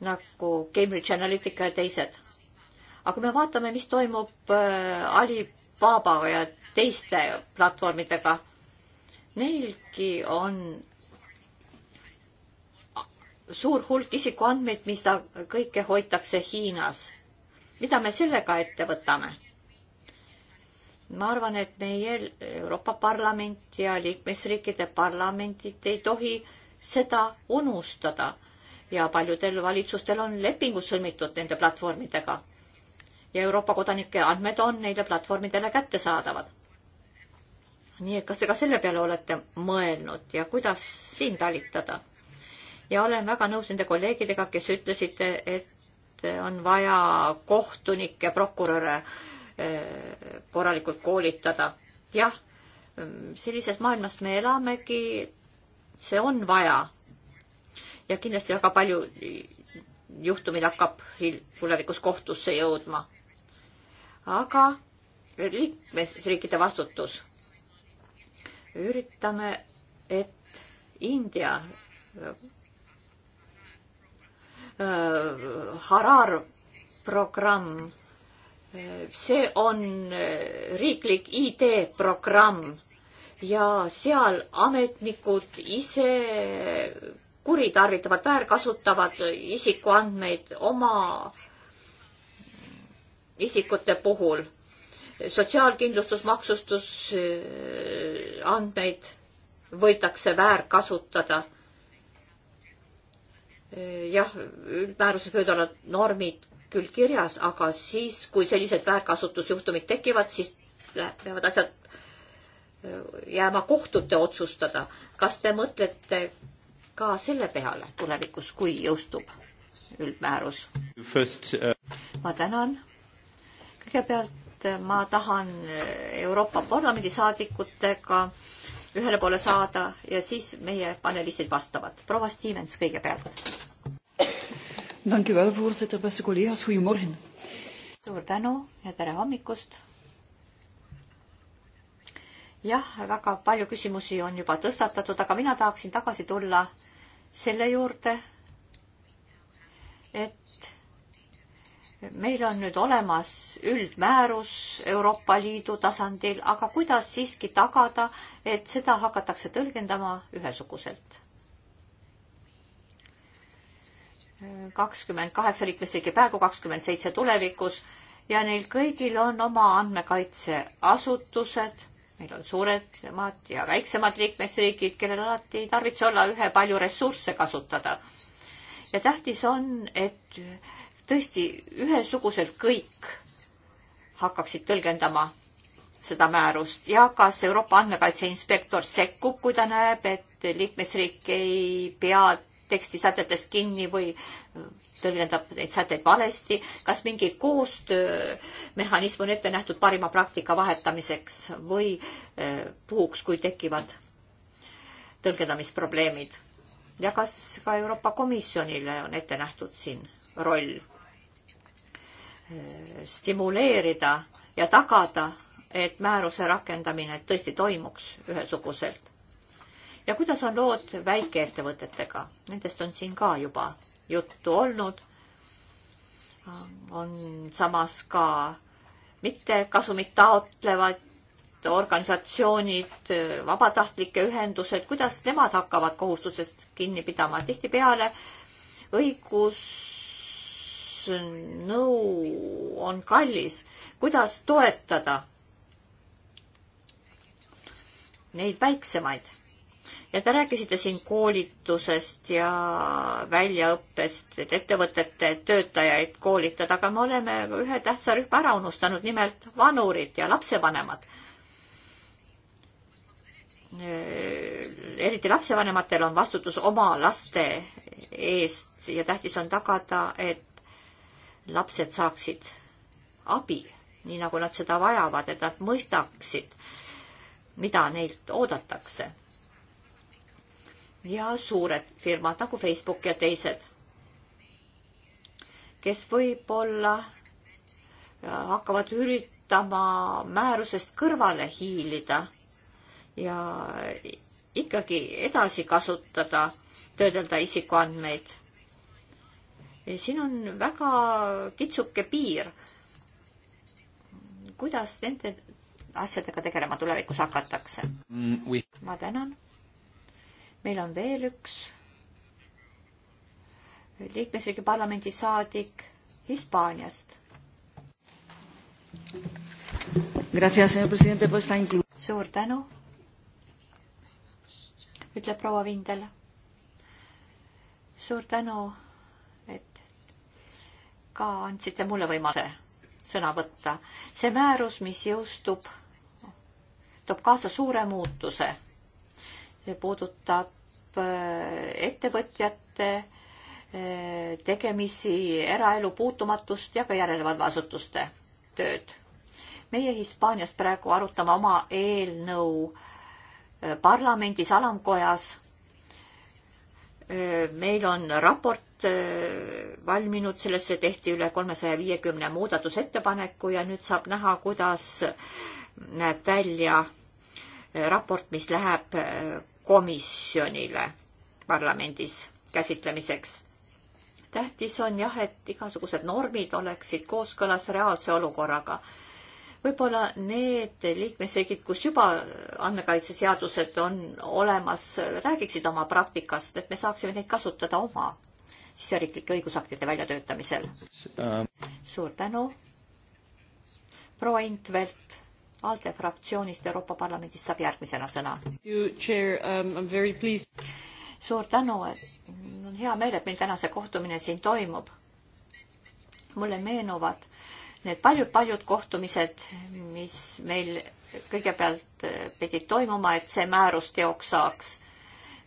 [SPEAKER 2] nagu Cambridge Analytica ja teised. aga kui me vaatame, mis toimub äh, Alibabaga ja teiste platvormidega. Neilgi on suur hulk isikuandmeid, mida kõike hoitakse Hiinas. mida me sellega ette võtame? ma arvan, et meie Euroopa Parlament ja liikmesriikide parlamendid ei tohi seda unustada ja paljudel valitsustel on lepingud sõlmitud nende platvormidega. ja Euroopa kodanike andmed on neile platvormidele kättesaadavad nii et kas te ka selle peale olete mõelnud ja kuidas siin talitada? ja olen väga nõus nende kolleegidega, kes ütlesid, et on vaja kohtunikke, prokuröre eh, korralikult koolitada. jah, sellises maailmas me elamegi, see on vaja. ja kindlasti väga palju juhtumeid hakkab tulevikus kohtusse jõudma. aga liikmesriikide vastutus üritame, et India äh, Harar programm, see on riiklik ID-programm ja seal ametnikud ise kuritarvitavad, väärkasutavad isikuandmeid oma isikute puhul sotsiaalkindlustusmaksustus äh, andmeid võidakse väärkasutada. Äh, jah, üldmääruses võivad olla normid küll kirjas, aga siis, kui sellised väärkasutusjuhtumid tekivad, siis peavad asjad äh, jääma kohtute otsustada. kas te mõtlete ka selle peale tulevikus, kui jõustub üldmäärus? Uh... ma tänan. kõigepealt et ma tahan Euroopa Parlamendi saadikutega ühele poole saada ja siis meie panelistid vastavad. proua Stevens kõigepealt. suur tänu ja tere hommikust. jah, väga palju küsimusi on juba tõstatatud, aga mina tahaksin tagasi tulla selle juurde, et meil on nüüd olemas üldmäärus Euroopa Liidu tasandil, aga kuidas siiski tagada, et seda hakatakse tõlgendama ühesuguselt? kakskümmend kaheksa liikmesriiki praegu, kakskümmend seitse tulevikus ja neil kõigil on oma andmekaitseasutused, meil on suuremad ja väiksemad liikmesriigid, kellel alati ei tarvitse olla ühepalju ressursse kasutada. ja tähtis on, et tõesti ühesuguselt kõik hakkaksid tõlgendama seda määrust ja kas Euroopa andmekaitse inspektor sekkub, kui ta näeb, et liikmesriik ei pea tekstisätetest kinni või tõlgendab neid sätteid valesti, kas mingi koostöömehhanism on ette nähtud parima praktika vahetamiseks või eh, puhuks, kui tekivad tõlgendamisprobleemid ja kas ka Euroopa Komisjonile on ette nähtud siin roll? stimuleerida ja tagada, et määruse rakendamine tõesti toimuks ühesuguselt. ja kuidas on lood väikeettevõtetega? Nendest on siin ka juba juttu olnud. on samas ka mittekasumit taotlevad organisatsioonid, vabatahtlike ühendused, kuidas nemad hakkavad kohustusest kinni pidama? tihtipeale õigus nõu on kallis. kuidas toetada neid väiksemaid? ja te rääkisite siin koolitusest ja väljaõppest, et ettevõtete töötajaid koolitada, aga me oleme ühe tähtsa rühma ära unustanud, nimelt vanurid ja lapsevanemad eriti lapsevanematel on vastutus oma laste eest ja tähtis on tagada, et lapsed saaksid abi, nii nagu nad seda vajavad, et nad mõistaksid, mida neilt oodatakse. ja suured firmad nagu Facebook ja teised, kes võib-olla äh, hakkavad üritama määrusest kõrvale hiilida ja ikkagi edasi kasutada, töödelda isikuandmeid siin on väga kitsuke piir. kuidas nende asjadega tegelema tulevikus hakatakse mm,? Oui. ma tänan. meil on veel üks liikmesriigi parlamendi saadik Hispaaniast. suur tänu, ütleb proua Vindel. suur tänu ka andsite mulle võimaluse sõna võtta. see määrus, mis jõustub, toob kaasa suure muutuse. puudutab äh, ettevõtjate äh, tegemisi, eraelu puutumatust ja ka järelevalveasutuste tööd. meie Hispaanias praegu arutame oma eelnõu äh, parlamendis alamkojas meil on raport valminud, sellesse tehti üle kolmesaja viiekümne muudatusettepaneku ja nüüd saab näha, kuidas näeb välja raport, mis läheb komisjonile parlamendis käsitlemiseks. tähtis on jah, et igasugused normid oleksid kooskõlas reaalse olukorraga võib-olla need liikmesriigid, kus juba andmekaitseseadused on olemas, räägiksid oma praktikast, et me saaksime neid kasutada oma siseriiklike õigusaktide väljatöötamisel
[SPEAKER 1] um..
[SPEAKER 2] suur tänu. proua Intvelt, ALDE fraktsioonist Euroopa Parlamendist saab järgmisena sõna.
[SPEAKER 3] Um,
[SPEAKER 2] suur tänu, on hea meel, et meil täna see kohtumine siin toimub. mulle meenuvad äh, need paljud-paljud kohtumised, mis meil kõigepealt eh, pidid toimuma, et see määrus teoks saaks.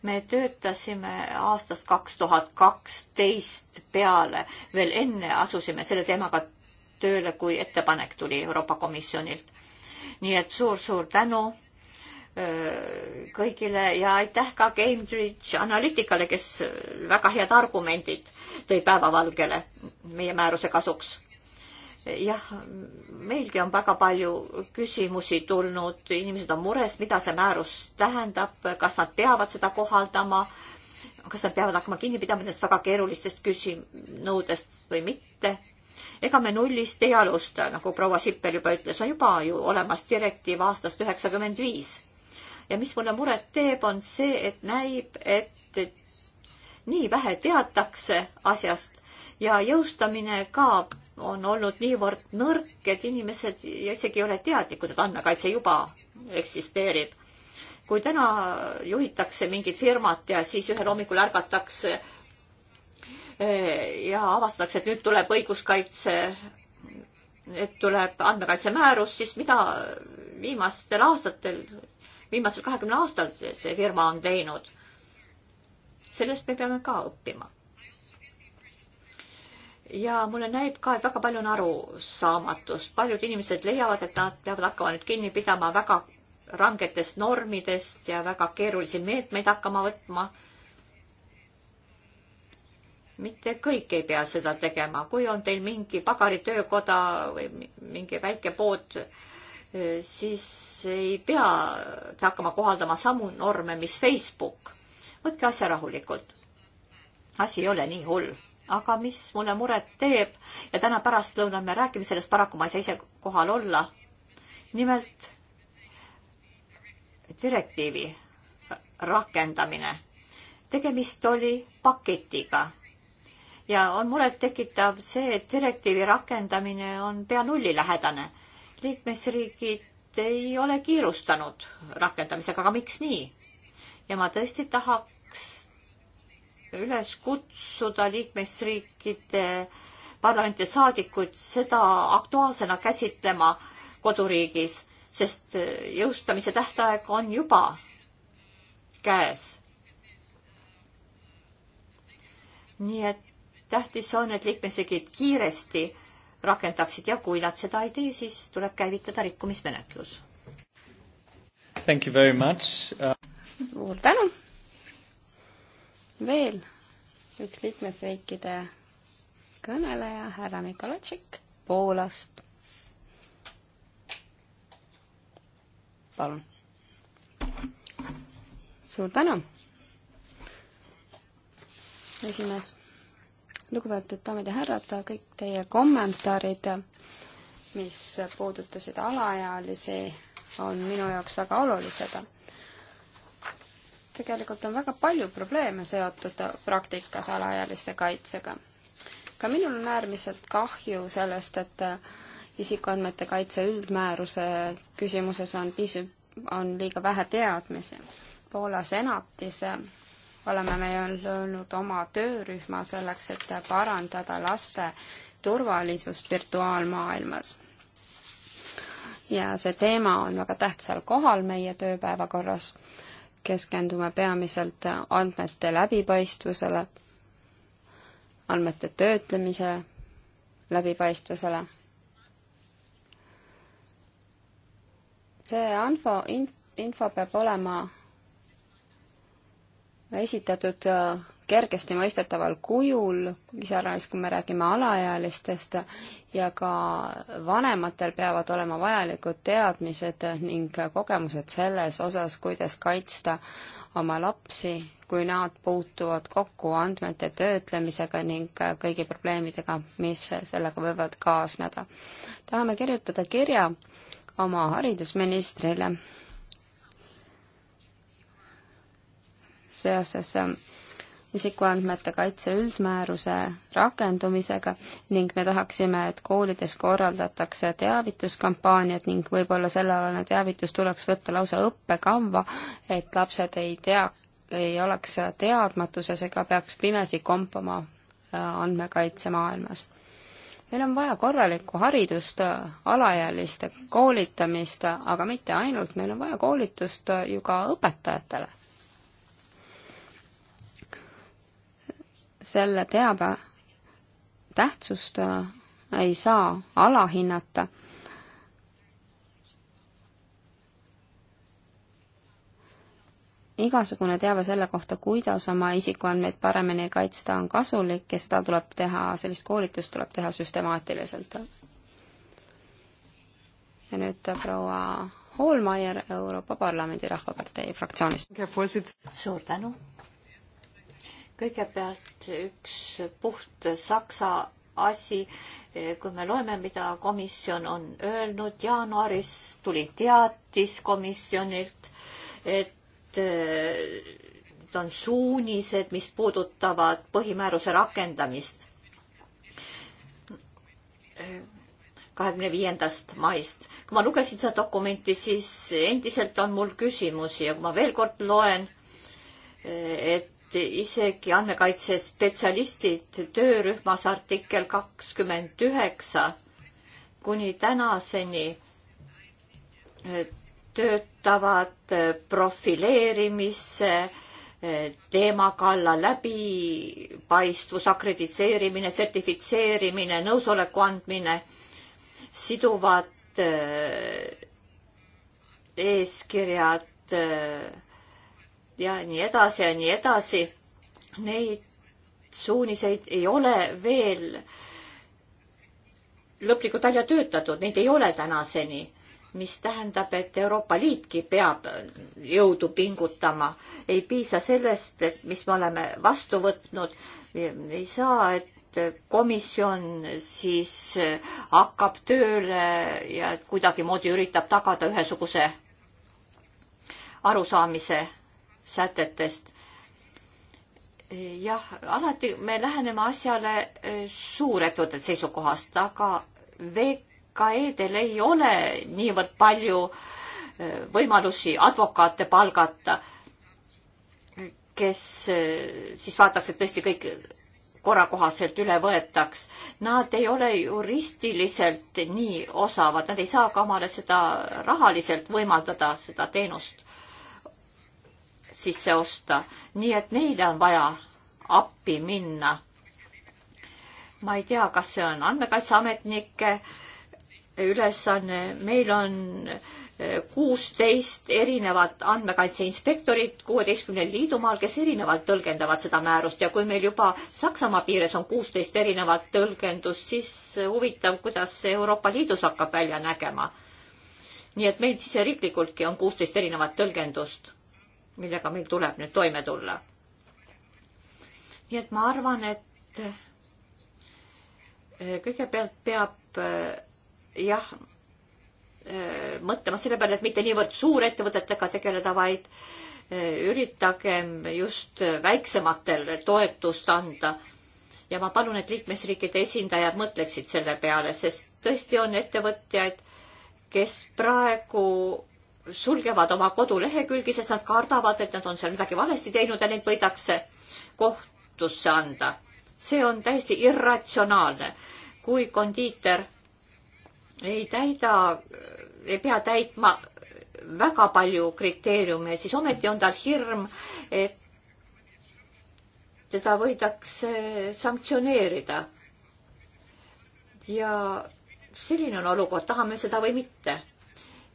[SPEAKER 2] me töötasime aastast kaks tuhat kaksteist peale, veel enne asusime selle teemaga tööle, kui ettepanek tuli Euroopa Komisjonilt. nii et suur-suur tänu eh, kõigile ja aitäh ka Cambridge Analyticale, kes eh, väga head argumendid tõi päevavalgele meie määruse kasuks jah, meilgi on väga palju küsimusi tulnud, inimesed on mures, mida see määrus tähendab, kas nad peavad seda kohaldama, kas nad peavad hakkama kinni pidama nendest väga keerulistest küsinõudest või mitte. ega me nullist ei alusta, nagu proua Sipper juba ütles, on juba ju olemas direktiiv aastast üheksakümmend viis. ja mis mulle muret teeb, on see, et näib, et nii vähe teatakse asjast ja jõustamine ka on olnud niivõrd nõrk, et inimesed isegi ei ole teadlikud, et andmekaitse juba eksisteerib. kui täna juhitakse mingit firmat ja siis ühel hommikul ärgatakse eh, ja avastatakse, et nüüd tuleb õiguskaitse, et tuleb andmekaitse määrus, siis mida viimastel aastatel, viimasel kahekümne aastal see firma on teinud? sellest me peame ka õppima ja mulle näib ka, et väga palju on arusaamatust, paljud inimesed leiavad, et nad peavad hakkama nüüd kinni pidama väga rangetest normidest ja väga keerulisi meetmeid hakkama võtma. mitte kõik ei pea seda tegema, kui on teil mingi pagaritöökoda või mingi väike pood, siis ei pea te hakkama kohaldama samu norme, mis Facebook. võtke asja rahulikult. asi ei ole nii hull aga mis mulle muret teeb ja täna pärastlõunal me räägime sellest, paraku ma ei saa ise kohal olla. nimelt direktiivi rakendamine. tegemist oli paketiga ja on murettekitav see, et direktiivi rakendamine on pea nullilähedane. liikmesriigid ei ole kiirustanud rakendamisega, aga miks nii? ja ma tõesti tahaks üles kutsuda liikmesriikide parlamendi saadikuid seda aktuaalsena käsitlema koduriigis, sest jõustamise tähtaeg on juba käes. nii et tähtis on, et liikmesriigid kiiresti rakendaksid ja kui nad seda ei tee, siis tuleb käivitada rikkumismenetlus.
[SPEAKER 3] Thank you very much uh....
[SPEAKER 2] suur tänu veel üks
[SPEAKER 1] liikmesriikide kõneleja, härra Mikolotšik Poolast. palun. suur tänu, esimees. lugupeetud daamid ja härrad, kõik teie kommentaarid, mis puudutasid alaealisi, on minu jaoks väga olulised tegelikult on väga palju probleeme seotud praktikas alaealiste kaitsega. ka minul on äärmiselt kahju sellest, et äh, isikuandmete kaitse üldmääruse küsimuses on pis-, on liiga vähe teadmisi. Poola senatis äh, oleme me olnud oma töörühma selleks, et parandada laste turvalisust virtuaalmaailmas ja see teema on väga tähtsal kohal meie tööpäevakorras keskendume peamiselt andmete läbipaistvusele, andmete töötlemise läbipaistvusele. see info in,, info peab olema esitatud äh, kergesti mõistetaval kujul, iseäranis kui me räägime alaealistest, ja ka vanematel peavad olema vajalikud teadmised ning kogemused selles osas, kuidas kaitsta oma lapsi, kui nad puutuvad kokku andmete töötlemisega ning kõigi probleemidega, mis sellega võivad kaasneda. tahame kirjutada kirja oma haridusministrile seoses isikuandmete kaitse üldmääruse rakendumisega ning me tahaksime, et koolides korraldatakse teavituskampaaniad ning võib-olla sellealane teavitus tuleks võtta lausa õppekavva, et lapsed ei tea, ei oleks teadmatuses ega peaks pimesi kompama äh, andmekaitse maailmas. meil on vaja korralikku haridust, alaealiste koolitamist, aga mitte ainult, meil on vaja koolitust ju ka õpetajatele selle teabe tähtsust äh, ei saa alahinnata. igasugune teave selle kohta, kuidas oma isikuandmeid paremini kaitsta, on kasulik ja seda tuleb teha, sellist koolitust tuleb teha süstemaatiliselt. ja nüüd proua Hoolmeier Euroopa Parlamendi Rahvapartei
[SPEAKER 2] fraktsioonist.
[SPEAKER 1] suur tänu,
[SPEAKER 2] kõigepealt üks puht saksa asi, kui me loeme, mida komisjon on öelnud, jaanuaris tuli teatis komisjonilt, et need on suunised, mis puudutavad põhimääruse rakendamist kahekümne viiendast maist. kui ma lugesin seda dokumenti, siis endiselt on mul küsimusi ja kui ma veel kord loen, et isegi andmekaitsespetsialistid töörühmas artikkel kakskümmend üheksa kuni tänaseni eh, töötavad eh, profileerimise eh, teema kallal läbipaistvus, akrediteerimine, sertifitseerimine, nõusoleku andmine, siduvad eeskirjad ja nii edasi ja nii edasi. Neid suuniseid ei ole veel lõplikult välja töötatud, neid ei ole tänaseni, mis tähendab, et Euroopa Liitki peab jõudu pingutama. ei piisa sellest, et mis me oleme vastu võtnud, ei saa, et komisjon siis hakkab tööle ja kuidagimoodi üritab tagada ühesuguse arusaamise sätetest. jah, alati me läheneme asjale eh, suurettevõtete seisukohast, aga VKE-del ei ole niivõrd palju eh, võimalusi advokaate palgata, kes eh, siis vaataks, et tõesti kõik korrakohaselt üle võetaks. Nad ei ole juristiliselt nii osavad, nad ei saa ka omale seda rahaliselt võimaldada, seda teenust sisse osta, nii et neile on vaja appi minna. ma ei tea, kas see on andmekaitseametnike ülesanne, meil on eh, kuusteist erinevat andmekaitse inspektorit kuueteistkümnel liidumaal, kes erinevalt tõlgendavad seda määrust ja kui meil juba Saksamaa piires on kuusteist erinevat tõlgendust, siis huvitav, kuidas see Euroopa Liidus hakkab välja nägema. nii et meil siseriiklikultki on kuusteist erinevat tõlgendust millega meil tuleb nüüd toime tulla. nii et ma arvan, et eh, kõigepealt peab eh, jah, eh, mõtlema selle peale, et mitte niivõrd suurettevõtetega tegeleda, vaid üritagem just väiksematel toetust anda ja ma palun, et liikmesriikide esindajad mõtleksid selle peale, sest tõesti on ettevõtjaid, kes praegu sulgevad oma kodulehekülgi, sest nad kardavad, et nad on seal midagi valesti teinud ja neid võidakse kohtusse anda. see on täiesti irratsionaalne. kui kondiiter ei täida, ei pea täitma väga palju kriteeriume, siis ometi on tal hirm, et teda võidakse sanktsioneerida. ja selline on olukord, tahame seda või mitte.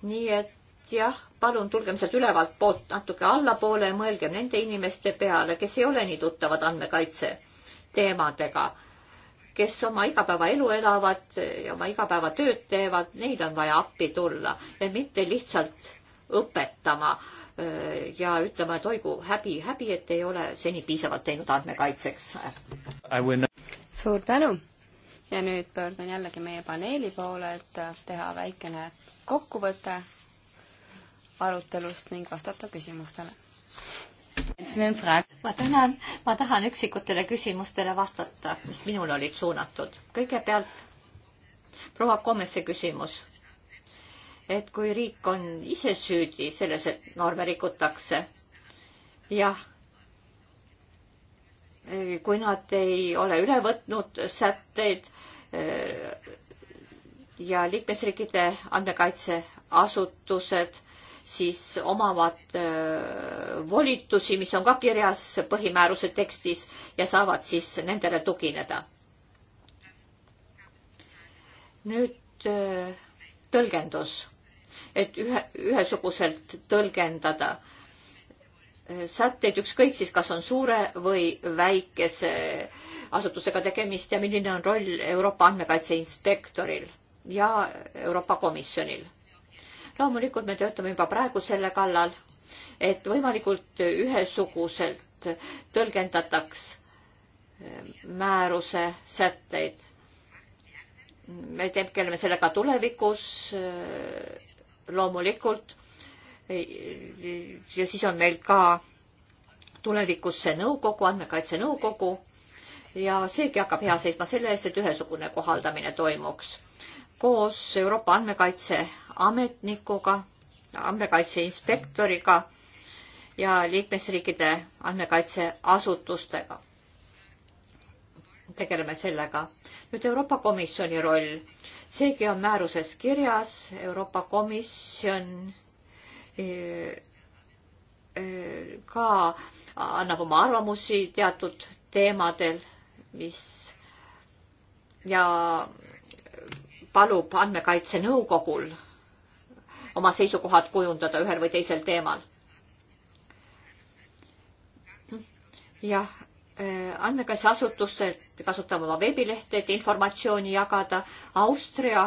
[SPEAKER 2] nii et jah, palun tulgem sealt ülevalt poolt natuke allapoole ja mõelgem nende inimeste peale, kes ei ole nii tuttavad andmekaitse teemadega, kes oma igapäevaelu elavad ja oma igapäevatööd teevad, neil on vaja appi tulla ja mitte lihtsalt õpetama äh, ja ütlema, et oigu, häbi, häbi, et ei ole seni piisavalt teinud andmekaitseks. suur tänu! ja nüüd pöördun jällegi meie paneeli poole, et teha väikene kokkuvõte arutelust ning vastata küsimustele. ma tänan, ma tahan üksikutele küsimustele vastata, mis minule olid suunatud. kõigepealt proua Komese küsimus. et kui riik on ise süüdi selles, et norme rikutakse, jah, kui nad ei ole üle võtnud sätteid ja liikmesriikide andmekaitseasutused siis omavad volitusi, mis on ka kirjas põhimääruse tekstis ja saavad siis nendele tugineda. nüüd tõlgendus, et ühe, ühesuguselt tõlgendada sätteid, ükskõik siis, kas on suure või väikese asutusega tegemist ja milline on roll Euroopa andmekaitse inspektoril ja Euroopa Komisjonil loomulikult me töötame juba praegu selle kallal, et võimalikult ühesuguselt tõlgendataks ehm, määruse sätteid. me tegeleme sellega tulevikus ehm, loomulikult. ja siis on meil ka tulevikus see nõukogu, andmekaitse nõukogu ja seegi hakkab hea seisma selle eest, et ühesugune kohaldamine toimuks koos Euroopa andmekaitseametnikuga, andmekaitse inspektoriga ja liikmesriikide andmekaitseasutustega. tegeleme sellega. nüüd Euroopa Komisjoni roll. seegi on määruses kirjas, Euroopa Komisjon eh, eh, ka annab oma arvamusi teatud teemadel, mis ja palub Andmekaitse Nõukogul oma seisukohad kujundada ühel või teisel teemal. jah, eh, andmekaitseasutused kasutavad oma veebilehte, et informatsiooni jagada. Austria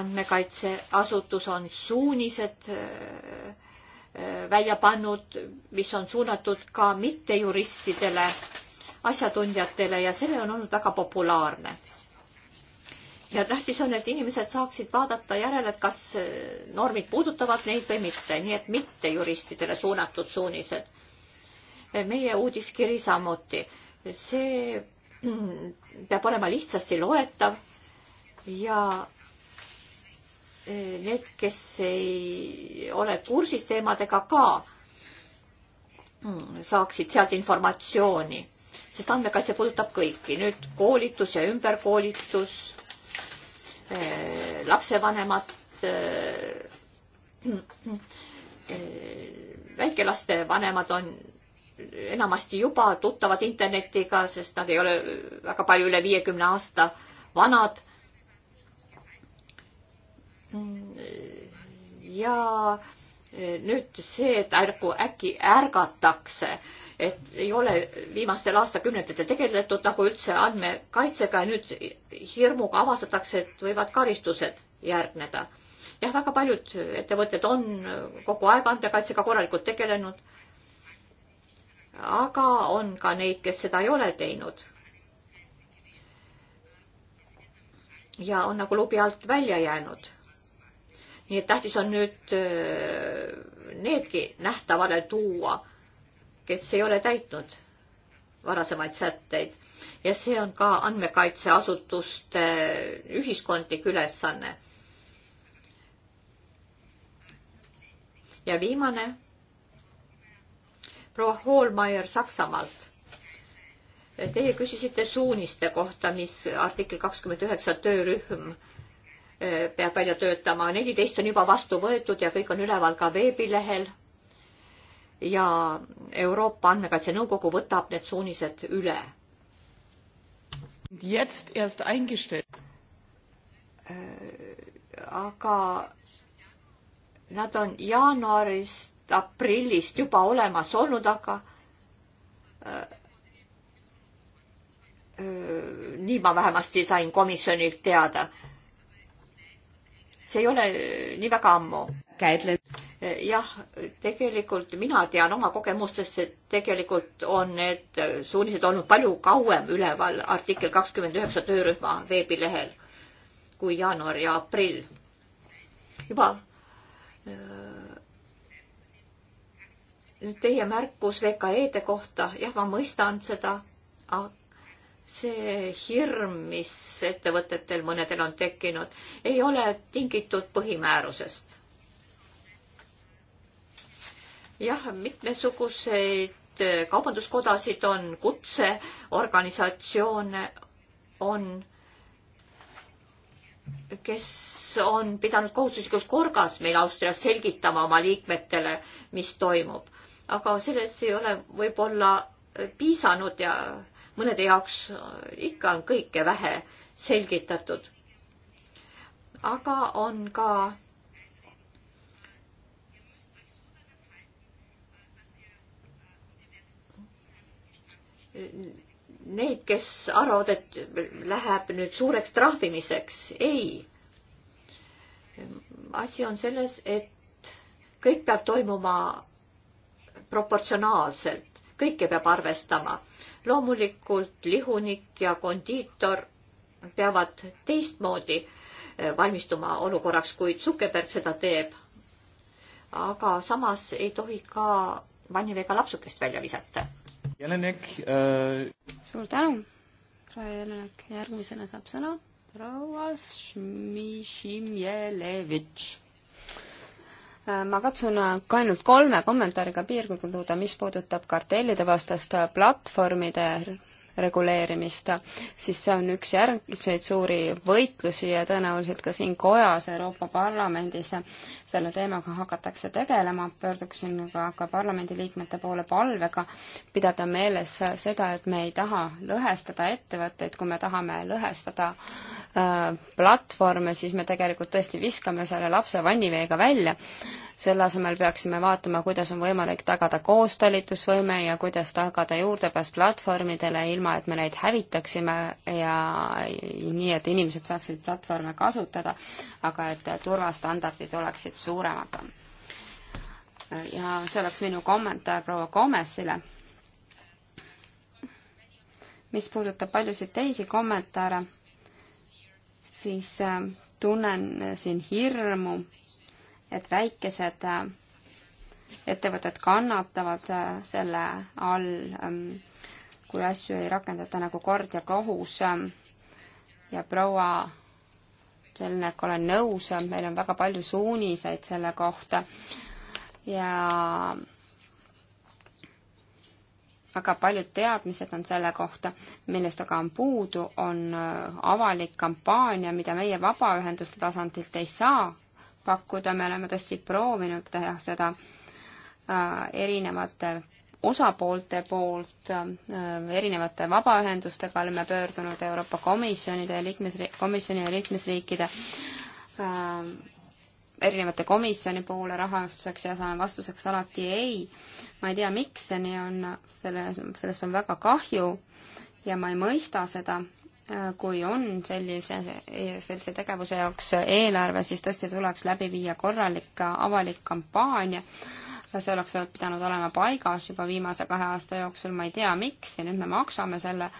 [SPEAKER 2] andmekaitseasutus on suunised eh, eh, välja pannud, mis on suunatud ka mittejuristidele, asjatundjatele ja see on olnud väga populaarne ja tähtis on, et inimesed saaksid vaadata järele, et kas äh, normid puudutavad neid või mitte, nii et mitte juristidele suunatud suunised. meie uudiskiri samuti. see mm, peab olema lihtsasti loetav ja äh, need, kes ei ole kursis teemadega ka, mm, saaksid sealt informatsiooni, sest andmekaitse puudutab kõiki, nüüd koolitus ja ümberkoolitus Äh, lapsevanemad, äh, äh, väikelaste vanemad on enamasti juba tuttavad internetiga, sest nad ei ole väga palju üle viiekümne aasta vanad. ja nüüd see, et ärgu äkki ärgatakse et ei ole viimastel aastakümnendatel tegeletud nagu üldse andmekaitsega ja nüüd hirmuga avastatakse, et võivad karistused järgneda. jah, väga paljud ettevõtted on kogu aeg andmekaitsega korralikult tegelenud. aga on ka neid, kes seda ei ole teinud. ja on nagu lubi alt välja jäänud nii et tähtis on nüüd äh, needki nähtavale tuua kes ei ole täitnud varasemaid sätteid ja see on ka andmekaitseasutuste ühiskondlik ülesanne. ja viimane, proua Hoolmeier Saksamaalt. Teie küsisite suuniste kohta, mis artikkel kakskümmend üheksa töörühm eh, peab välja töötama. neliteist on juba vastu võetud ja kõik on üleval ka veebilehel ja Euroopa Andmekaitse Nõukogu võtab need suunised üle. Äh, aga nad on jaanuarist, aprillist juba olemas olnud, aga äh, äh, nii ma vähemasti sain komisjonilt teada. see ei ole nii väga ammu jah, tegelikult mina tean oma kogemustest, et tegelikult on need suunised olnud palju kauem üleval artikkel kakskümmend üheksa töörühma veebilehel kui jaanuar ja aprill. juba nüüd äh, teie märkus VKE-de kohta, jah, ma mõistan seda, aga see hirm, mis ettevõtetel mõnedel on tekkinud, ei ole tingitud põhimäärusest jah, mitmesuguseid äh, kaubanduskodasid on, kutseorganisatsioone on, kes on pidanud kohustuslikus korgas meil Austrias selgitama oma liikmetele, mis toimub. aga selles ei ole võib-olla äh, piisanud ja mõnede jaoks äh, ikka on kõike vähe selgitatud. aga on ka need, kes arvavad, et läheb nüüd suureks trahvimiseks. ei. asi on selles, et kõik peab toimuma proportsionaalselt, kõike peab arvestama. loomulikult lihunik ja kondiitor peavad teistmoodi eh, valmistuma olukorraks, kuid Zuckerberg seda teeb. aga samas ei tohi ka vanniveega lapsukest välja visata
[SPEAKER 1] Jelenek äh.... suur tänu, proua Jelenek, järgmisena saab sõna proua Šmišimjelevitš äh, ma katsun ka äh, ainult kolme kommentaariga piirduda, mis puudutab kartellide vastast platvormide reguleerimist, siis see on üks järgmiseid suuri võitlusi ja tõenäoliselt ka siin kojas, Euroopa Parlamendis selle teemaga hakatakse tegelema, pöörduksin ka, ka parlamendiliikmete poole palvega pidada meeles seda, et me ei taha lõhestada ettevõtteid, kui me tahame lõhestada äh, platvorme, siis me tegelikult tõesti viskame selle lapse vanniveega välja selle asemel peaksime vaatama, kuidas on võimalik tagada koostalitusvõime ja kuidas tagada juurdepääs platvormidele, ilma et me neid hävitaksime ja nii, et inimesed saaksid platvorme kasutada, aga et turvastandardid oleksid suuremad. ja see oleks minu kommentaar proua Gomesile mis puudutab paljusid teisi kommentaare, siis äh, tunnen äh, siin hirmu et väikesed äh, ettevõtted kannatavad äh, selle all, ähm, kui asju ei rakendata nagu kord ja kohus. Ähm, ja proua Tšelnek, olen nõus, äh, meil on väga palju suuniseid selle kohta ja väga paljud teadmised on selle kohta, millest aga on puudu, on avalik kampaania, mida meie vabaühenduste tasandilt ei saa pakkuda, me oleme tõesti proovinud teha seda äh, erinevate osapoolte poolt, äh, erinevate vabaühendustega oleme pöördunud Euroopa Komisjonide ja liikmesriik, komisjoni ja liikmesriikide äh, erinevate komisjoni poole rahastuseks ja saame vastuseks alati ei. ma ei tea, miks see nii on, selle, sellest on väga kahju ja ma ei mõista seda, kui on sellise, sellise tegevuse jaoks eelarve, siis tõesti tuleks läbi viia korralik avalik kampaania. see oleks pidanud olema paigas juba viimase kahe aasta jooksul, ma ei tea, miks, ja nüüd me maksame selle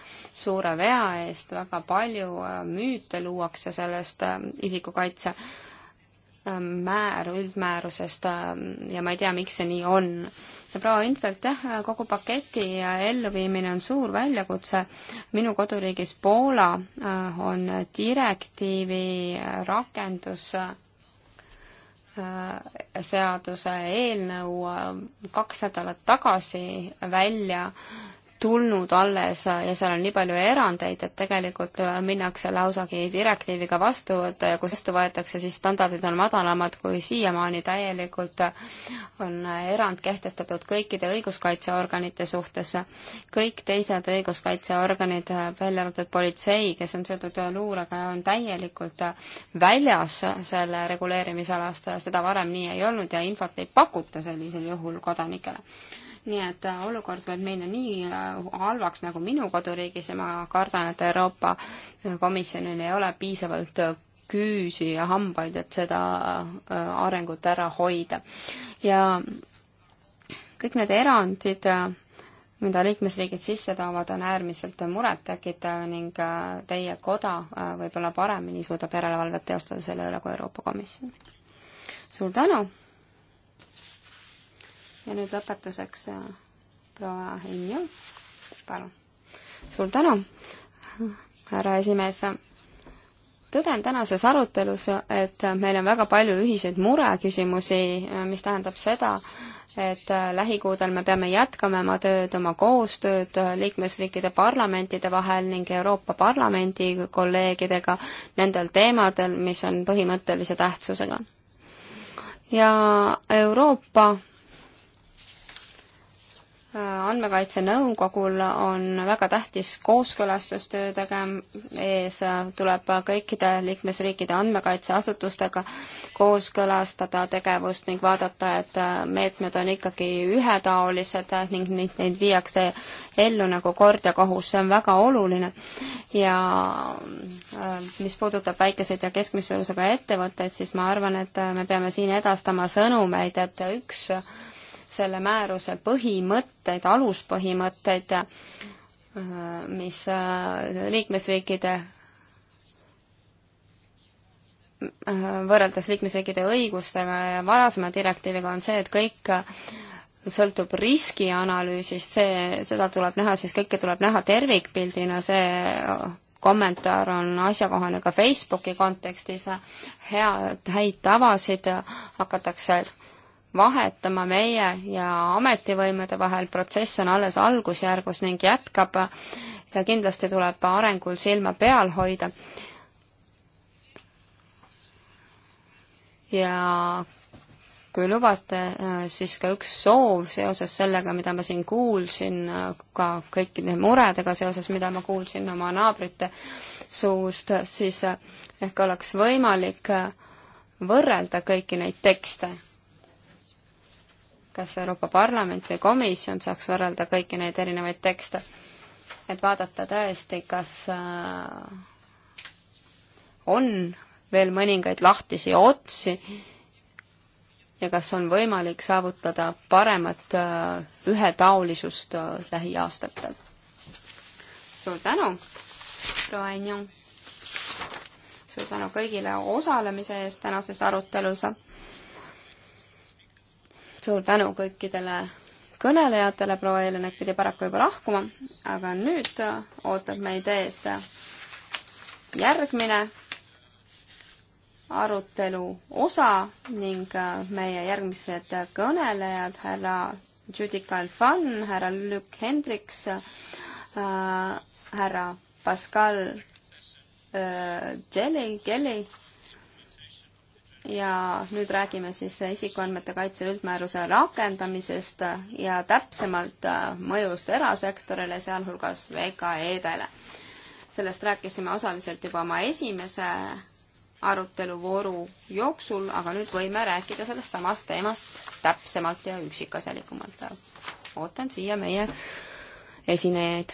[SPEAKER 1] suure vea eest, väga palju müüte luuakse sellest isikukaitse määr üldmäärusest ähm, ja ma ei tea, miks see nii on. ja proua Infeld, jah, kogu paketi elluviimine on suur väljakutse. minu koduriigis Poola äh, on direktiivi äh, rakendus äh, seaduse eelnõu kaks nädalat tagasi välja äh, tulnud alles ja seal on nii palju erandeid, et tegelikult äh, minnakse lausagi direktiiviga vastu võtta ja äh, kui vastu võetakse, siis standardid on madalamad kui siiamaani, täielikult äh, on erand kehtestatud kõikide õiguskaitseorganite suhtes. kõik teised õiguskaitseorganid, välja arvatud politsei, kes on seotud luurega, on täielikult väljas selle reguleerimisalast, seda varem nii ei olnud ja infot ei pakuta sellisel juhul kodanikele nii et äh, olukord võib minna nii äh, halvaks nagu minu koduriigis ja ma kardan, et Euroopa äh, Komisjonil ei ole piisavalt küüsi ja hambaid, et seda arengut ära hoida. ja kõik need erandid, mida liikmesriigid sisse toovad, on äärmiselt murettekitav ning teie koda võib-olla paremini suudab järelevalvet teostada selle üle kui Euroopa Komisjon. suur tänu! ja nüüd lõpetuseks äh, proua Heinju, palun. suur tänu, härra esimees. tõden tänases arutelus, et meil on väga palju ühiseid mureküsimusi, äh, mis tähendab seda, et äh, lähikuudel me peame jätkama oma tööd, oma koostööd liikmesriikide parlamentide vahel ning Euroopa Parlamendi kolleegidega nendel teemadel, mis on põhimõttelise tähtsusega. ja Euroopa andmekaitse nõukogul on väga tähtis kooskõlastustöö tegem-, ees tuleb kõikide liikmesriikide andmekaitseasutustega kooskõlastada tegevust ning vaadata, et meetmed on ikkagi ühetaolised ning neid, neid viiakse ellu nagu kord ja kohus, see on väga oluline. ja äh, mis puudutab väikeseid ja keskmise suurusega ettevõtteid, siis ma arvan, et me peame siin edastama sõnumeid, et üks selle määruse põhimõtteid, aluspõhimõtteid, mis äh, liikmesriikide äh, võrreldes liikmesriikide õigustega ja varasema direktiiviga on see, et kõik sõltub riskianalüüsist, see, seda tuleb näha siis, kõike tuleb näha tervikpildina, see kommentaar on asjakohane ka Facebooki kontekstis, head, häid tavasid hakatakse vahetama meie ja ametivõimude vahel, protsess on alles algusjärgus ning jätkab ja kindlasti tuleb arengul silma peal hoida. ja kui lubate, siis ka üks soov seoses sellega, mida ma siin kuulsin, ka kõikide muredega seoses, mida ma kuulsin oma naabrite suust, siis ehk oleks võimalik võrrelda kõiki neid tekste kas Euroopa Parlament või komisjon saaks võrrelda kõiki neid erinevaid tekste, et vaadata tõesti, kas äh, on veel mõningaid lahtisi otsi ja kas on võimalik saavutada paremat äh, ühetaolisust äh, lähiaastatel. suur tänu, proua Enjong! suur tänu kõigile osalemise eest tänases arutelus suur tänu kõikidele kõnelejatele, proua Eelenek pidi paraku juba lahkuma, aga nüüd ootab meid ees järgmine arutelu osa ning meie järgmised kõnelejad, härra Judika Alfan, härra Luc Hendriks äh,, härra Pascal äh, Jelly, Kelly ja nüüd räägime siis isikuandmete kaitse üldmääruse rakendamisest ja täpsemalt mõjust erasektorile, sealhulgas VKE-dele. sellest rääkisime osaliselt juba oma esimese aruteluvooru jooksul, aga nüüd võime rääkida sellest samast teemast täpsemalt ja üksikasjalikumalt. ootan siia meie esinejaid.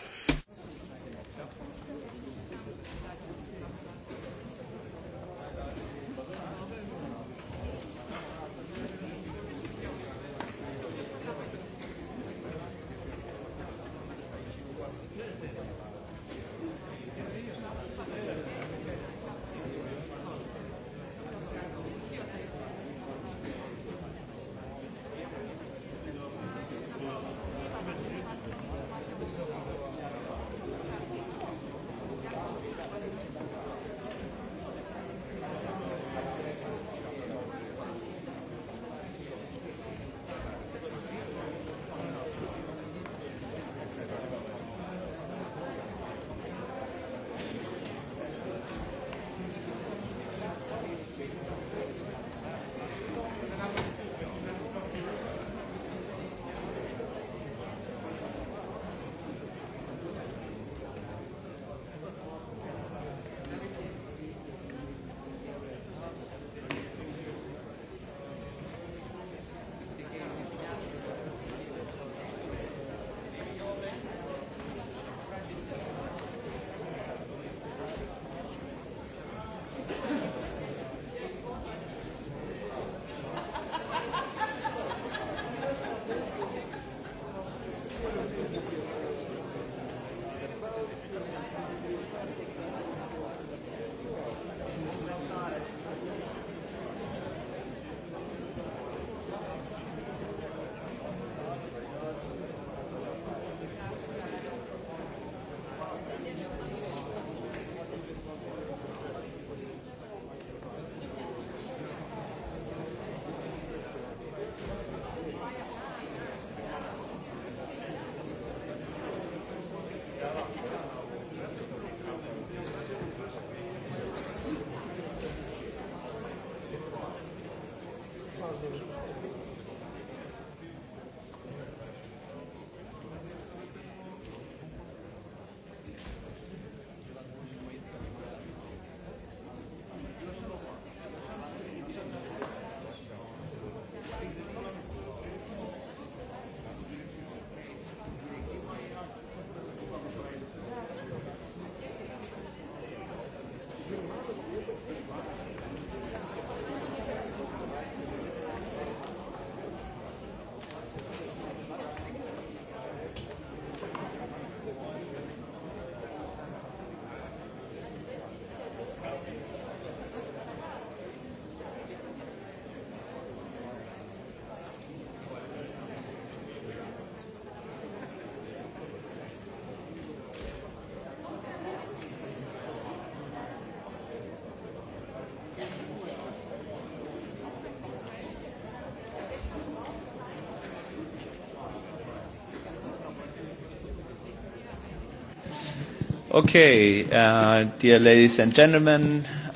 [SPEAKER 3] Okay, uh, dear ladies and gentlemen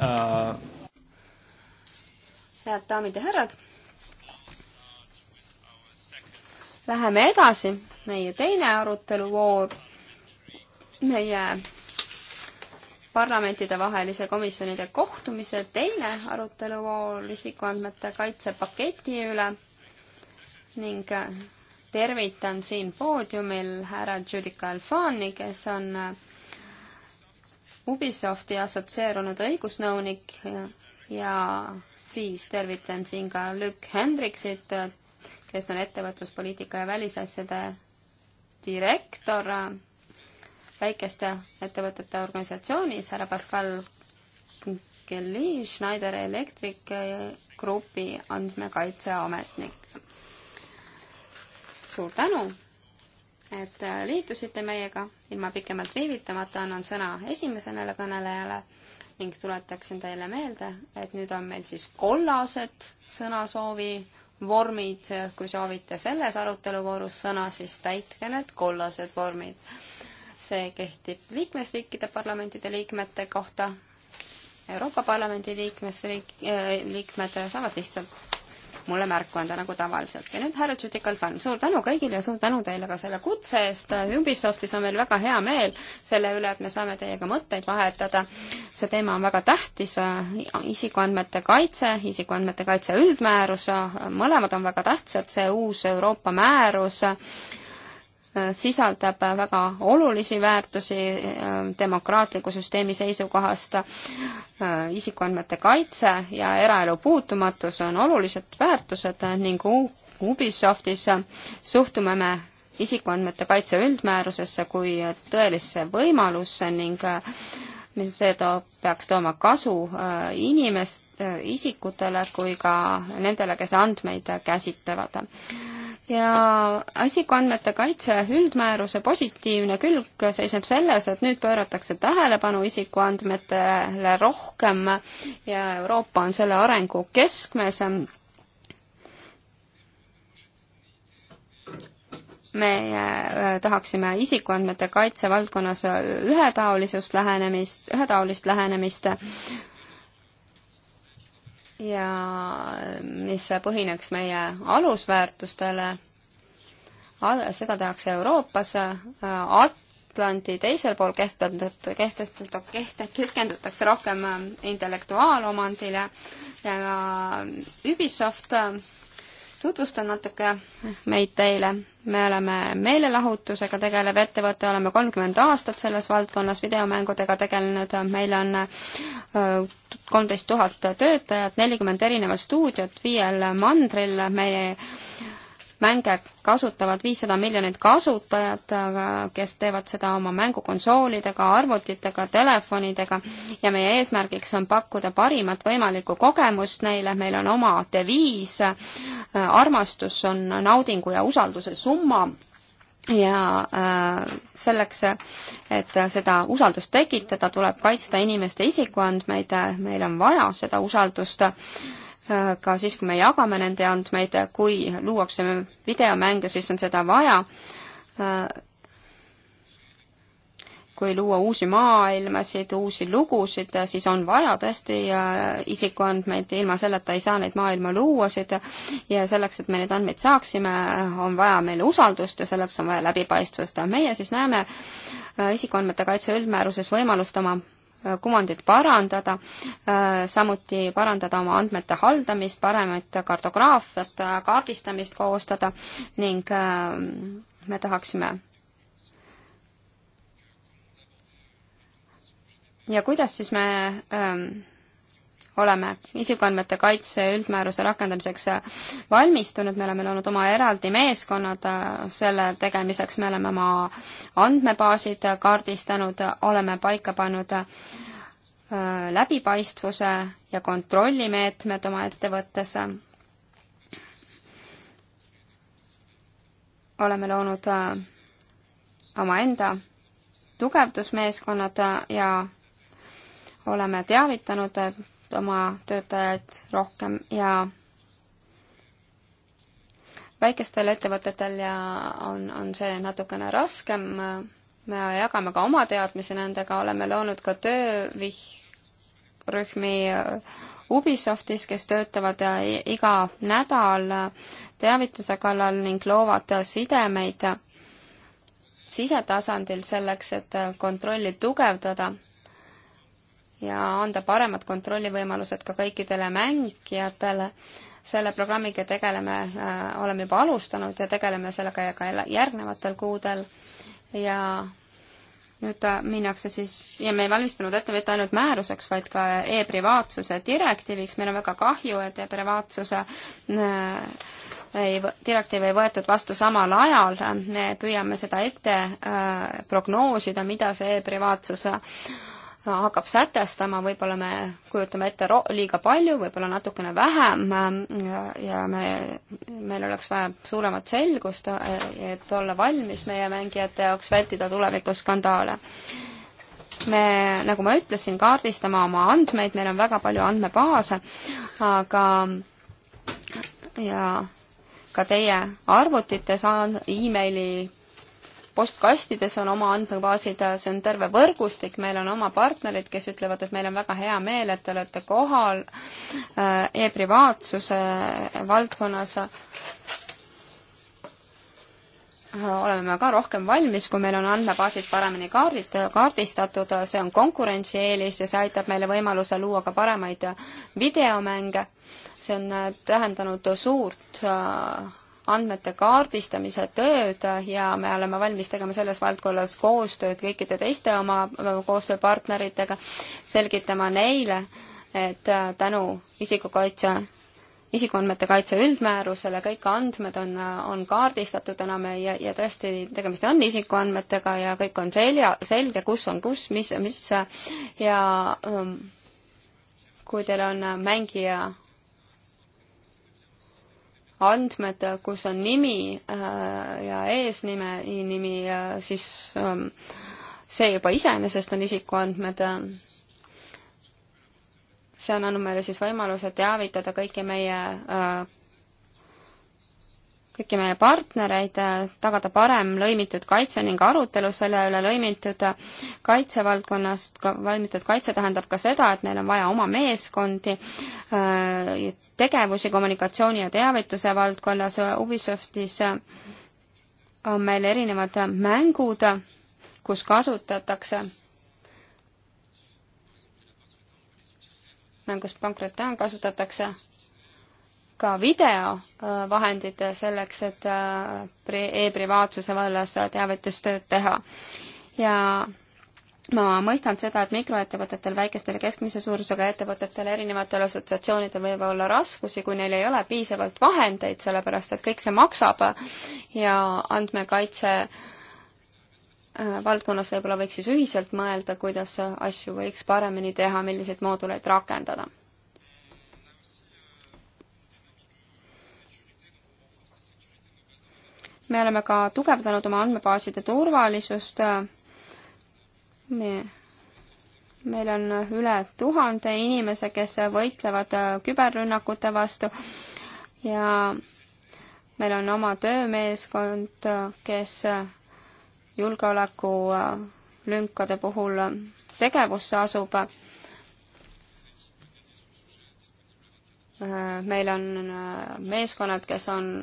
[SPEAKER 3] uh....
[SPEAKER 2] head
[SPEAKER 1] daamid ja härrad. Läheme edasi, meie teine aruteluvoor, meie parlamentidevahelise komisjonide kohtumise teine aruteluvoor isikuandmete kaitse paketi üle ning äh, tervitan siin poodiumil härra Judika Alfani, kes on äh, Ubisofti assotsieerunud õigusnõunik ja, ja siis tervitan siin ka Lükk Hendriksit, kes on ettevõtluspoliitika ja välisasjade direktor väikeste ettevõtete organisatsioonis, härra Pascal Kelly, Schneider Electric Grupi andmekaitseametnik. suur tänu et äh, liitusite meiega. ilma pikemalt viivitamata annan sõna esimesele kõnelejale ning tuletaksin teile meelde, et nüüd on meil siis kollased sõnasoovi vormid, kui soovite selles aruteluvoorus sõna, siis täitke need kollased vormid. see kehtib liikmesriikide parlamentide liikmete kohta. Euroopa Parlamendi liikmesriik äh,, liikmed saavad lihtsalt mulle märku anda, nagu tavaliselt. ja nüüd härra Judikal Fan, suur tänu kõigile ja suur tänu teile ka selle kutse eest, Ubisoftis on meil väga hea meel selle üle, et me saame teiega mõtteid vahetada, see teema on väga tähtis, isikuandmete kaitse, isikuandmete kaitse üldmäärus, mõlemad on väga tähtsad, see uus Euroopa määrus, Äh, sisaldab väga olulisi väärtusi äh, demokraatliku süsteemi seisukohast. Äh, isikuandmete kaitse ja eraelu puutumatus on olulised väärtused ning Ubisoftis suhtume me isikuandmete kaitse üldmäärusesse kui tõelisse võimalusse ning see toob, peaks tooma kasu inimest, isikutele kui ka nendele, kes andmeid käsitlevad ja isikuandmete kaitse üldmääruse positiivne külg seisneb selles, et nüüd pööratakse tähelepanu isikuandmetele rohkem ja Euroopa on selle arengu keskmes. meie äh, tahaksime isikuandmete kaitse valdkonnas ühetaolisust lähenemist, ühetaolist lähenemist ja mis põhineks meie alusväärtustele. seda tehakse Euroopas, Atlandi teisel pool kehtestatud, kehtestatud, keht-, keskendutakse rohkem intellektuaalomandile ja Ubisoft tutvustan natuke meid teile. me oleme meelelahutusega tegelev ettevõte, oleme kolmkümmend aastat selles valdkonnas videomängudega tegelenud, meil on kolmteist tuhat töötajat, nelikümmend erinevat stuudiot viiel mandril, meie mänge kasutavad viissada miljonit kasutajat, kes teevad seda oma mängukonsoolidega, arvutitega, telefonidega ja meie eesmärgiks on pakkuda parimat võimalikku kogemust neile, meil on oma deviis, armastus on naudingu ja usalduse summa ja äh, selleks, et seda usaldust tekitada, tuleb kaitsta inimeste isikuandmeid, meil on vaja seda usaldust äh, ka siis, kui me jagame nende andmeid, kui luuakse videomänge, siis on seda vaja. kui luua uusi maailmasid, uusi lugusid, siis on vaja tõesti äh, isikuandmeid, ilma selleta ei saa neid maailma luuasid ja selleks, et me neid andmeid saaksime, on vaja meil usaldust ja selleks on vaja läbipaistvust. meie siis näeme äh, isikuandmete kaitse üldmääruses võimalust oma kuvandit parandada, äh, samuti parandada oma andmete haldamist, paremat kartograafiat, äh, kaardistamist koostada ning äh, me tahaksime ja kuidas siis me ähm, oleme isikuandmete kaitse üldmääruse rakendamiseks valmistunud, me oleme loonud oma eraldi meeskonnad äh, selle tegemiseks, me oleme oma andmebaasid kaardistanud, oleme paika pannud äh, läbipaistvuse ja kontrollimeetmed oma ettevõttes. oleme loonud äh, omaenda tugevdusmeeskonnad ja oleme teavitanud oma töötajaid rohkem ja väikestel ettevõtetel ja on, on see natukene raskem. me jagame ka oma teadmisi nendega, oleme loonud ka töörühmi Ubisoftis, kes töötavad iga nädal teavituse kallal ning loovad sidemeid sisetasandil selleks, et kontrolli tugevdada ja anda paremad kontrollivõimalused ka kõikidele mängijatele. selle programmiga tegeleme, äh, oleme juba alustanud ja tegeleme sellega ka järgnevatel kuudel ja nüüd äh, minnakse siis, ja me ei valmistanud ette mitte ainult määruseks, vaid ka e-privaatsuse direktiiviks, meil on väga kahju, et e-privaatsuse äh, ei, direktiiv ei võetud vastu samal ajal, me püüame seda ette äh, prognoosida, mida see e-privaatsus hakkab sätestama, võib-olla me kujutame ette liiga palju, võib-olla natukene vähem ähm, ja me, meil oleks vaja suuremat selgust, äh, et olla valmis meie mängijate jaoks vältida tulevikus skandaale. me, nagu ma ütlesin, kaardistame oma andmeid, meil on väga palju andmebaase, aga ja ka teie arvutites e-maili postkastides on oma andmebaasid, see on terve võrgustik, meil on oma partnerid, kes ütlevad, et meil on väga hea meel, et te olete kohal äh, e-privaatsuse valdkonnas. oleme ka rohkem valmis, kui meil on andmebaasid paremini kaardid, kaardistatud, see on konkurentsieelis ja see aitab meile võimaluse luua ka paremaid videomänge. see on äh, tähendanud suurt äh, andmete kaardistamise tööd ja me oleme valmis tegema selles valdkonnas koostööd kõikide teiste oma koostööpartneritega, selgitama neile, et tänu isikukaitse isikuandmete kaitse üldmäärusele, kõik andmed on, on kaardistatud enam ja, ja tõesti, tegemist on isikuandmetega ja kõik on selja, selge, kus on kus, mis, mis ja um, kui teil on mängija andmed, kus on nimi äh, ja eesnime, nimi, siis ähm, see juba iseenesest on isikuandmed. see on andnud meile siis võimaluse teavitada kõiki meie äh, kõiki meie partnereid, tagada parem lõimitud kaitse ning arutelu selle üle lõimitud kaitsevaldkonnast, lõimitud kaitse tähendab ka seda, et meil on vaja oma meeskondi, äh, tegevusi kommunikatsiooni ja teavituse valdkonnas, Ubisoftis on meil erinevad mängud, kus kasutatakse mängus pankrotan kasutatakse ka videovahendid äh, selleks, et äh, e-privaatsuse vallas teavitustööd teha. ja ma mõistan seda, et mikroettevõtetel, väikestel ja keskmise suurusega ettevõtetel, erinevatel assotsiatsioonidel võib olla raskusi, kui neil ei ole piisavalt vahendeid, sellepärast et kõik see maksab ja andmekaitse äh, valdkonnas võib-olla võiks siis ühiselt mõelda, kuidas asju võiks paremini teha, milliseid mooduleid rakendada me oleme ka tugevdanud oma andmebaaside turvalisust. me, meil on üle tuhande inimese, kes võitlevad küberrünnakute vastu ja meil on oma töömeeskond, kes julgeolekulünkade puhul tegevusse asub. meil on meeskonnad, kes on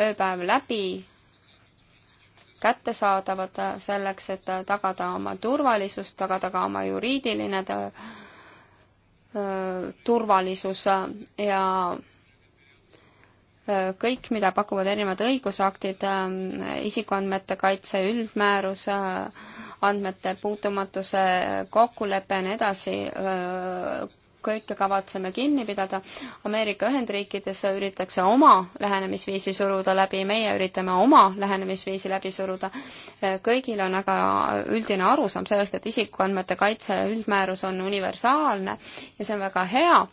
[SPEAKER 1] ööpäev läbi kättesaadavad selleks, et tagada oma turvalisust, tagada ka oma juriidiline äh, turvalisus ja äh, kõik, mida pakuvad erinevad õigusaktid, äh, isikuandmete kaitse üldmäärus, andmete puutumatuse kokkulepe ja nii edasi, kõike kavatseme kinni pidada. Ameerika Ühendriikides üritatakse oma lähenemisviisi suruda läbi, meie üritame oma lähenemisviisi läbi suruda. kõigil on aga üldine arusaam sellest, et isikuandmete kaitse üldmäärus on universaalne ja see on väga hea.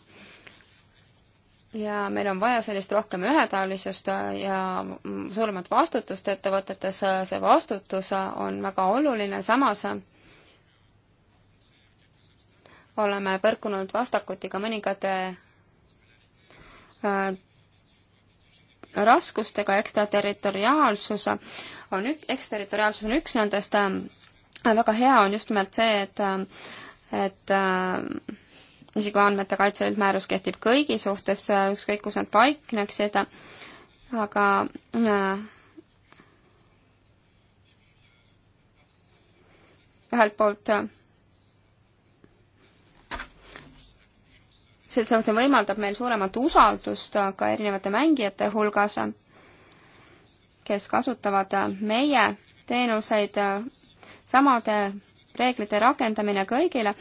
[SPEAKER 1] ja meil on vaja sellist rohkem ühetaolisust ja suuremat vastutust ettevõtetes, see vastutus on väga oluline, samas oleme põrkunud vastakuti ka mõningate äh, raskustega, ekstraterritoriaalsus on ük-, eksterritoriaalsus on üks nendest, äh, väga hea on just nimelt see, et, äh, et isikuandmete kaitse üldmäärus kehtib kõigi suhtes, ükskõik kus nad paikneksid, aga ühelt poolt see, see võimaldab meil suuremat usaldust ka erinevate mängijate hulgas, kes kasutavad meie teenuseid, samade reeglite rakendamine kõigile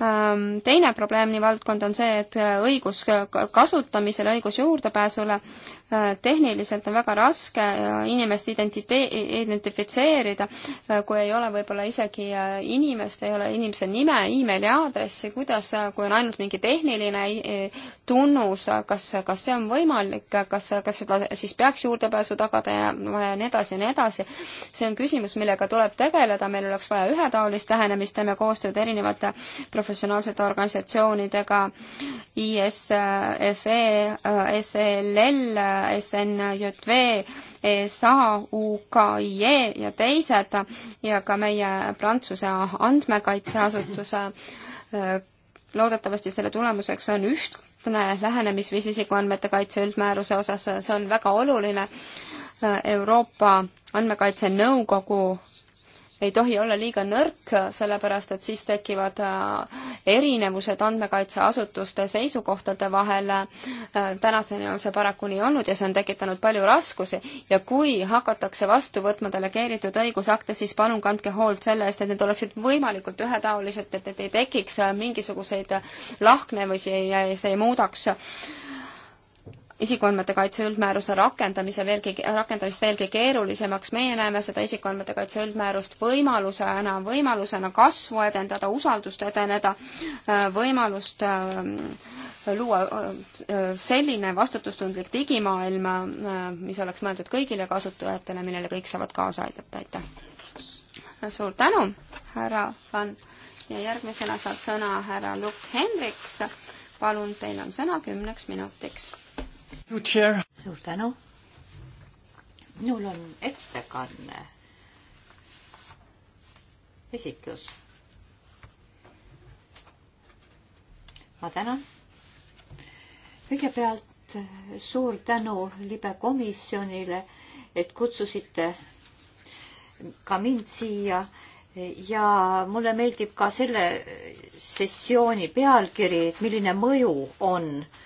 [SPEAKER 1] Ähm, teine probleemne valdkond on see, et äh, õigus kasutamisele, õigus juurdepääsule äh, tehniliselt on väga raske äh, inimest identitee-, identifitseerida, kui ei ole võib-olla isegi inimest, ei ole inimese nime e, emaili aadressi, kuidas, kui on ainult mingi tehniline tunnus, kas, kas see on võimalik, kas, kas seda siis peaks juurdepääsu tagada ja, ja nii edasi ja nii edasi. see on küsimus, millega tuleb tegeleda, meil oleks vaja ühetaolist lähenemist, teeme koostööd erinevate prof-, professionaalsete organisatsioonidega ISFE, SLL, e SNJV, ESA, UKIE ja teised ja ka meie Prantsuse andmekaitseasutuse loodetavasti selle tulemuseks on ühtne lähenemisviis isikuandmete kaitse üldmääruse osas, see on väga oluline Euroopa Andmekaitse Nõukogu ei tohi olla liiga nõrk, sellepärast et siis tekivad äh, erinevused andmekaitseasutuste seisukohtade vahel. Äh, tänaseni on see paraku nii olnud ja see on tekitanud palju raskusi ja kui hakatakse vastu võtma delegeeritud õigusakte, siis palun kandke hoolt selle eest, et need oleksid võimalikult ühetaolised, et need ei tekiks äh, mingisuguseid lahknevusi ja see ei muudaks isikuandmete kaitse üldmääruse rakendamise veelgi, rakendamist veelgi keerulisemaks, meie näeme seda isikuandmete kaitse üldmäärust võimalusena, võimalusena kasvu edendada, usaldust edeneda, võimalust äh, luua äh, selline vastutustundlik digimaailm, äh, mis oleks mõeldud kõigile kasutajatele, millele kõik saavad kaasa aidata, aitäh! suur tänu, härra Van! ja järgmisena saab sõna härra Lukk Hendriks, palun, teil on sõna kümneks minutiks
[SPEAKER 2] suur tänu. minul on ettekanne, esitlus. ma tänan. kõigepealt suur tänu libekomisjonile, et kutsusite ka mind siia ja mulle meeldib ka selle sessiooni pealkiri, et milline mõju on äh,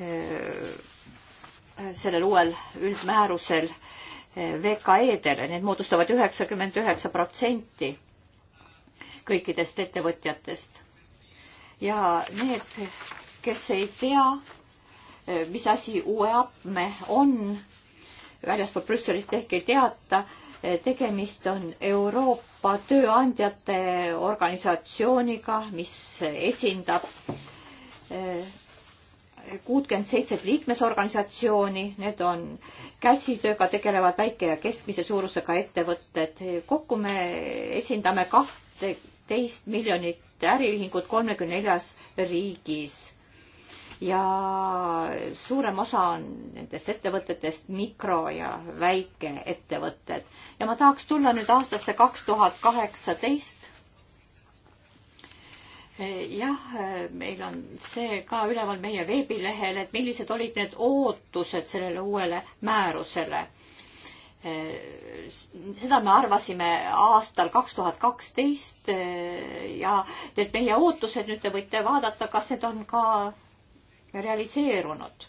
[SPEAKER 2] Äh, sellel uuel üldmäärusel äh, VKE-dele, need moodustavad üheksakümmend üheksa protsenti kõikidest ettevõtjatest. ja need, kes ei tea, äh, mis asi UEAPME on, väljaspool Brüsselist ehk ei teata, tegemist on Euroopa tööandjate organisatsiooniga, mis esindab kuutkümmend seitset liikmesorganisatsiooni, need on käsitööga tegelevad väike ja keskmise suurusega ettevõtted. kokku me esindame kahteteist miljonit äriühingut kolmekümne neljas riigis. ja suurem osa on nendest ettevõtetest mikro- ja väikeettevõtted. ja ma tahaks tulla nüüd aastasse kaks tuhat kaheksateist, jah, meil on see ka üleval meie veebilehel, et millised olid need ootused sellele uuele määrusele. seda me arvasime aastal kaks tuhat kaksteist eh, ja need meie ootused, nüüd te võite vaadata, kas need on ka realiseerunud.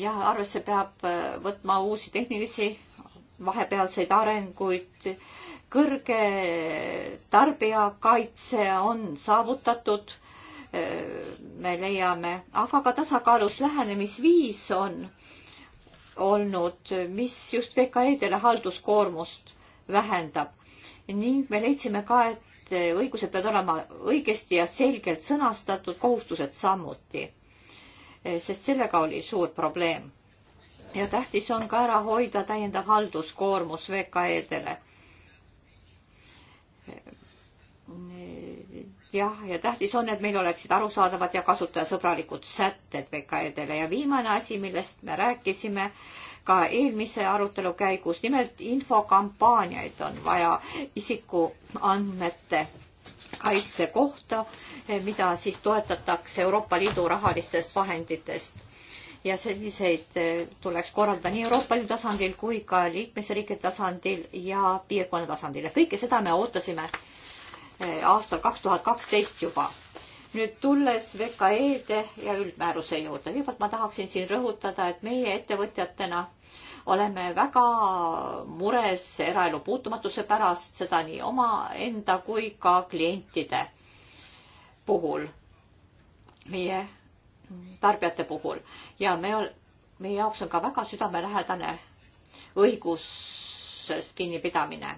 [SPEAKER 2] jah, arvesse peab eh, võtma uusi tehnilisi vahepealseid arenguid. kõrge tarbijakaitse on saavutatud, me leiame, aga ka tasakaalus lähenemisviis on olnud, mis just VKE-dele halduskoormust vähendab ning me leidsime ka, et õigused peavad olema õigesti ja selgelt sõnastatud, kohustused samuti. sest sellega oli suur probleem ja tähtis on ka ära hoida täiendav halduskoormus VKE-dele. jah, ja tähtis on, et meil oleksid arusaadavad ja kasutajasõbralikud sätted VKE-dele ja viimane asi, millest me rääkisime ka eelmise arutelu käigus, nimelt infokampaaniaid on vaja isikuandmete kaitse kohta, mida siis toetatakse Euroopa Liidu rahalistest vahenditest ja selliseid eh, tuleks korraldada nii Euroopa Liidu tasandil kui ka liikmesriikide tasandil ja piirkonna tasandil ja kõike seda me ootasime eh, aastal kaks tuhat kaksteist juba. nüüd tulles VKE-de ja üldmääruse juurde, kõigepealt ma tahaksin siin rõhutada, et meie ettevõtjatena oleme väga mures eraelu puutumatuse pärast, seda nii omaenda kui ka klientide puhul. meie tarbijate puhul ja me, meie jaoks on ka väga südamelähedane õigusest kinnipidamine.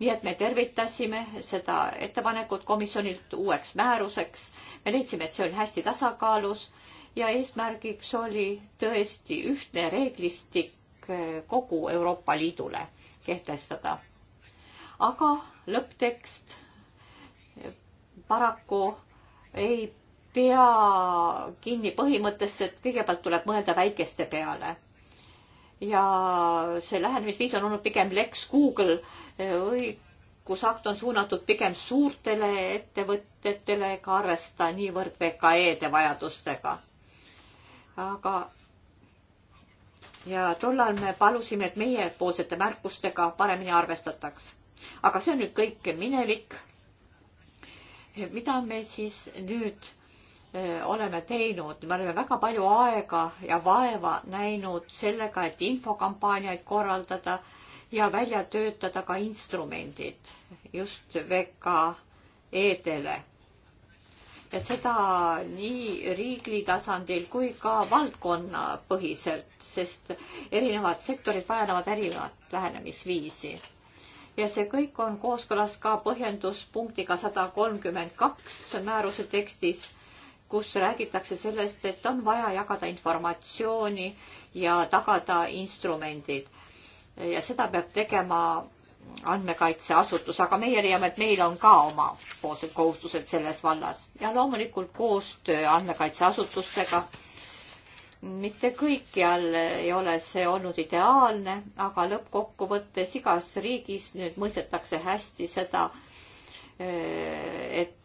[SPEAKER 2] nii et me tervitasime seda ettepanekut komisjonilt uueks määruseks. me leidsime, et see on hästi tasakaalus ja eesmärgiks oli tõesti ühtne reeglistik eh, kogu Euroopa Liidule kehtestada. aga lõpptekst eh, paraku ei pea kinni põhimõttesse, et kõigepealt tuleb mõelda väikeste peale. ja see lähenemisviis on olnud pigem Lex Google õigusakt on suunatud pigem suurtele ettevõtetele ega arvesta niivõrd VKE-de vajadustega. aga ja tollal me palusime, et meiepoolsete märkustega paremini arvestataks. aga see on nüüd kõik minevik. mida me siis nüüd oleme teinud, me oleme väga palju aega ja vaeva näinud sellega, et infokampaaniaid korraldada ja välja töötada ka instrumendid just VKE-dele. ja seda nii riigi tasandil kui ka valdkonnapõhiselt, sest erinevad sektorid vajavad erinevat lähenemisviisi. ja see kõik on kooskõlas ka põhjenduspunktiga sada kolmkümmend kaks määruse tekstis kus räägitakse sellest, et on vaja jagada informatsiooni ja tagada instrumendid. ja seda peab tegema andmekaitseasutus, aga meie leiame, et meil on ka omapoolsed kohustused selles vallas ja loomulikult koostöö andmekaitseasutustega. mitte kõikjal ei ole see olnud ideaalne, aga lõppkokkuvõttes igas riigis nüüd mõistetakse hästi seda, et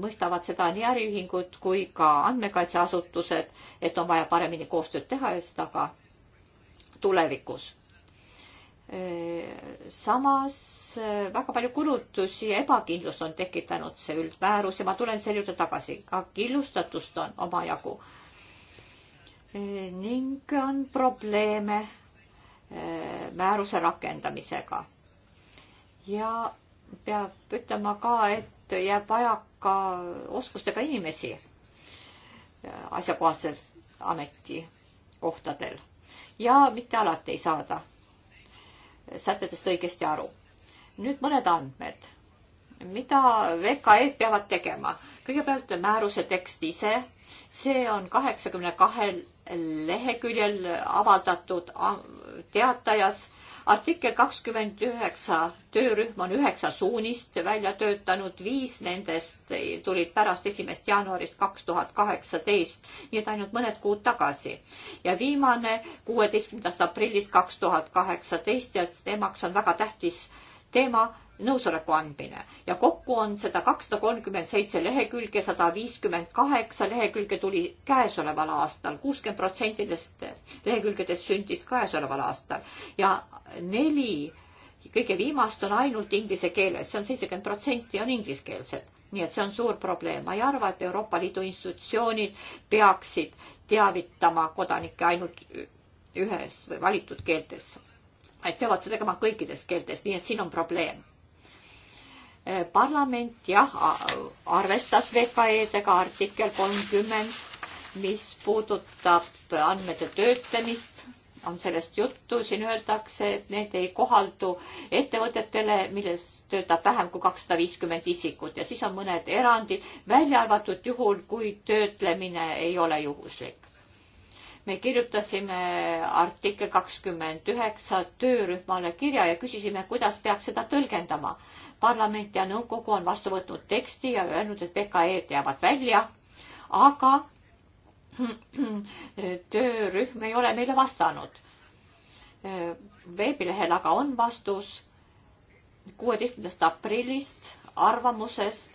[SPEAKER 2] mõistavad seda nii äriühingud kui ka andmekaitseasutused, et on vaja paremini koostööd teha ja seda ka tulevikus. samas väga palju kulutusi ja ebakindlust on tekitanud see üldmäärus ja ma tulen selle juurde tagasi, ka killustatust on omajagu. ning on probleeme eh, määruse rakendamisega. ja peab ütlema ka, et jääb vaja ka oskustega inimesi asjakohastel ametikohtadel ja mitte alati ei saada sätetest õigesti aru. nüüd mõned andmed, mida VKE-d peavad tegema. kõigepealt määruse tekst ise, see on kaheksakümne kahel leheküljel avaldatud teatajas artikkel kakskümmend üheksa töörühm on üheksa suunist välja töötanud, viis nendest tulid pärast esimest jaanuarist kaks tuhat kaheksateist, nii et ainult mõned kuud tagasi. ja viimane kuueteistkümnendast aprillist kaks tuhat kaheksateist ja teemaks on väga tähtis teema nõusoleku andmine ja kokku on seda kakssada kolmkümmend seitse lehekülge, sada viiskümmend kaheksa lehekülge tuli käesoleval aastal, kuuskümmend protsenti nendest lehekülgedest sündis käesoleval aastal ja neli kõige viimast on ainult inglise keeles, see on seitsekümmend protsenti on ingliskeelsed. nii et see on suur probleem, ma ei arva, et Euroopa Liidu institutsioonid peaksid teavitama kodanikke ainult ühes või valitud keeltes et peavad seda tegema kõikides keeltes, nii et siin on probleem Eh, parlament jah, arvestas VKE-dega artikkel kolmkümmend, mis puudutab andmete töötlemist, on sellest juttu, siin öeldakse, et need ei kohaldu ettevõtetele, milles töötab vähem kui kakssada viiskümmend isikut ja siis on mõned erandid, välja arvatud juhul, kui töötlemine ei ole juhuslik. me kirjutasime artikkel kakskümmend üheksa töörühmale kirja ja küsisime, kuidas peaks seda tõlgendama parlament ja nõukogu on vastu võtnud teksti ja öelnud, et VKE-d jäävad välja, aga töörühm ei ole meile vastanud. veebilehel aga on vastus kuueteistkümnendast aprillist arvamusest,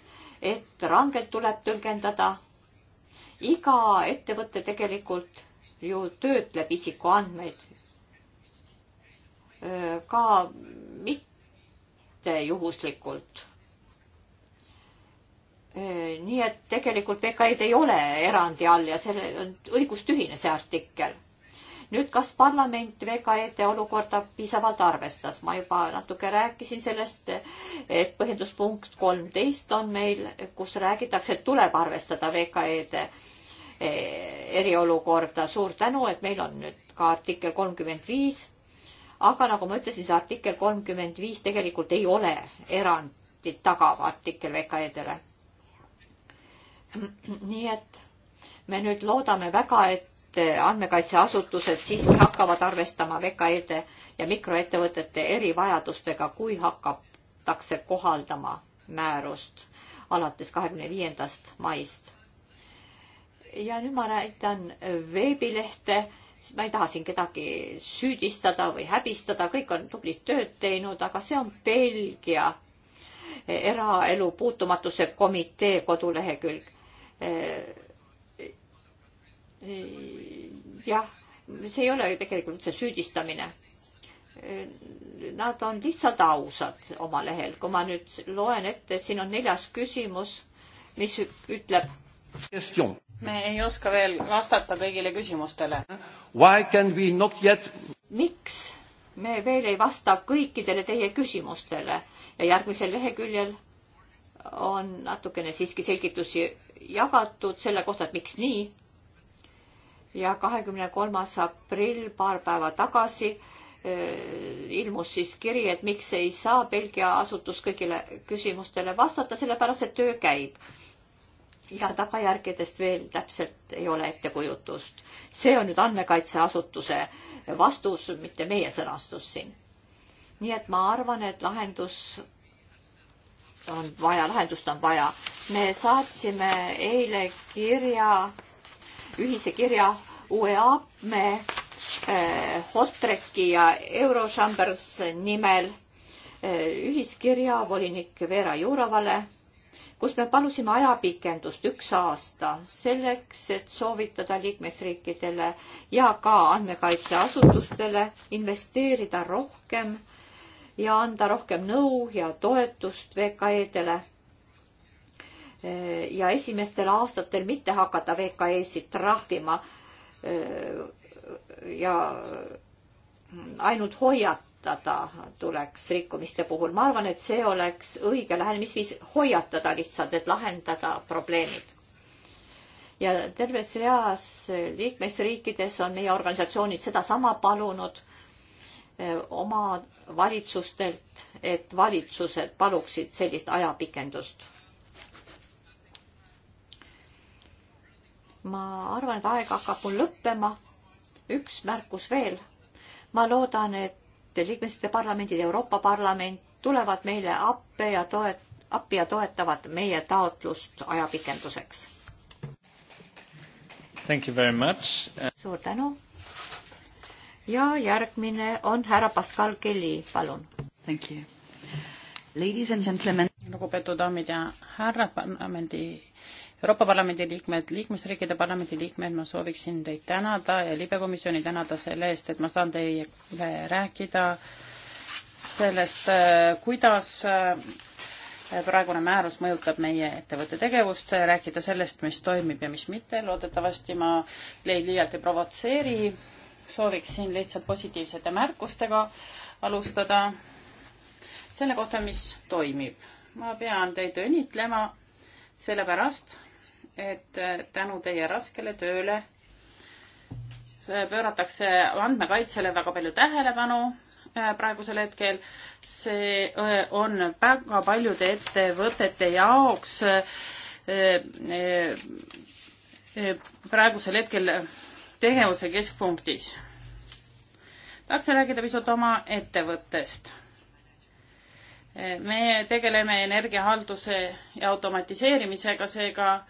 [SPEAKER 2] et rangelt tuleb tõlgendada. iga ettevõte tegelikult ju töötleb isikuandmeid. ka mitte mitte juhuslikult. Äh, nii et tegelikult VKI-d ei ole erandi all ja see on õigustühine, see artikkel. nüüd, kas parlament VKE-de olukorda piisavalt arvestas? ma juba natuke rääkisin sellest, et põhjenduspunkt kolmteist on meil, kus räägitakse, et tuleb arvestada VKE-de äh, eriolukorda. suur tänu, et meil on nüüd ka artikkel kolmkümmend viis aga nagu ma ütlesin, see artikkel kolmkümmend viis tegelikult ei ole erandit tagav artikkel VKE-dele. nii et me nüüd loodame väga, et andmekaitseasutused siiski hakkavad arvestama VKE-de ja mikroettevõtete erivajadustega, kui hakatakse kohaldama määrust alates kahekümne viiendast maist. ja nüüd ma näitan veebilehte ma ei taha siin kedagi süüdistada või häbistada, kõik on tublit tööd teinud, aga see on Belgia eraelu puutumatuse komitee kodulehekülg. Eh, jah, see ei ole ju tegelikult üldse süüdistamine. Eh, nad on lihtsalt ausad oma lehel, kui ma nüüd loen ette, siin on neljas küsimus,
[SPEAKER 3] mis ütleb me ei oska veel vastata kõigile küsimustele.
[SPEAKER 1] Yet...
[SPEAKER 2] miks
[SPEAKER 3] me veel ei vasta
[SPEAKER 2] kõikidele teie küsimustele ja järgmisel leheküljel on natukene siiski selgitusi jagatud selle kohta, et miks nii. ja kahekümne kolmas aprill, paar päeva tagasi eh, ilmus siis kiri, et miks ei saa Belgia asutus kõigile küsimustele vastata, sellepärast et töö käib ja tagajärgedest veel täpselt ei ole ettekujutust. see on nüüd andmekaitseasutuse vastus, mitte meie sõnastus siin. nii et ma arvan, et lahendus on vaja, lahendust on vaja. me saatsime eile kirja, ühise kirja UEA-me eh, Hotreki ja Eurochambers nimel eh, ühiskirja volinik Vera Jurovale kus me palusime ajapikendust üks aasta selleks, et soovitada liikmesriikidele ja ka andmekaitseasutustele investeerida rohkem ja anda rohkem nõu ja toetust VKE-dele. Eh, ja esimestel aastatel mitte hakata VKE-sid trahvima eh, ja ainult hoiatama hoiatada tuleks rikkumiste puhul. ma arvan, et see oleks õige lähenemisviis, hoiatada lihtsalt, et lahendada probleemid. ja terves reas liikmesriikides on meie organisatsioonid sedasama palunud eh, oma valitsustelt, et valitsused paluksid sellist ajapikendust. ma arvan, et aeg hakkab mul lõppema. üks märkus veel ma loodan, et liikmesriikide parlamendid, Euroopa Parlament tulevad meile appi ja toet-, appi ja toetavad meie taotlust ajapikenduseks. suur tänu. ja järgmine on härra Pascal Kelly, palun.
[SPEAKER 3] lugupeetud daamid ja härrad parlamendi Euroopa Parlamendi liikmed, liikmesriikide parlamendi liikmed, ma sooviksin teid tänada ja libekomisjoni tänada selle eest, et ma saan teile rääkida sellest, kuidas äh, praegune määrus mõjutab meie ettevõtte tegevust, rääkida sellest, mis toimib ja mis mitte, loodetavasti ma neid liialt ei provotseeri, sooviksin lihtsalt positiivsete märkustega alustada selle kohta, mis toimib. ma pean teid õnnitlema sellepärast, et äh, tänu teie raskele tööle pööratakse andmekaitsele väga palju tähelepanu äh, praegusel hetkel. see äh, on väga paljude ettevõtete jaoks praegusel hetkel tegevuse keskpunktis. tahaksin rääkida pisut oma ettevõttest. me tegeleme energiahalduse ja automatiseerimisega, seega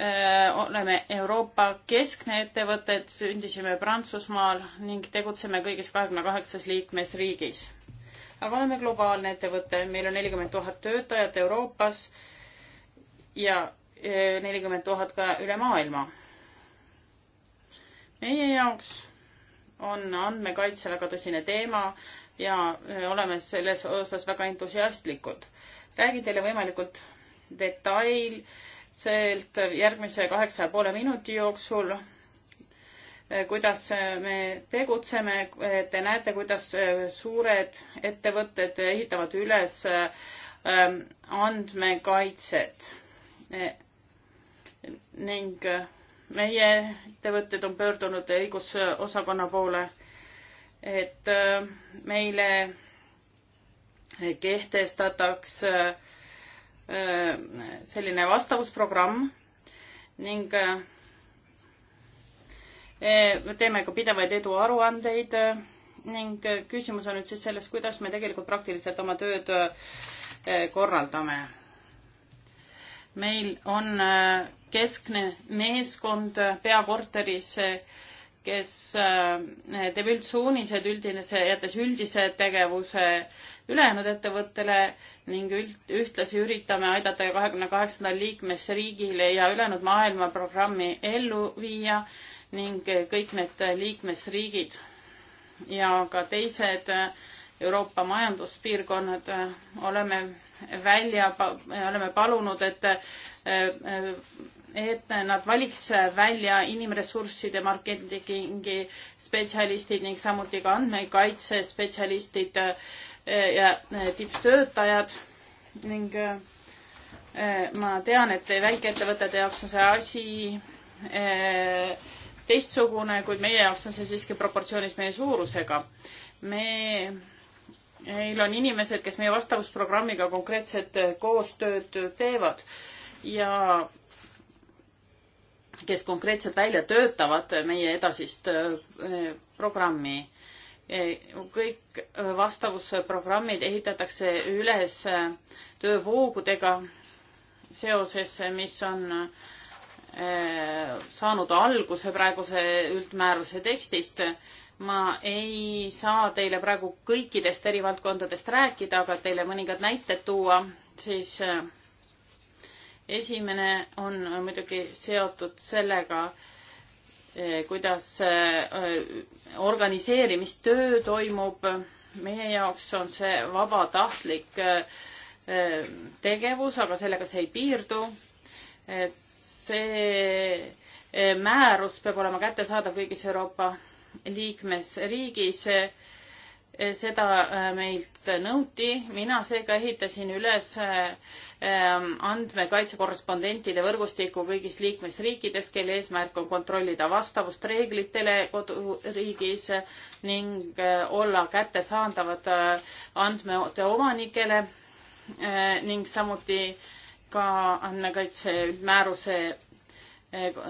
[SPEAKER 3] Äh, oleme Euroopa keskne ettevõtted, sündisime Prantsusmaal ning tegutseme kõigis kahekümne kaheksas liikmesriigis. aga oleme globaalne ettevõte, meil on nelikümmend tuhat töötajat Euroopas ja äh, nelikümmend tuhat ka üle maailma. meie jaoks on andmekaitse väga tõsine teema ja äh, oleme selles osas väga entusiastlikud. räägin teile võimalikult detail äh, sealt järgmise kaheksa ja poole minuti jooksul, kuidas me tegutseme, te näete, kuidas suured ettevõtted ehitavad üles ähm, andmekaitset. ning äh, meie ettevõtted on pöördunud õigusosakonna poole, et äh, meile kehtestataks äh, Äh, selline vastavusprogramm ning me äh, äh, teeme ka pidevaid eduaruandeid ning küsimus on nüüd siis selles, kuidas me tegelikult praktiliselt oma tööd korraldame. meil on keskne meeskond peakorteris, kes teeb üldsuunised, üldine, jättes üldise tegevuse ülejäänud ettevõttele ning üld, ühtlasi üritame aidata kahekümne kaheksandal liikmesriigile ja ülejäänud maailma programmi ellu viia ning kõik need liikmesriigid ja ka teised Euroopa majanduspiirkonnad oleme välja, oleme palunud, et et nad valiks välja inimressursside marketingi spetsialistid ning samuti ka andmekaitsespetsialistid Eh, ja eh, tipptöötajad ning eh, ma tean, et väikeettevõtete jaoks on see asi teistsugune, kuid meie jaoks on see siiski proportsioonis meie suurusega. me, meil on inimesed, kes meie vastavusprogrammiga konkreetset koostööd teevad ja kes konkreetselt välja töötavad meie edasist programmi Eh, kõik eh, vastavusprogrammid ehitatakse üles eh, töövoogudega seoses, mis on saanud alguse praeguse üldmääruse tekstist. ma ei saa teile praegu kõikidest eri valdkondadest rääkida, aga teile mõningad näited tuua, siis esimene on muidugi seotud sellega, Eh, kuidas eh, organiseerimistöö toimub. meie jaoks on see vabatahtlik eh, tegevus, aga sellega see ei piirdu. see määrus peab olema kättesaadav kõigis Euroopa liikmesriigis. seda meilt nõuti, mina seega ehitasin üles Ähm, andmekaitse korrespondentide võrgustiku kõigis liikmesriikides, kelle eesmärk on kontrollida vastavust reeglitele koduriigis ning äh, olla kättesaadavad äh, andmete omanikele äh, ning samuti ka andmekaitse määruse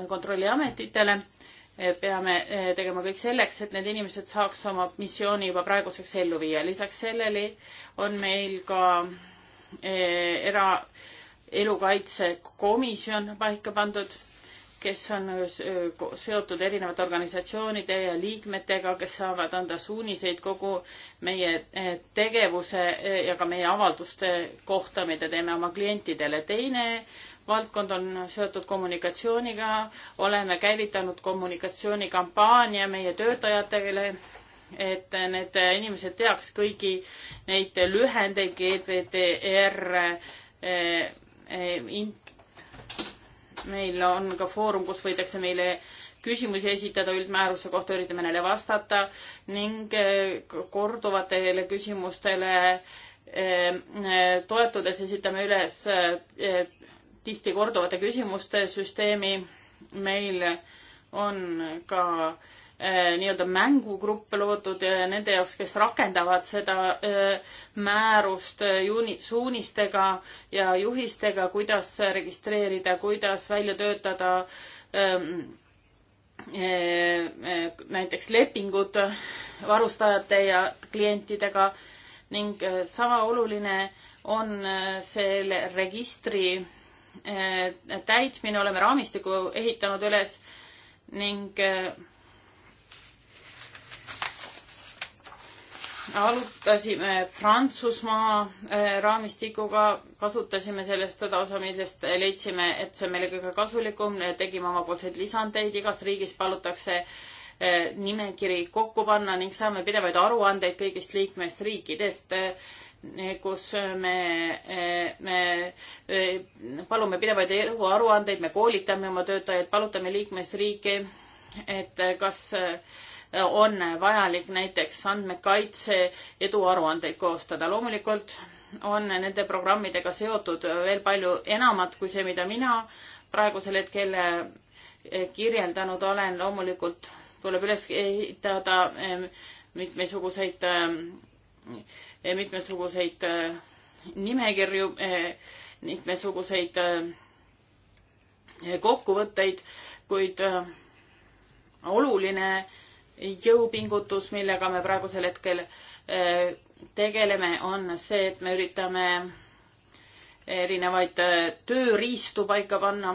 [SPEAKER 3] kontrolliametitele peame tegema kõik selleks, et need inimesed saaks oma missiooni juba praeguseks ellu viia. lisaks sellele on meil ka Eh, eraelukaitsekomisjon paika pandud, kes on eh, seotud erinevate organisatsioonide ja liikmetega, kes saavad anda suuniseid kogu meie eh, tegevuse ja ka meie avalduste kohta, mida teeme oma klientidele. teine valdkond on seotud kommunikatsiooniga, oleme käivitanud kommunikatsioonikampaania meie töötajatele et need inimesed teaks kõigi neid lühendeid GDPR eh, eh,. meil on ka foorum, kus võidakse meile küsimusi esitada üldmääruse kohta, üritame neile vastata ning eh, korduvatele küsimustele eh, eh, toetudes esitame üles eh, tihti korduvate küsimuste süsteemi. meil on ka äh, Äh, nii-öelda mängugruppe loodud nende jaoks, kes rakendavad seda äh, määrust äh, juuni-, suunistega ja juhistega, kuidas registreerida, kuidas välja töötada ähm, näiteks lepingud varustajate ja klientidega ning sama oluline on selle registri täitmine, oleme raamistiku ehitanud üles ning alustasime Prantsusmaa äh, raamistikuga, kasutasime sellest seda osa, millest leidsime, et see on meile kõige kasulikum, tegime omapoolseid lisandeid, igas riigis palutakse äh, nimekiri kokku panna ning saame pidevaid aruandeid kõigist liikmesriikidest, äh, kus me, me palume pidevaid aruandeid, me koolitame oma töötajaid, palutame liikmesriike, et kas äh, on vajalik näiteks andmekaitse eduaruandeid koostada. loomulikult on nende programmidega seotud veel palju enamat kui see, mida mina praegusel hetkel eh, kirjeldanud olen. loomulikult tuleb üles ehitada eh, mitmesuguseid, eh, mitmesuguseid nimekirju, mitmesuguseid kokkuvõtteid, kuid oluline äh, jõupingutus, millega me praegusel hetkel eh, tegeleme, on see, et me üritame erinevaid eh, tööriistu paika panna,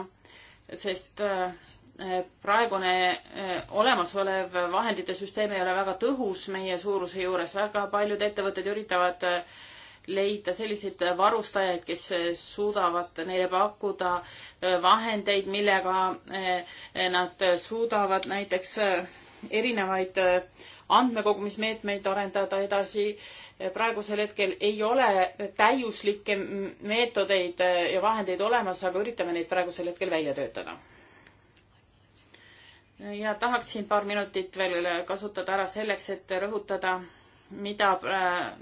[SPEAKER 3] sest eh, praegune olemasolev vahendite süsteem ei ole väga tõhus meie suuruse juures, väga paljud ettevõtted üritavad leida selliseid varustajaid, kes suudavad neile pakkuda vahendeid, millega nad suudavad näiteks erinevaid äh, andmekogumismeetmeid arendada edasi. Äh, praegusel hetkel ei ole täiuslikke meetodeid äh, ja vahendeid olemas, aga üritame neid praegusel hetkel välja töötada. ja tahaksin paar minutit veel kasutada ära selleks, et rõhutada, mida,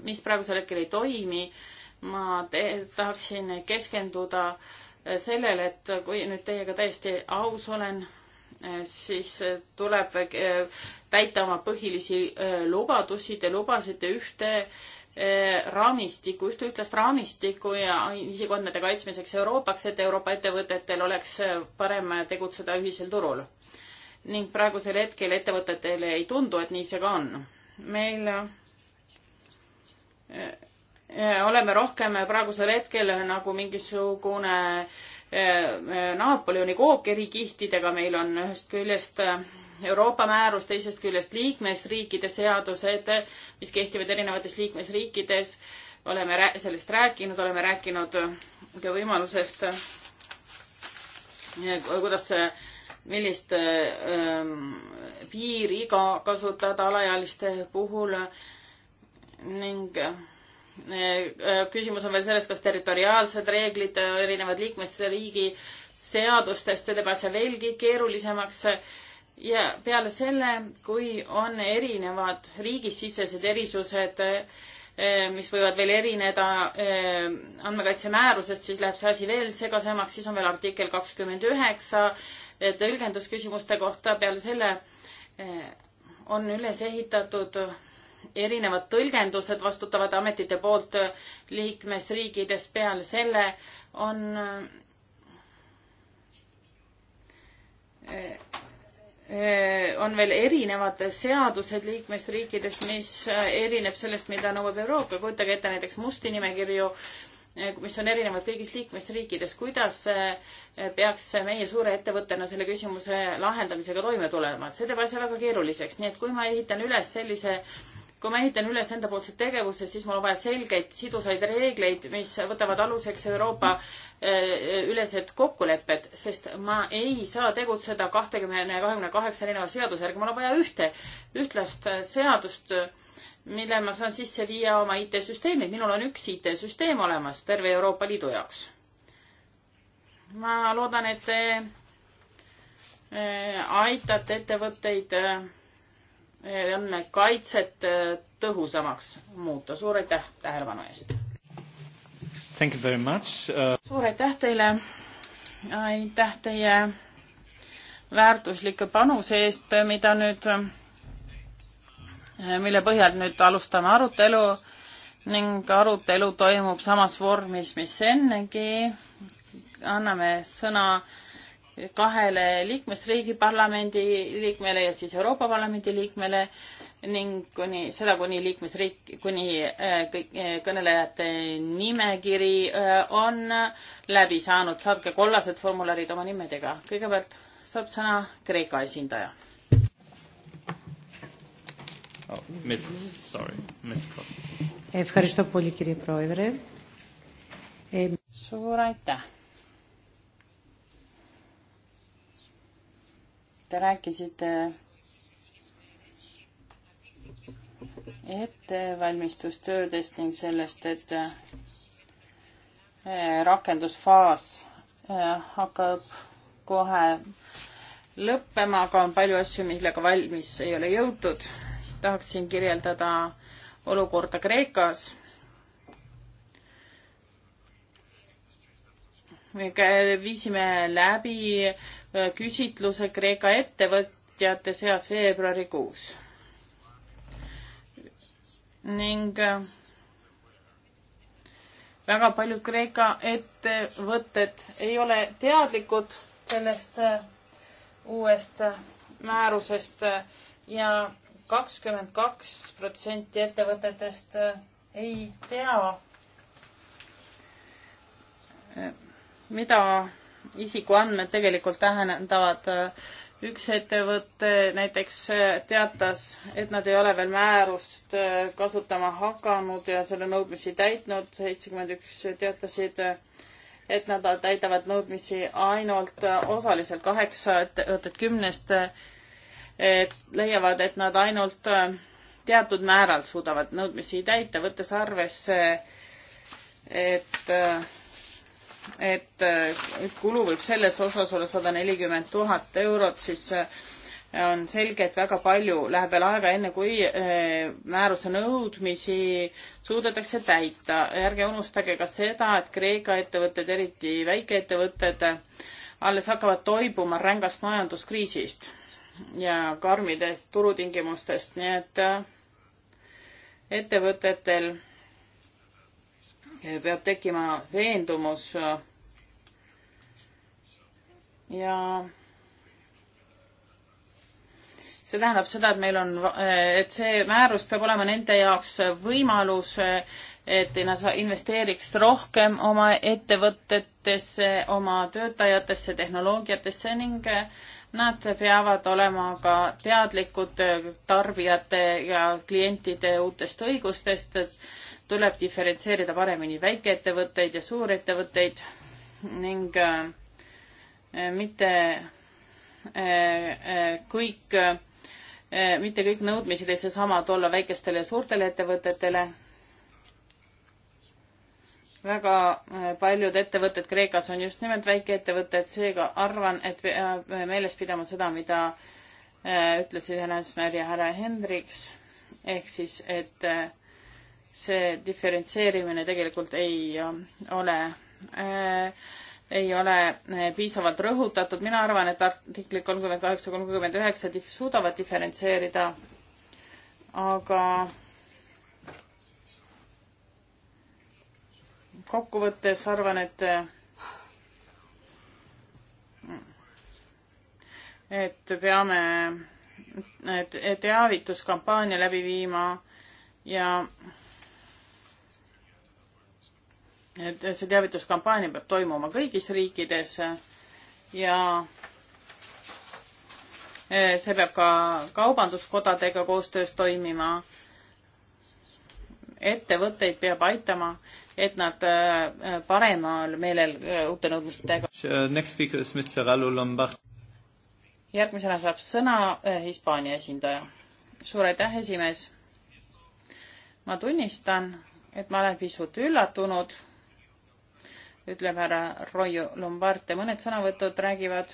[SPEAKER 3] mis praegusel hetkel ei toimi. ma te, tahaksin keskenduda sellele, et kui nüüd teiega täiesti aus olen Eh, siis eh, tuleb eh, täita oma põhilisi lubadusi. Te lubasite ühte raamistiku, ühte ühtlast raamistiku ja isikuandmete kaitsmiseks Euroopaks, et Euroopa ettevõtetel oleks parem tegutseda ühisel turul. ning praegusel hetkel ettevõtetele ei tundu, et nii see ka on. meil oleme rohkem praegusel hetkel nagu mingisugune äh, Äh, äh, Napoleoni kookerikihtidega, meil on ühest küljest äh, Euroopa määrus, teisest küljest liikmesriikide seadused, mis kehtivad erinevates liikmesriikides. oleme rää-, sellest rääkinud, oleme rääkinud ka võimalusest, kuidas, millist ähm, piiriga kasutada alaealiste puhul ning äh, Äh, äh, küsimus on veel selles, kas territoriaalsed reeglid äh, erinevad liikmesriigi seadustest, see teeb asja veelgi keerulisemaks. ja peale selle, kui on erinevad riigisisesed erisused, mis võivad veel erineda andmekaitse määrusest, siis läheb see asi veel segasemaks, siis on veel artikkel kakskümmend üheksa tõlgendusküsimuste kohta, peale selle on üles ehitatud erinevad tõlgendused vastutavate ametite poolt liikmesriikides peale selle on eh, eh, on veel erinevad seadused liikmesriikides, mis eh, erineb sellest, mida nõuab Euroopa. kujutage ette näiteks musti nimekirju, mis on erinevad kõigis liikmesriikides. kuidas peaks meie suure ettevõttena selle küsimuse lahendamisega toime tulema? see teeb asja väga keeruliseks, nii et kui ma ehitan üles sellise kui ma ehitan üles endapoolset tegevuse, siis mul on vaja selgeid sidusaid reegleid, mis võtavad aluseks Euroopa eh, ülesed kokkulepped, sest ma ei saa tegutseda kahtekümne, kahekümne kaheksa erineva seaduse järgi, mul on vaja ühte, ühtlast eh, seadust, mille ma saan sisse viia oma IT-süsteemi, minul on üks IT-süsteem olemas terve Euroopa Liidu jaoks. ma loodan, et te eh, aitate ettevõtteid on kaitset äh, tõhusamaks muuta. suur aitäh tähelepanu eest!
[SPEAKER 1] Thank you very much uh....
[SPEAKER 3] suur aitäh teile, aitäh teie väärtuslike panuse eest, mida nüüd, äh, mille põhjal nüüd alustame arutelu ning arutelu toimub samas vormis, mis ennegi. anname sõna äh, kahele liikmesriigi parlamendi liikmele ja siis Euroopa Parlamendi liikmele ning kuni seda, kuni liikmesriik, kuni äh, kõik äh, kõnelejate nimekiri äh, on läbi saanud, saatke kollased formularid oma nimedega. kõigepealt saab sõna Kreeka esindaja oh,. Sorry, Miss Kopp. suur aitäh Te rääkisite ettevalmistustöödest ning sellest, et eh, rakendusfaas eh, hakkab kohe lõppema, aga on palju asju, millega valmis ei ole jõutud. tahaksin kirjeldada olukorda Kreekas. viisime läbi Äh, küsitluse Kreeka ettevõtjate seas veebruarikuus. ning äh, väga paljud Kreeka ettevõtted ei ole teadlikud sellest äh, uuest määrusest ja kakskümmend kaks protsenti ettevõtetest ei tea, mida isikuandmed tegelikult tähendavad äh, üks ettevõte näiteks äh, teatas, et nad ei ole veel määrust äh, kasutama hakanud ja selle nõudmisi täitnud, seitsekümmend üks teatasid, et nad täidavad nõudmisi ainult osaliselt, kaheksa ettevõtet kümnest et leiavad, et nad ainult teatud määral suudavad nõudmisi täita, võttes arvesse, et et kulu võib selles osas olla sada nelikümmend tuhat eurot, siis äh, on selge, et väga palju läheb veel aega, enne kui äh, määruse nõudmisi suudetakse täita. ärge unustage ka seda, et Kreeka ettevõtted, eriti väikeettevõtted, alles hakkavad toibuma rängast majanduskriisist ja karmidest turutingimustest, nii et äh, ettevõtetel peab tekkima veendumus ja see tähendab seda, et meil on, et see määrus peab olema nende jaoks võimalus, et nad investeeriks rohkem oma ettevõtetesse, oma töötajatesse, tehnoloogiatesse ning nad peavad olema ka teadlikud tarbijate ja klientide uutest õigustest, et tuleb diferentseerida paremini väikeettevõtteid ja suurettevõtteid ning äh, mitte äh, äh, kõik, mitte kõik nõudmised ei saa samad olla väikestele ja suurtele ettevõtetele. väga paljud ettevõtted Kreekas on just nimelt väikeettevõtted, seega arvan, et peab meeles pidama seda, mida ütlesid härra Sner ja härra Hendriks ehk siis, et see diferentseerimine tegelikult ei äh, ole äh, ei ole äh, piisavalt rõhutatud, mina arvan, et artiklid kolmkümmend kaheksa, kolmkümmend üheksa suudavad diferentseerida, aga kokkuvõttes arvan, et et peame teavituskampaania läbi viima ja et see teavituskampaania peab toimuma kõigis riikides ja e, see peab ka kaubanduskodadega koostöös toimima. ettevõtteid peab aitama, et nad e, paremal meelel e, uute nõudmistega. järgmisena saab sõna Hispaania esindaja. suur aitäh, esimees. ma tunnistan, et ma olen pisut üllatunud ütleb härra Roio Lombarte, mõned sõnavõtud räägivad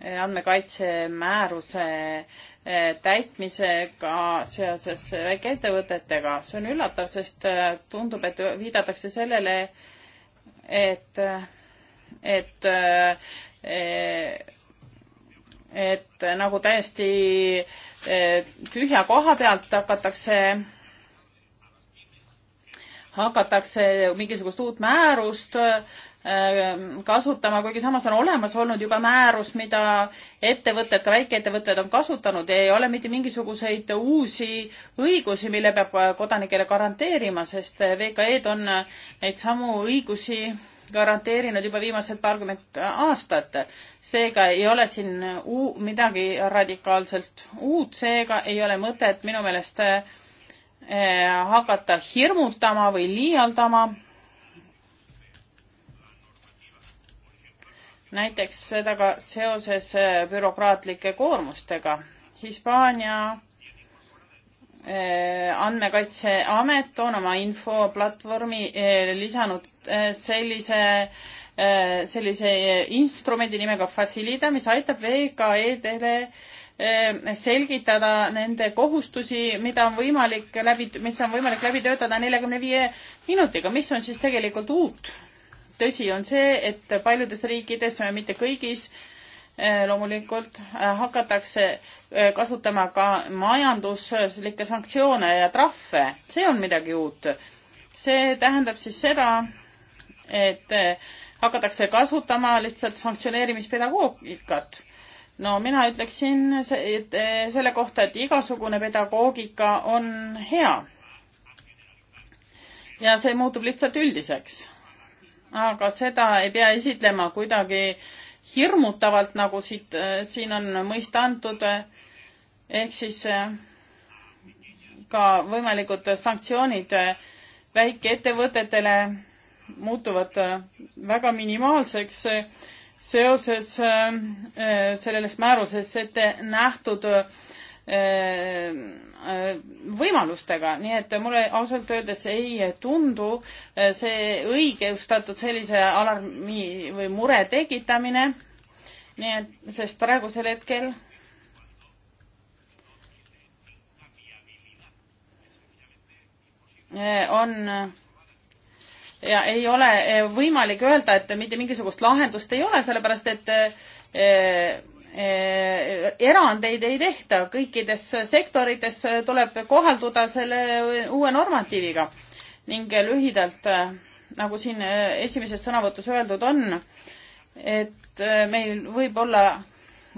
[SPEAKER 3] eh, andmekaitsemääruse eh, täitmisega seoses väikeettevõtetega. see on üllatav, sest eh, tundub, et viidatakse sellele, et, et, et, et nagu täiesti tühja koha pealt hakatakse hakatakse mingisugust uut määrust ähm, kasutama, kuigi samas on olemas olnud juba määrus, mida ettevõtted, ka väikeettevõtted on kasutanud, ei ole mitte mingisuguseid uusi õigusi, mille peab kodanikele garanteerima, sest VKE-d on neid samu õigusi garanteerinud juba viimased paarkümmend aastat. seega ei ole siin uu-, midagi radikaalselt uut, seega ei ole mõtet minu meelest äh, Eh, hakata hirmutama või liialdama. näiteks seda ka seoses eh, bürokraatlike koormustega. Hispaania eh, andmekaitseamet on oma infoplatvormi lisanud sellise sellise instrumendi nimega Facilita, mis aitab VKE-dele Ehm, selgitada nende kohustusi, mida on võimalik läbi, mis on võimalik läbi töötada neljakümne viie minutiga, mis on siis tegelikult uut. tõsi on see, et paljudes riikides, mitte kõigis, eh, loomulikult eh, hakatakse eh, kasutama ka majanduslikke sanktsioone ja trahve, see on midagi uut. see tähendab siis seda, et hakatakse kasutama lihtsalt sanktsioneerimispedagoogikat no mina ütleksin eh, selle kohta, et igasugune pedagoogika on hea. ja see muutub lihtsalt üldiseks. aga seda ei pea esitlema kuidagi hirmutavalt, nagu siit, eh, siin on mõista antud. ehk siis eh, ka võimalikud sanktsioonid väikeettevõtetele muutuvad väga minimaalseks seoses äh, äh, selles määruses ette nähtud äh, võimalustega, nii et mulle ausalt öeldes ei tundu see õigeustatud sellise alarmi või mure tekitamine. nii et, sest praegusel hetkel on ja ei ole eh, võimalik öelda, et mitte mingisugust lahendust ei ole, sellepärast et eh, eh, erandeid ei tehta, kõikides sektorites tuleb kohalduda selle uue normatiiviga. ning lühidalt, nagu siin esimeses sõnavõtus öeldud on, et meil võib olla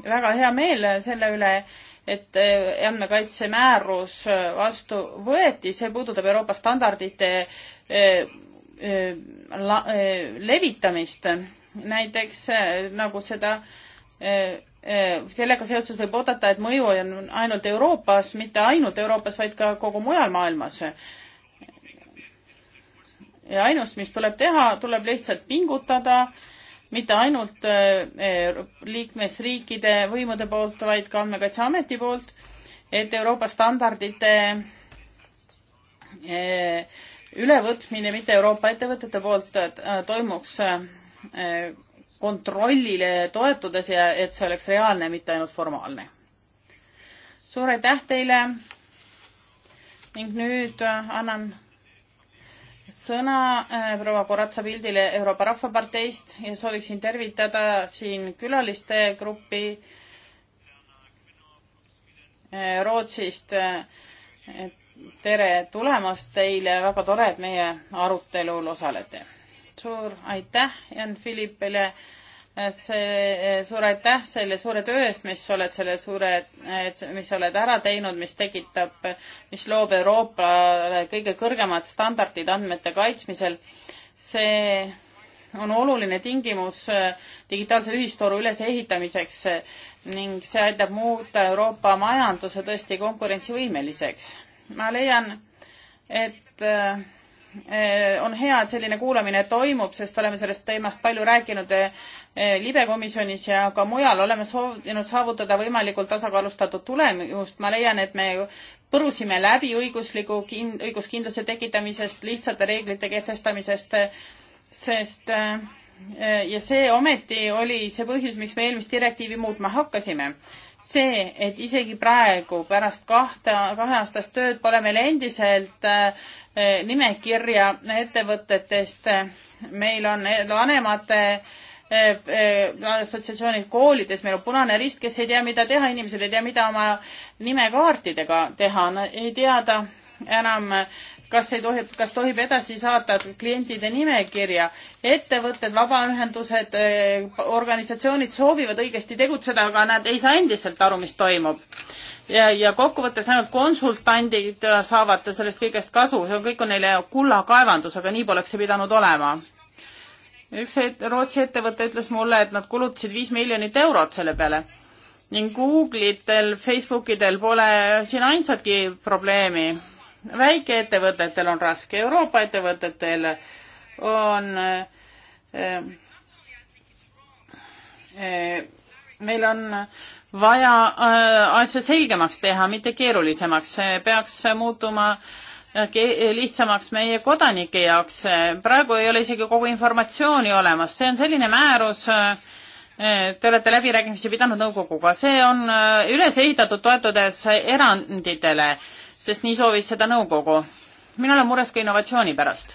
[SPEAKER 3] väga hea meel selle üle, et andmekaitsemäärus vastu võeti, see puudutab Euroopa standardite la, levitamist, näiteks nagu seda, sellega seoses võib oodata, et mõju on ainult Euroopas, mitte ainult Euroopas, vaid ka kogu mujal maailmas. ja ainus, mis tuleb teha, tuleb lihtsalt pingutada, mitte ainult liikmesriikide võimude poolt, vaid ka Andmekaitseameti poolt, et Euroopa standardite eh, ülevõtmine mitte Euroopa ettevõtete poolt äh, toimuks äh, kontrollile toetudes ja et see oleks reaalne, mitte ainult formaalne. suur aitäh teile ning nüüd äh, annan sõna proua Koratsa pildile Euroopa Rahvaparteist ja sooviksin tervitada siin külaliste gruppi Rootsist tere tulemast teile, väga tore, et meie arutelul osalete. suur aitäh, Jan Philippile, see, suur aitäh selle suure töö eest, mis oled selle suure, mis oled ära teinud, mis tekitab, mis loob Euroopale kõige kõrgemad standardid andmete kaitsmisel. see on oluline tingimus digitaalse ühistoru ülesehitamiseks ning see aitab muuta Euroopa majanduse tõesti konkurentsivõimeliseks ma leian, et äh, äh, on hea, et selline kuulamine toimub, sest oleme sellest teemast palju rääkinud äh, libekomisjonis ja ka mujal oleme soovinud saavutada võimalikult tasakaalustatud tulemust. ma leian, et me põrusime läbi õigusliku kin-, õiguskindluse tekitamisest, lihtsate reeglite kehtestamisest, sest ja see ometi oli see põhjus, miks me eelmist direktiivi muutma hakkasime see, et isegi praegu pärast kahte, kaheaastast tööd pole meil endiselt eh, eh, nimekirja ettevõtetest. meil on vanemate eh, assotsiatsioonid koolides, meil on Punane Rist, kes ei tea, mida teha, inimesed ei tea, mida oma nimekaartidega teha, ei teada enam kas ei tohi, kas tohib edasi saata klientide nimekirja. ettevõtted, vabaühendused, eh, organisatsioonid soovivad õigesti tegutseda, aga nad ei saa endiselt aru, mis toimub. ja, ja kokkuvõttes ainult konsultandid äh, saavad sellest kõigest kasu, see on, kõik on neile kullakaevandus, aga nii poleks see pidanud olema üks et, Rootsi ettevõte ütles mulle, et nad kulutasid viis miljonit eurot selle peale ning Google'itel, Facebookidel pole siin ainsatki probleemi väikeettevõtetel on raske, Euroopa ettevõtetel on eh, eh, meil on vaja eh, asja selgemaks teha, mitte keerulisemaks, see peaks muutuma lihtsamaks meie kodanike jaoks. praegu ei ole isegi kogu informatsiooni olemas, see on selline määrus, Te olete läbirääkimisi pidanud nõukoguga, see on üles ehitatud toetudes eranditele sest nii soovis seda nõukogu. mina olen mures ka innovatsiooni pärast.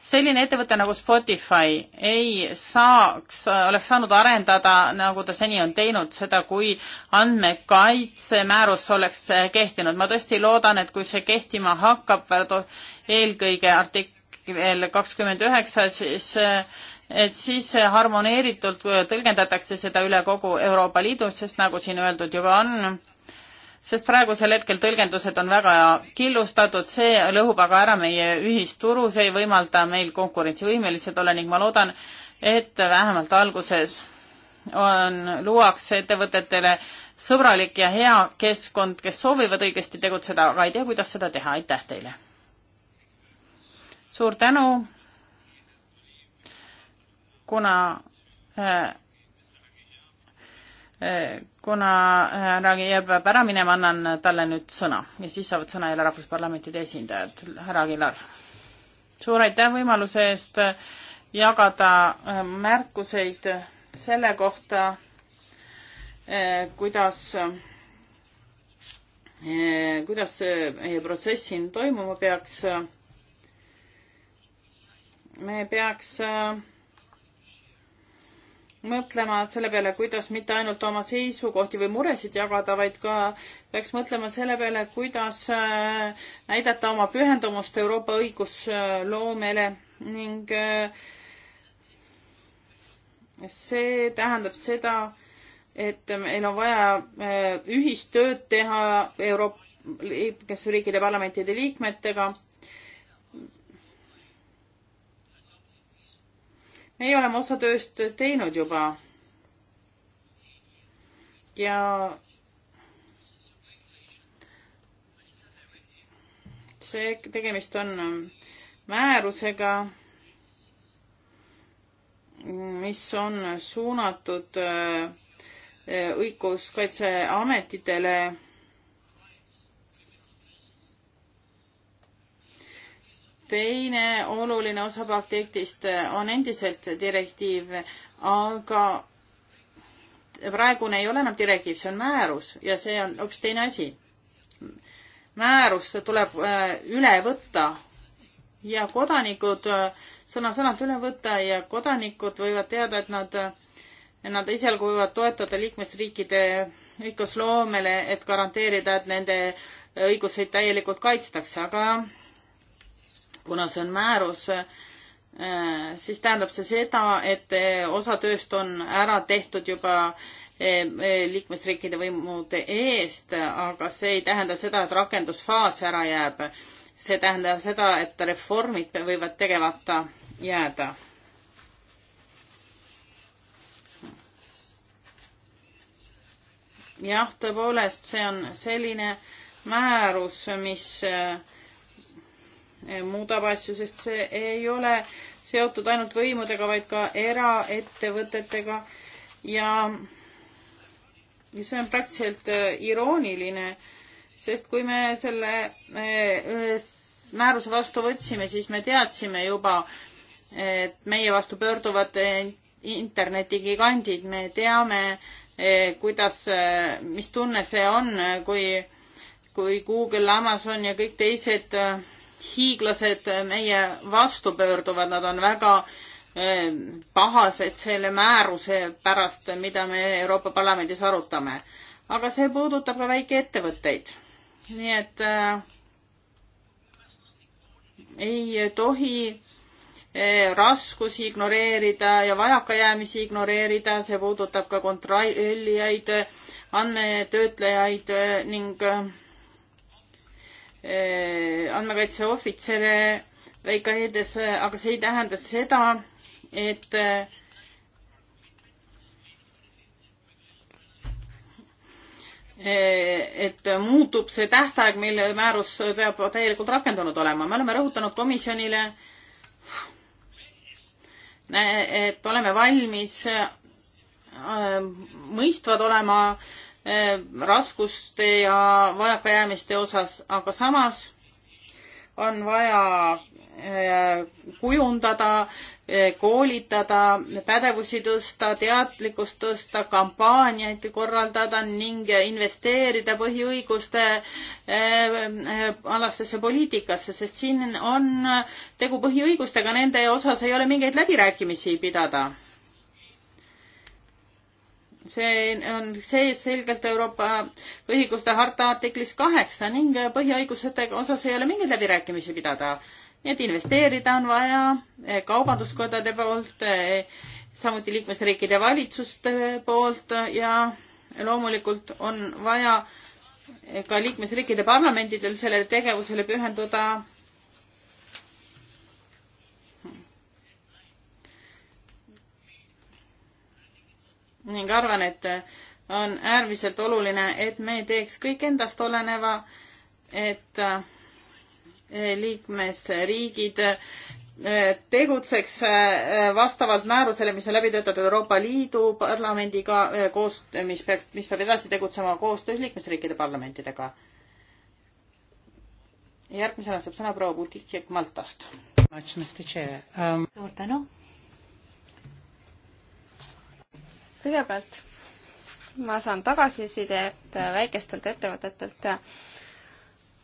[SPEAKER 3] selline ettevõte nagu Spotify ei saaks, oleks saanud arendada, nagu ta seni on teinud, seda, kui andmekaitsemäärus oleks kehtinud. ma tõesti loodan, et kui see kehtima hakkab, eelkõige artikkel kakskümmend üheksa, siis et siis harmoneeritult tõlgendatakse seda üle kogu Euroopa Liidu, sest nagu siin öeldud juba on, sest praegusel hetkel tõlgendused on väga killustatud, see lõhub aga ära meie ühisturu, see ei võimalda meil konkurentsivõimelised olla ning ma loodan, et vähemalt alguses on, luuakse ettevõtetele sõbralik ja hea keskkond, kes soovivad õigesti tegutseda, aga ei tea, kuidas seda teha, aitäh teile! suur tänu, kuna äh, kuna äh, härra jääb ära minema, annan talle nüüd sõna ja siis saavad sõna jälle rahvusparlamentide esindajad. härra Aguilar, suur aitäh võimaluse eest äh, jagada äh, märkuseid selle kohta, kuidas, kuidas see protsess siin toimuma peaks. me peaks äh, mõtlema selle peale, kuidas mitte ainult oma seisukohti või muresid jagada, vaid ka peaks mõtlema selle peale, kuidas äh, näidata oma pühendumust Euroopa õigusloomele ning äh, see tähendab seda, et meil on vaja äh, ühistööd teha Euroopa liikmesriikide parlamentide liikmetega meie oleme osa tööst teinud juba. ja see, tegemist on määrusega, mis on suunatud äh, õiguskaitseametitele teine oluline osa paktist on endiselt direktiiv, aga praegune ei ole enam direktiiv, see on määrus ja see on hoopis teine asi. määrus tuleb äh, üle võtta ja kodanikud äh, sõna-sõnalt üle võtta ja kodanikud võivad teada, et nad, äh, nad esialgu võivad toetada liikmesriikide õigusloomele, et garanteerida, et nende õiguseid täielikult kaitstakse, aga kuna see on määrus, äh, siis tähendab see seda, et äh, osa tööst on ära tehtud juba äh, liikmesriikide võimude eest, aga see ei tähenda seda, et rakendusfaas ära jääb. see tähendab seda, et reformid võivad tegemata jääda. jah, tõepoolest, see on selline määrus, mis äh, Eh, muudab asju, sest see ei ole seotud ainult võimudega, vaid ka eraettevõtetega ja, ja see on praktiliselt eh, irooniline, sest kui me selle eh, määruse vastu võtsime, siis me teadsime juba, et meie vastu pöörduvad internetigigandid, me teame, kuidas, mis tunne see on, kui, kui Google, Amazon ja kõik teised hiiglased meie vastu pöörduvad, nad on väga eh, pahased selle määruse pärast, mida me Euroopa Parlamendis arutame. aga see puudutab ka väikeettevõtteid. nii et äh, ei tohi äh, raskusi ignoreerida ja vajakajäämisi ignoreerida, see puudutab ka kontrollijaid, andmetöötlejaid ning äh, Eh, andmekaitseohvitsere väikeedes, aga see ei tähenda seda, et eh, et muutub see tähtaeg, mille määrus peab täielikult rakendunud olema. me oleme rõhutanud komisjonile, et oleme valmis eh, mõistvad olema Äh, raskuste ja vajakajäämiste osas, aga samas on vaja äh, kujundada, äh, koolitada, pädevusi tõsta, teadlikkust tõsta, kampaaniaid korraldada ning investeerida põhiõiguste alastesse poliitikasse, sest siin on tegu põhiõigustega, nende osas ei ole mingeid läbirääkimisi pidada see on sees selgelt Euroopa põhiõiguste harta artiklis kaheksa ning põhiõigusete osas ei ole mingeid läbirääkimisi pidada.
[SPEAKER 2] nii et investeerida
[SPEAKER 3] on vaja eh, kaubanduskodade poolt, eh, samuti liikmesriikide valitsuste poolt ja loomulikult on vaja eh, ka liikmesriikide parlamentidel sellele tegevusele pühenduda ning arvan, et on äärmiselt oluline, et me teeks kõik endast oleneva, et eh, liikmesriigid eh, tegutseks eh, vastavalt määrusele, mis on läbi töötatud Euroopa Liidu parlamendiga koos, mis peaks, mis peab edasi tegutsema koostöös liikmesriikide parlamentidega. järgmisena saab sõna proua Putik Maltast. Um, suur tänu
[SPEAKER 1] kõigepealt ma saan tagasisidet väikestelt ettevõtetelt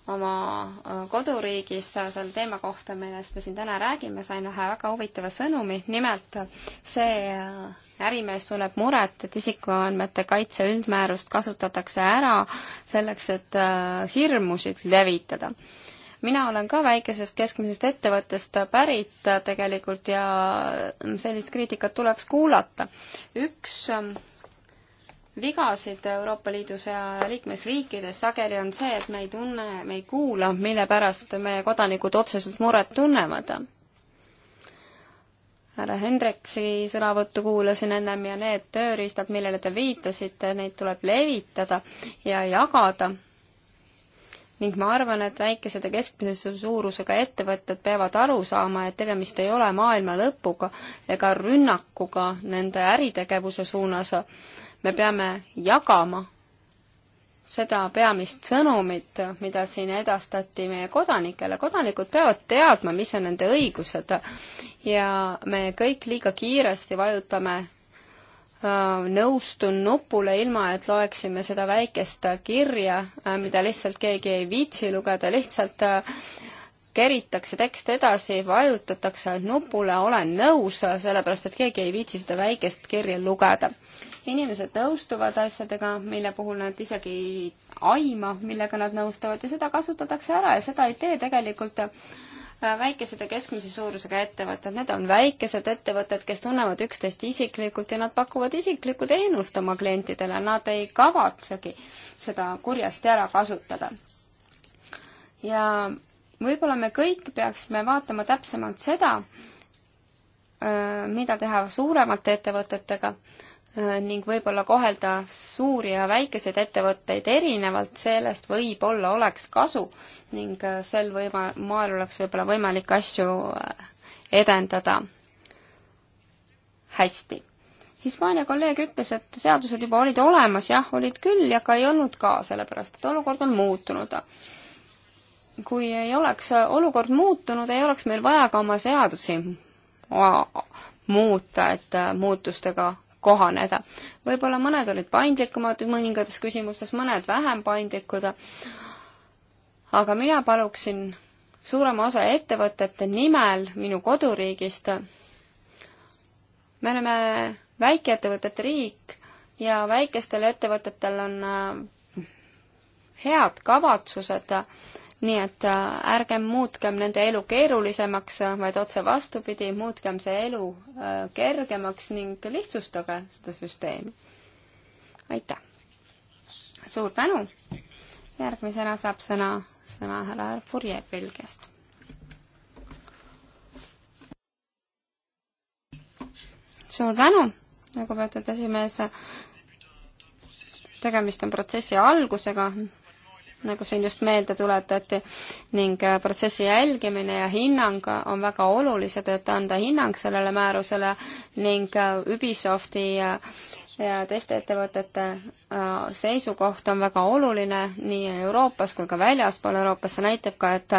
[SPEAKER 1] oma äh, koduriigis selle teema kohta, millest me siin täna räägime, sain ühe väga huvitava sõnumi, nimelt see äh, ärimees tunneb muret, et isikuandmete kaitse üldmäärust kasutatakse ära selleks, et äh, hirmusid levitada mina olen ka väikesest keskmisest ettevõttest pärit tegelikult ja sellist kriitikat tuleks kuulata. üks ähm, vigasid Euroopa Liidus ja liikmesriikides sageli on see, et me ei tunne, me ei kuula, mille pärast meie kodanikud otseselt muret tunnevad. härra Hendriksi sõnavõttu kuulasin ennem ja need tööriistad, millele te viitasite, neid tuleb levitada ja jagada ning ma arvan, et väikesed ja keskmise suurusega ettevõtted peavad aru saama, et tegemist ei ole maailma lõpuga ega rünnakuga nende äritegevuse suunas. me peame jagama seda peamist sõnumit, mida siin edastati meie kodanikele. kodanikud peavad teadma, mis on nende õigused ja me kõik liiga kiiresti vajutame Äh, nõustun nupule, ilma et loeksime seda väikest kirja, äh, mida lihtsalt keegi ei viitsi lugeda, lihtsalt äh, keritakse tekst edasi, vajutatakse nupule olen nõus, sellepärast et keegi ei viitsi seda väikest kirja lugeda. inimesed nõustuvad asjadega, mille puhul nad isegi ei aima, millega nad nõustuvad ja seda kasutatakse ära ja seda ei tee tegelikult äh, Äh, väikesed ja keskmise suurusega ettevõtted, need on väikesed ettevõtted, kes tunnevad üksteist isiklikult ja nad pakuvad isiklikku teenust oma klientidele, nad ei kavatsegi seda kurjasti ära kasutada. ja võib-olla me kõik peaksime vaatama täpsemalt seda, äh, mida teha suuremate ettevõtetega Äh, ning võib-olla kohelda suuri ja väikeseid ettevõtteid erinevalt, sellest võib-olla oleks kasu ning äh, sel võima-, moel oleks võib-olla võimalik asju äh, edendada hästi. Hispaania kolleeg ütles, et seadused juba olid olemas, jah, olid küll, aga ei olnud ka, sellepärast et olukord on muutunud. kui ei oleks olukord muutunud, ei oleks meil vaja ka oma seadusi muuta, et muutustega kohaneda. võib-olla mõned olid paindlikumad mõningates küsimustes, mõned vähem paindlikud, aga mina paluksin suurema osa ettevõtete nimel minu koduriigist. me oleme väikeettevõtete riik ja väikestel ettevõtetel on äh, head kavatsused nii et äh, ärgem muutkem nende elu keerulisemaks, äh, vaid otse vastupidi, muutkem see elu äh, kergemaks ning lihtsustage seda süsteemi. aitäh! suur tänu! järgmisena saab sõna, sõna härra Furje Belgiast. suur tänu, lugupeetud esimees. tegemist on protsessi algusega, nagu siin just meelde tuletati, ning äh, protsessi jälgimine ja hinnang on väga olulised, et anda hinnang sellele määrusele ning äh, Ubisofti ja, ja teiste ettevõtete äh, seisukoht on väga oluline nii Euroopas kui ka väljaspool Euroopas, see näitab ka, et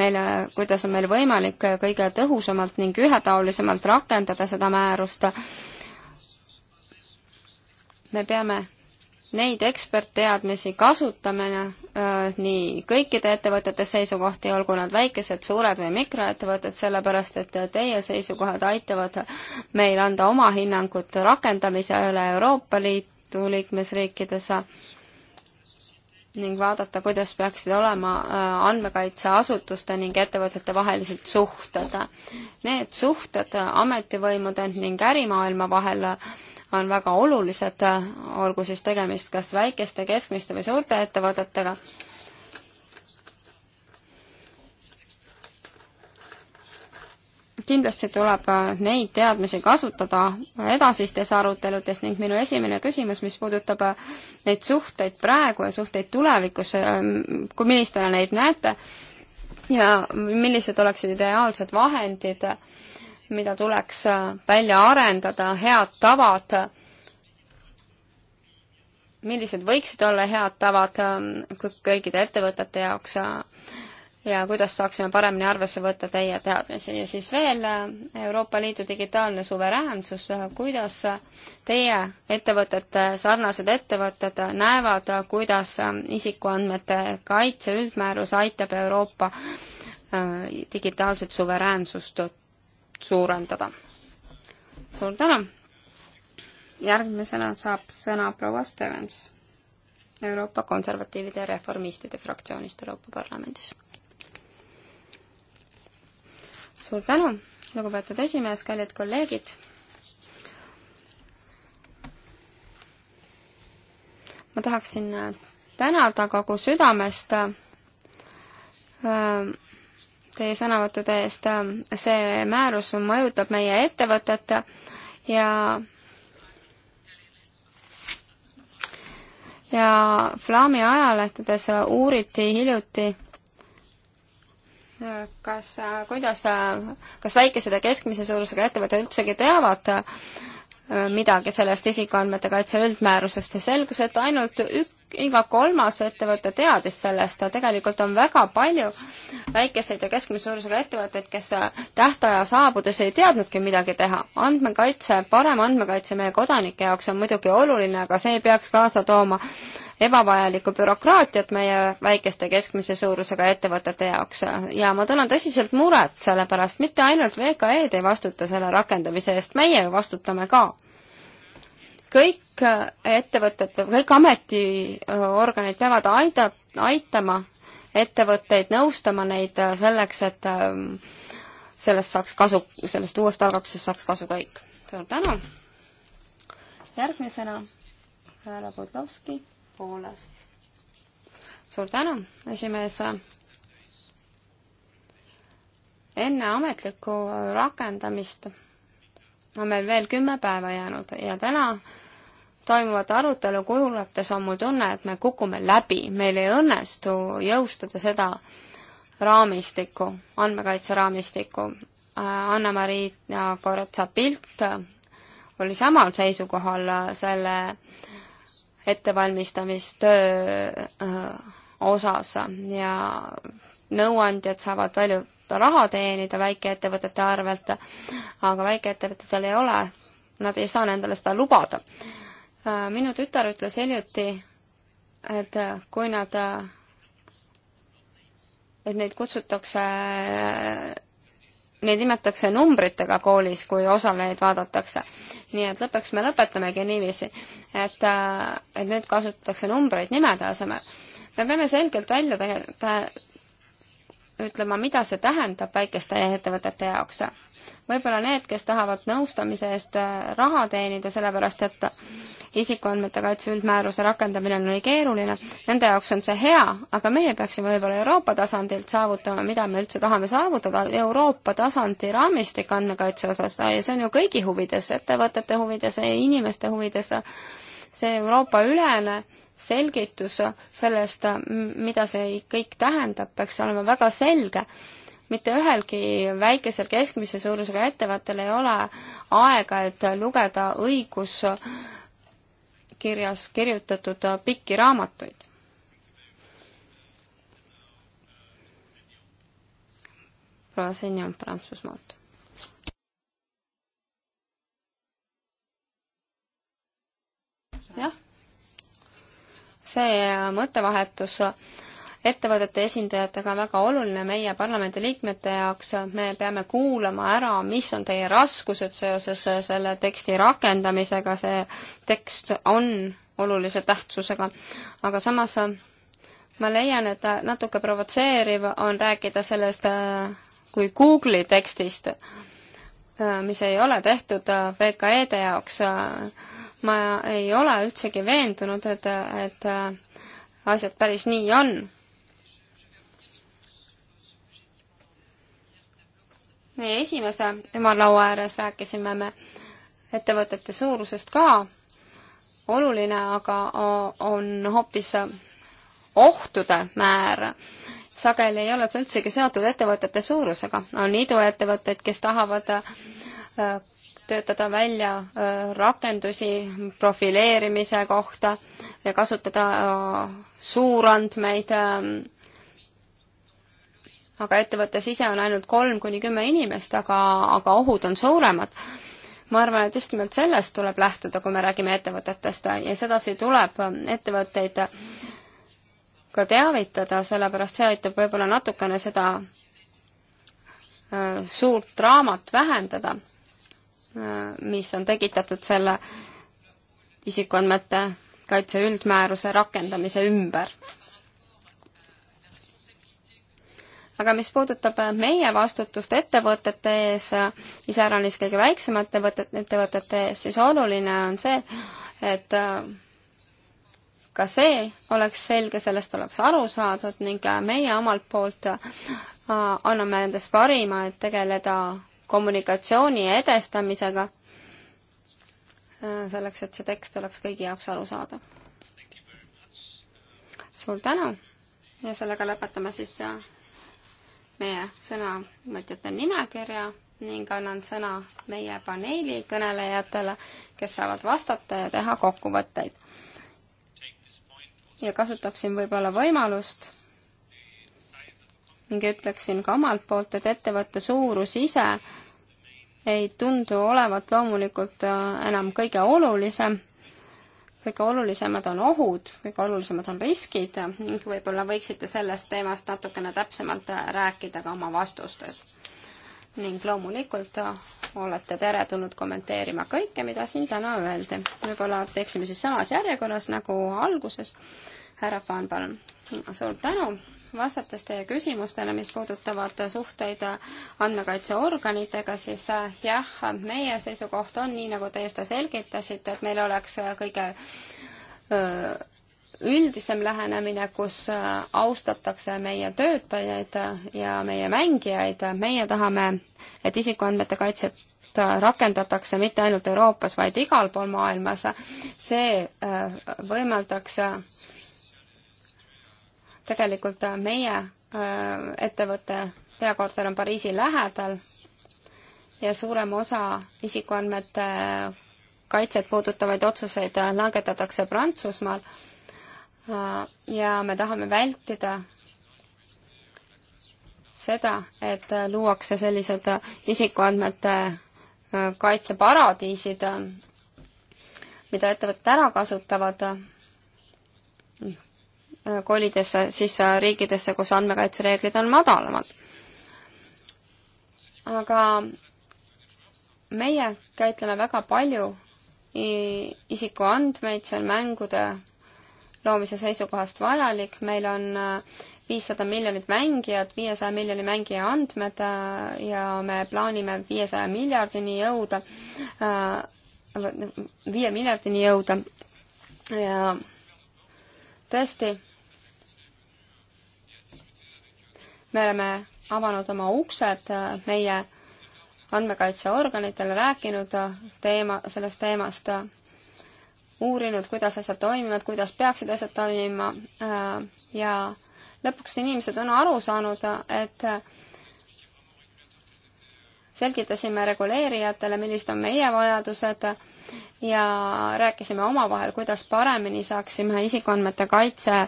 [SPEAKER 1] meile, kuidas on meil võimalik kõige tõhusamalt ning ühetaolisemalt rakendada seda määrust. me peame neid ekspertteadmisi kasutamine Äh, nii kõikide ettevõtete seisukohti, olgu nad väikesed, suured või mikroettevõtted, sellepärast et teie seisukohad aitavad meil anda oma hinnangut rakendamise üle Euroopa Liidu liikmesriikides ning vaadata, kuidas peaksid olema äh, andmekaitseasutuste ning ettevõtete vahelised suhted. Need suhted ametivõimude ning ärimaailma vahel on väga olulised, olgu siis tegemist kas väikeste, keskmiste või suurte ettevõtetega. kindlasti tuleb neid teadmisi kasutada edasistes aruteludes ning minu esimene küsimus, mis puudutab neid suhteid praegu ja suhteid tulevikus, kui millistena neid näete ja millised oleksid ideaalsed vahendid äh, mida tuleks äh, välja arendada, head tavad, millised võiksid olla head tavad ähm, kõikide ettevõtete jaoks äh, ja kuidas saaksime paremini arvesse võtta teie teadmisi ja siis veel äh, Euroopa Liidu digitaalne suveräänsus, kuidas teie ettevõtete, sarnased ettevõtted näevad, kuidas isikuandmete kaitse üldmäärus aitab Euroopa digitaalset suveräänsust suurendada. suur tänu! järgmisena saab sõna proua Stevens Euroopa Konservatiivide ja Reformistide fraktsioonist Euroopa Parlamendis. suur tänu, lugupeetud esimees, kallid kolleegid! ma tahaksin tänada kogu südamest äh, teie sõnavõttude eest. see määrus mõjutab meie ettevõtet ja ja Flaami ajalehtedes uuriti hiljuti kas, kuidas, kas väikesed ja keskmise suurusega ettevõtted üldsegi teavad midagi sellest isikuandmete kaitse üldmäärusest ja selgus, et ainult ük-, iga kolmas ettevõte teadis sellest, tegelikult on väga palju väikeseid ja keskmise suurusega ettevõtteid, kes tähtaja saabudes ei teadnudki midagi teha. andmekaitse, parem andmekaitse meie kodanike jaoks on muidugi oluline, aga see ei peaks kaasa tooma ebavajalikku bürokraatiat meie väikeste keskmise suurusega ettevõtete jaoks. ja ma tunnen tõsiselt muret selle pärast, mitte ainult VKE-d ei vastuta selle rakendamise eest, meie ju vastutame ka kõik äh, ettevõtted, kõik ametiorganid peavad aida, aitama ettevõtteid, nõustama neid äh, selleks, et ähm, sellest saaks kasu, sellest uuest algatusest saaks kasu kõik. suur tänu! järgmisena härra Budlovski Poolast. suur tänu, esimees! enne ametlikku rakendamist on meil veel kümme päeva jäänud ja täna toimuvat arutelu kuulates on mul tunne, et me kukume läbi, meil ei õnnestu jõustada seda raamistikku, andmekaitse raamistikku. Äh, Anna-Maria Korotsa-Pilt oli samal seisukohal selle ettevalmistamistöö äh, osas ja nõuandjad saavad palju raha teenida väikeettevõtete arvelt, aga väikeettevõtetel ei ole, nad ei saa endale seda lubada. Äh, minu tütar ütles hiljuti, et kui nad, et neid kutsutakse neid nimetatakse numbritega koolis, kui osalejaid vaadatakse. nii et lõpuks me lõpetamegi niiviisi, et, et nüüd kasutatakse numbreid nimede asemel. me peame selgelt välja ütlema, mida see tähendab väikeste ettevõtete jaoks. võib-olla need, kes tahavad nõustamise eest äh, raha teenida, sellepärast et isikuandmete kaitse üldmääruse rakendamine on nii keeruline, nende jaoks on see hea, aga meie peaksime võib-olla Euroopa tasandilt saavutama, mida me üldse tahame saavutada, Euroopa tasandi raamistik andmekaitse osas äh, ja see on ju kõigi huvides, ettevõtete huvides, inimeste huvides, see Euroopa ülene selgitus sellest, mida see kõik tähendab, peaks olema väga selge. mitte ühelgi väikesel keskmise suurusega ettevõttel ei ole aega, et lugeda õiguskirjas kirjutatud pikki raamatuid. proua Senjon Prantsusmaalt. jah see mõttevahetus ettevõtete esindajatega on väga oluline meie parlamendiliikmete jaoks, me peame kuulama ära, mis on teie raskused seoses selle teksti rakendamisega, see tekst on olulise tähtsusega, aga samas ma leian, et natuke provotseeriv on rääkida sellest äh, kui Google'i tekstist, äh, mis ei ole tehtud äh, VKE-de jaoks ma ei ole üldsegi veendunud, et, et asjad päris nii on. meie esimese ümarlaua ääres rääkisime me ettevõtete suurusest ka, oluline aga on hoopis ohtude määr sageli ei ole see üldsegi seotud ettevõtete suurusega. on iduettevõtteid, kes tahavad äh, töötada välja äh, rakendusi profileerimise kohta ja kasutada äh, suurandmeid. Ähm, aga ettevõttes ise on ainult kolm kuni kümme inimest, aga, aga ohud on suuremad ma arvan, et just nimelt sellest tuleb lähtuda, kui me räägime ettevõtetest ja sedasi tuleb ähm, ettevõtteid äh, ka teavitada, sellepärast see aitab võib-olla natukene seda suurt draamat vähendada Äh, mis on tekitatud selle isikuandmete kaitse üldmääruse rakendamise ümber. aga mis puudutab meie vastutust ettevõtete ees, iseäranis kõige väiksemate võtet-, ettevõtete ees, siis oluline on see, et äh, ka see oleks selge, sellest oleks aru saadud ning äh, meie omalt poolt anname endast parima, et tegeleda kommunikatsiooni edestamisega, äh, selleks, et see tekst oleks kõigi jaoks arusaadav. suur tänu ja sellega lõpetame siis äh, meie sõnavõtjate nimekirja ning annan sõna meie paneeli kõnelejatele, kes saavad vastata ja teha kokkuvõtteid. ja kasutaksin võib-olla võimalust ning ütleksin ka omalt poolt, et ettevõtte suurus ise ei tundu olevat loomulikult äh, enam kõige olulisem, kõige olulisemad on ohud, kõige olulisemad on riskid ning võib-olla võiksite sellest teemast natukene täpsemalt äh, rääkida ka oma vastustes. ning loomulikult äh, olete teretulnud kommenteerima kõike, mida siin täna öeldi. võib-olla teeksime siis samas järjekorras nagu alguses. härra Faan, palun. suur tänu vastates teie küsimustele, mis puudutavad suhteid andmekaitseorganitega, siis äh, jah, meie seisukoht on nii, nagu teie seda selgitasite, et meil oleks äh, kõige äh, üldisem lähenemine, kus austatakse meie töötajaid ja meie mängijaid, meie tahame, et isikuandmete kaitset rakendatakse mitte ainult Euroopas, vaid igal pool maailmas, see võimaldaks tegelikult äh, meie äh, ettevõte peakorter on Pariisi lähedal ja suurem osa isikuandmete äh, kaitset puudutavaid otsuseid langetatakse Prantsusmaal ja me tahame vältida seda, et luuakse sellised isikuandmete kaitseparadiisid, mida ettevõtted ära kasutavad kolides siis riikidesse, kus andmekaitsereeglid on madalamad. aga meie käitleme väga palju isikuandmeid, see on mängude loomise seisukohast vajalik, meil on äh, viissada miljonit mängijat, viiesaja miljoni mängija andmed äh, ja me plaanime viiesaja miljardini jõuda, äh, viie miljardini jõuda ja tõesti, me oleme avanud oma uksed äh, meie andmekaitseorganitele, rääkinud äh, teema, sellest teemast, äh, uurinud, kuidas asjad toimivad, kuidas peaksid asjad toimima ja lõpuks inimesed on aru saanud, et selgitasime reguleerijatele, millised on meie vajadused ja rääkisime omavahel, kuidas paremini saaksime isikuandmete kaitse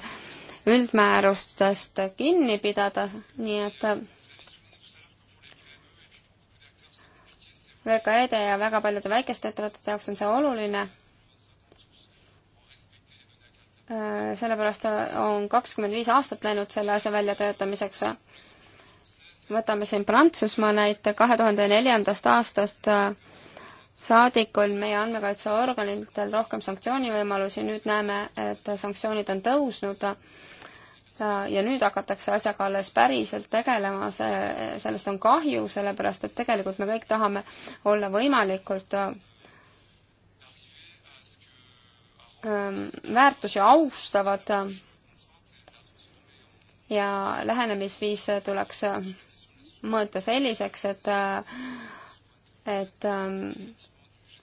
[SPEAKER 1] üldmäärustest kinni pidada, nii et VKE-de ja väga paljude väikeste ettevõtete jaoks on see oluline. sellepärast on kakskümmend viis aastat läinud selle asja väljatöötamiseks. võtame siin Prantsusmaa näite, kahe tuhande neljandast aastast saadik on meie andmekaitseorganitel rohkem sanktsioonivõimalusi, nüüd näeme, et sanktsioonid on tõusnud ja nüüd hakatakse asjaga alles päriselt tegelema, see, sellest on kahju, sellepärast et tegelikult me kõik tahame olla võimalikult ähm, väärtusi austavad ja lähenemisviis tuleks mõõta selliseks, et et ähm,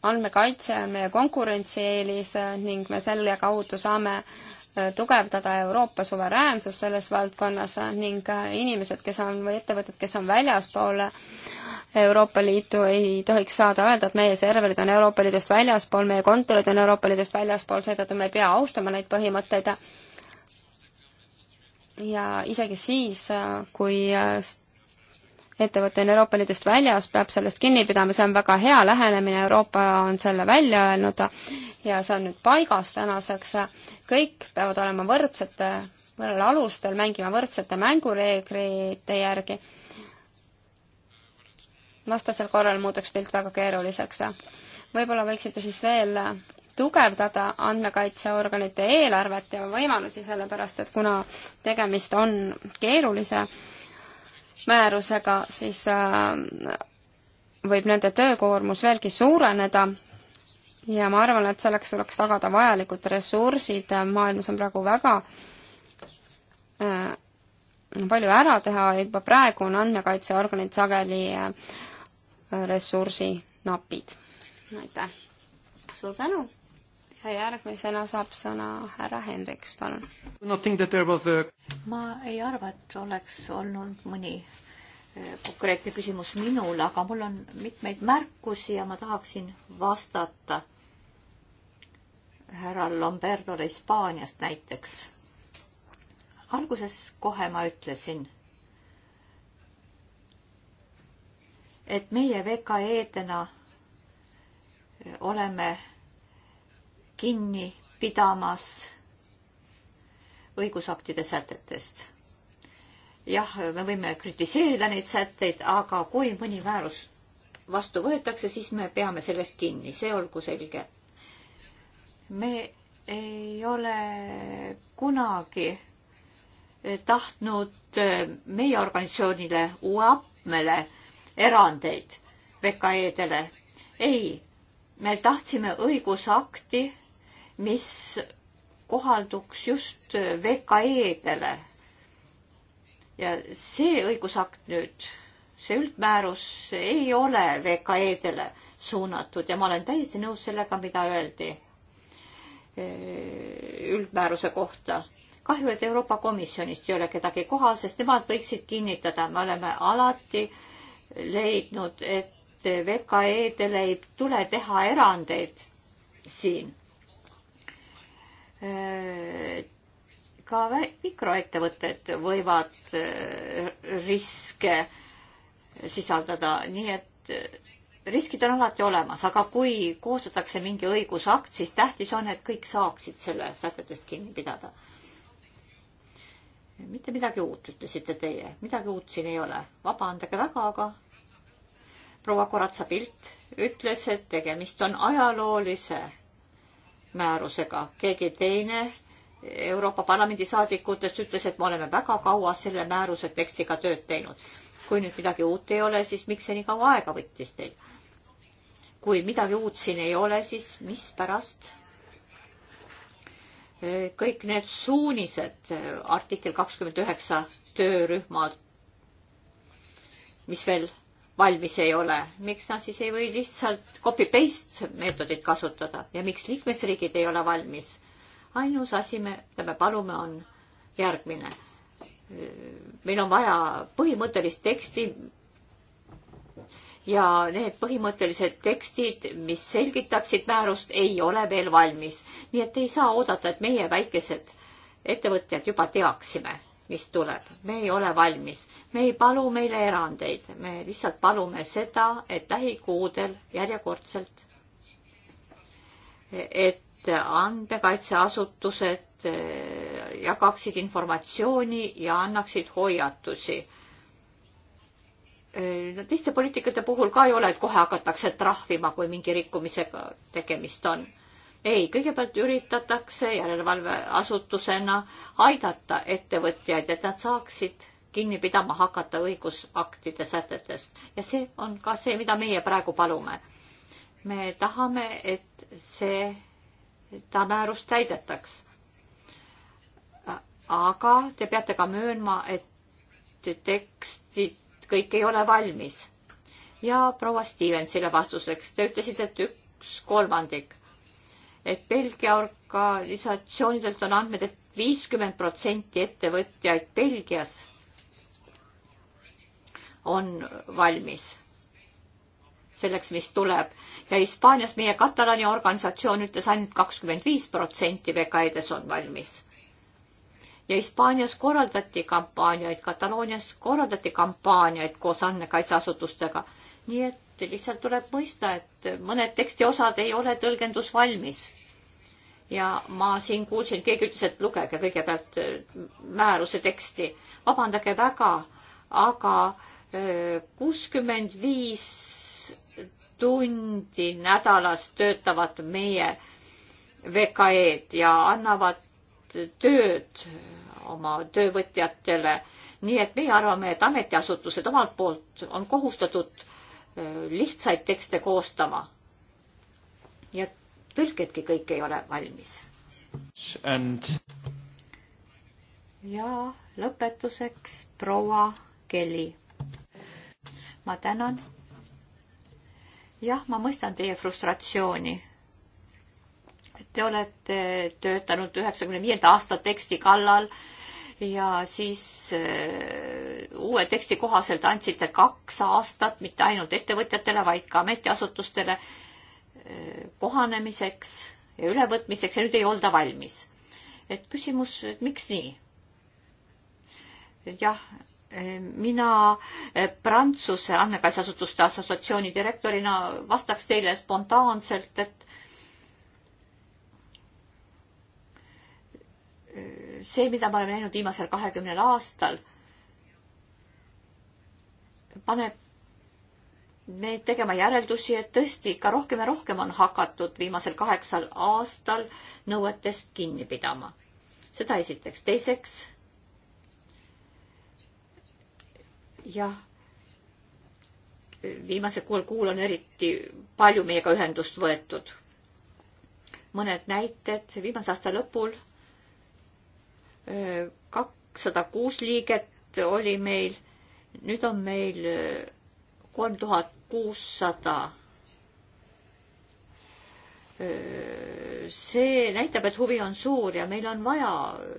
[SPEAKER 1] andmekaitse on meie konkurentsieelis ning me selle kaudu saame äh, tugevdada Euroopa suveräänsust selles valdkonnas ning äh, inimesed, kes on, või ettevõtted, kes on väljaspool Euroopa Liitu, ei tohiks saada öelda, et meie serverid on Euroopa Liidust väljaspool, meie kontorid on Euroopa Liidust väljaspool, seetõttu me ei pea austama neid põhimõtteid. ja isegi siis, äh, kui ettevõte on Euroopa Liidust väljas, peab sellest kinni pidama, see on väga hea lähenemine, Euroopa on selle välja öelnud ja see on nüüd paigas tänaseks. kõik peavad olema võrdsete, võrdel alustel, mängima võrdsete mängureeglite järgi. vastasel korral muutuks pilt väga keeruliseks. võib-olla võiksite siis veel tugevdada andmekaitseorganite eelarvet ja võimalusi, sellepärast et kuna tegemist on keerulise määrusega, siis äh, võib nende töökoormus veelgi suureneda ja ma arvan, et selleks tuleks tagada vajalikud ressursid, maailmas on praegu väga äh, palju ära teha, juba praegu on andmekaitseorganid sageli äh, ressursinapid. aitäh! suur tänu! järgmisena saab sõna härra Hendriks, palun. A...
[SPEAKER 2] ma ei arva, et oleks olnud mõni eh, konkreetne küsimus minul, aga mul on mitmeid märkusi ja ma tahaksin vastata härra Lomberdole Hispaaniast näiteks. alguses kohe ma ütlesin et meie VKE-dena oleme kinni pidamas õigusaktide sätetest. jah, me võime kritiseerida neid sätteid, aga kui mõni määrus vastu võetakse, siis me peame sellest kinni, see olgu selge. me ei ole kunagi tahtnud meie organisatsioonile, UAP-mele erandeid VKE-dele. ei, me tahtsime õigusakti mis kohalduks just VKE-dele. ja see õigusakt nüüd, see üldmäärus ei ole VKE-dele suunatud ja ma olen täiesti nõus sellega, mida öeldi e, üldmääruse kohta. kahju, et Euroopa Komisjonist ei ole kedagi kohal, sest nemad võiksid kinnitada, me oleme alati leidnud, et VKE-dele ei tule teha erandeid siin Äh, ka mikroettevõtted võivad äh, riske sisaldada, nii et äh, riskid on alati olemas, aga kui koostatakse mingi õigusakt, siis tähtis on, et kõik saaksid selle sätetest kinni pidada. mitte midagi uut, ütlesite teie, midagi uut siin ei ole, vabandage väga, aga proua Koratsa pilt ütles, et tegemist on ajaloolise määrusega. keegi teine Euroopa Parlamendi saadikutest ütles, et me oleme väga kaua selle määruse tekstiga tööd teinud. kui nüüd midagi uut ei ole, siis miks see nii kaua aega võttis teil? kui midagi uut siin ei ole, siis mispärast kõik need suunised artikkel kakskümmend üheksa töörühmalt, mis veel valmis ei ole, miks nad siis ei või lihtsalt copy-paste meetodit kasutada ja miks liikmesriigid ei ole valmis? ainus asi, mida me palume, on järgmine. meil on vaja põhimõttelist teksti ja need põhimõttelised tekstid, mis selgitaksid määrust, ei ole veel valmis. nii et ei saa oodata, et meie väikesed ettevõtjad juba teaksime mis tuleb. me ei ole valmis, me ei palu meile erandeid, me lihtsalt palume seda, et lähikuudel järjekordselt, et andmekaitseasutused eh, jagaksid informatsiooni ja annaksid hoiatusi. Eh, teiste poliitikate puhul ka ei ole, et kohe hakatakse trahvima, kui mingi rikkumisega tegemist on ei, kõigepealt üritatakse järelevalveasutusena aidata ettevõtjaid, et nad saaksid kinni pidama hakata õigusaktide sätetest ja see on ka see, mida meie praegu palume. me tahame, et see, ta määrus täidetaks. aga te peate ka möönma, et tekstid kõik ei ole valmis. ja proua Stevensile vastuseks, te ütlesite, et üks kolmandik et Belgia organisatsioonidelt on andmed et, et viiskümmend protsenti ettevõtjaid Belgias on valmis selleks, mis tuleb ja Hispaanias meie Katalani organisatsioon ütles ainult kakskümmend viis protsenti VKE-des on valmis. ja Hispaanias korraldati kampaaniaid, Kataloonias korraldati kampaaniaid koos andmekaitseasutustega. nii et lihtsalt tuleb mõista, et mõned tekstiosad ei ole tõlgendusvalmis ja ma siin kuulsin, keegi ütles, et lugege kõigepealt äh, määruse teksti. vabandage väga, aga äh, kuuskümmend viis tundi nädalas töötavad meie VKE-d ja annavad tööd oma töövõtjatele. nii et meie arvame, et ametiasutused omalt poolt on kohustatud äh, lihtsaid tekste koostama. nii et tõlkedki kõik ei ole valmis. And... ja lõpetuseks proua Kelly. ma tänan. jah, ma mõistan teie frustratsiooni. Te olete töötanud üheksakümne viienda aasta teksti kallal ja siis äh, uue teksti kohaselt andsite kaks aastat mitte ainult ettevõtjatele, vaid ka ametiasutustele kohanemiseks ja ülevõtmiseks ja nüüd ei olda valmis. et küsimus, et miks nii? jah, mina eh, Prantsuse andmekaitseasutuste assotsiatsiooni direktorina vastaks teile spontaanselt, et eh, see, mida me oleme näinud viimasel kahekümnel aastal, paneb me tegema järeldusi, et tõesti ikka rohkem ja rohkem on hakatud viimasel kaheksal aastal nõuetest kinni pidama. seda esiteks. teiseks, jah, viimasel kuuel kuul on eriti palju meiega ühendust võetud. mõned näited viimase aasta lõpul. kakssada kuus liiget oli meil, nüüd on meil kolm tuhat kuussada. see näitab, et huvi on suur ja meil on vaja,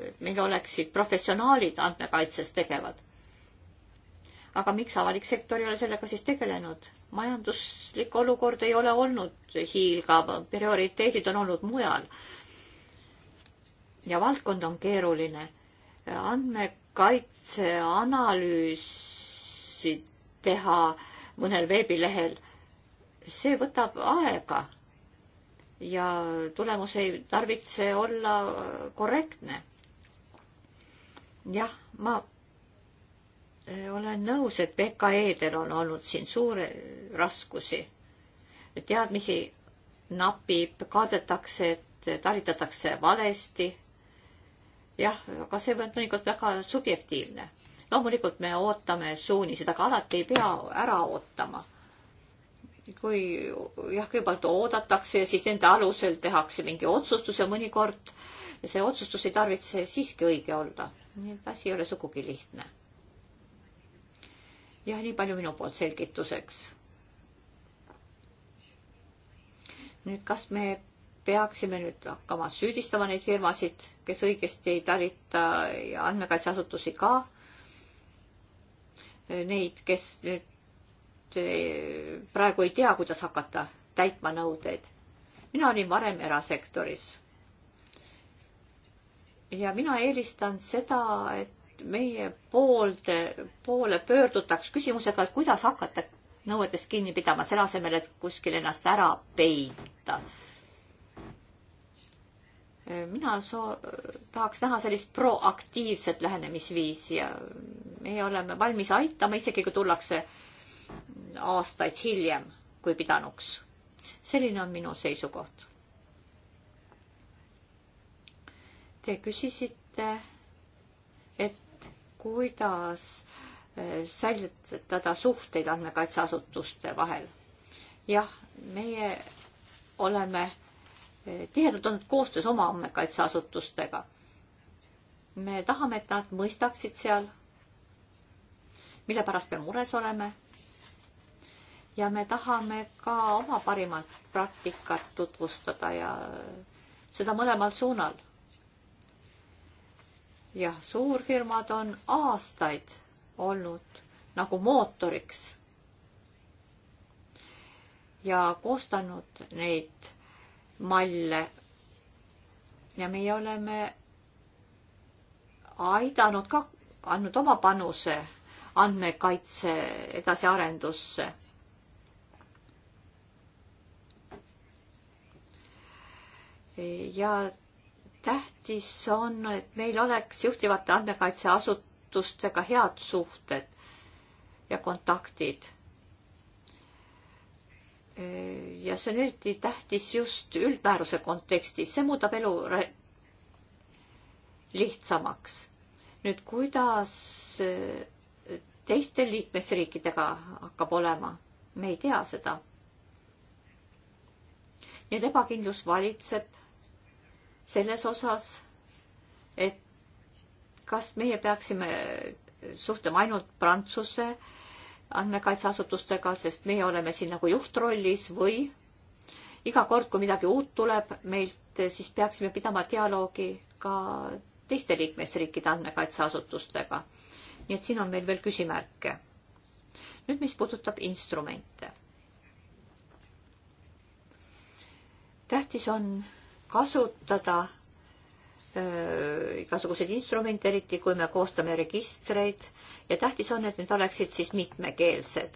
[SPEAKER 2] et meil oleksid professionaalid andmekaitses tegevad. aga miks avalik sektor ei ole sellega siis tegelenud? majanduslik olukord ei ole olnud hiilgav, prioriteedid on olnud mujal. ja valdkond on keeruline. andmekaitse analüüsid teha mõnel veebilehel, see võtab aega ja tulemus ei tarvitse olla korrektne. jah, ma olen nõus, et VKE-del on olnud siin suure raskusi. teadmisi napib, kaadetakse, et talitatakse valesti. jah, aga see võib mõnikord väga subjektiivne loomulikult me ootame suuniseid, aga alati ei pea ära ootama. kui jah, kõigepealt oodatakse ja siis nende alusel tehakse mingi otsustus ja mõnikord see otsustus ei tarvitse siiski õige olla. nii et asi ei ole sugugi lihtne. jah, nii palju minu poolt selgituseks. nüüd, kas me peaksime nüüd hakkama süüdistama neid firmasid, kes õigesti ei talita ja andmekaitseasutusi ka? neid, kes nüüd eh, praegu ei tea, kuidas hakata täitma nõudeid. mina olin varem erasektoris. ja mina eelistan seda, et meie poolde, poole pöördutaks küsimusega, et kuidas hakata nõuetest kinni pidama, selle asemel, et kuskil ennast ära peita mina soo-, tahaks näha sellist proaktiivset lähenemisviisi ja meie oleme valmis aitama, isegi kui tullakse aastaid hiljem kui pidanuks. selline on minu seisukoht. Te küsisite, et kuidas eh, säilitada suhteid andmekaitseasutuste vahel. jah, meie oleme äh, tihedalt olnud koostöös oma andmekaitseasutustega. me tahame, et nad mõistaksid seal, mille pärast me mures oleme. ja me tahame ka oma parimat praktikat tutvustada ja seda mõlemal suunal. jah, suurfirmad on aastaid olnud nagu mootoriks ja koostanud neid malle. ja meie oleme aidanud ka, andnud oma panuse andmekaitse edasiarendusse. ja tähtis on, et meil oleks juhtivate andmekaitseasutustega head suhted ja kontaktid Äh, ja see on eriti tähtis just üldmääruse kontekstis, see muudab elu lihtsamaks. nüüd, kuidas äh, teiste liikmesriikidega hakkab olema, me ei tea seda. nii et ebakindlus valitseb selles osas, et kas meie peaksime suhtlema ainult Prantsuse äh, andmekaitseasutustega, sest meie oleme siin nagu juhtrollis või iga kord, kui midagi uut tuleb meilt, siis peaksime pidama dialoogi ka teiste liikmesriikide andmekaitseasutustega. nii et siin on meil veel küsimärke. nüüd, mis puudutab instrumente. tähtis on kasutada öö, äh, igasuguseid instrumente, eriti kui me koostame registreid ja tähtis on, et need oleksid siis mitmekeelsed.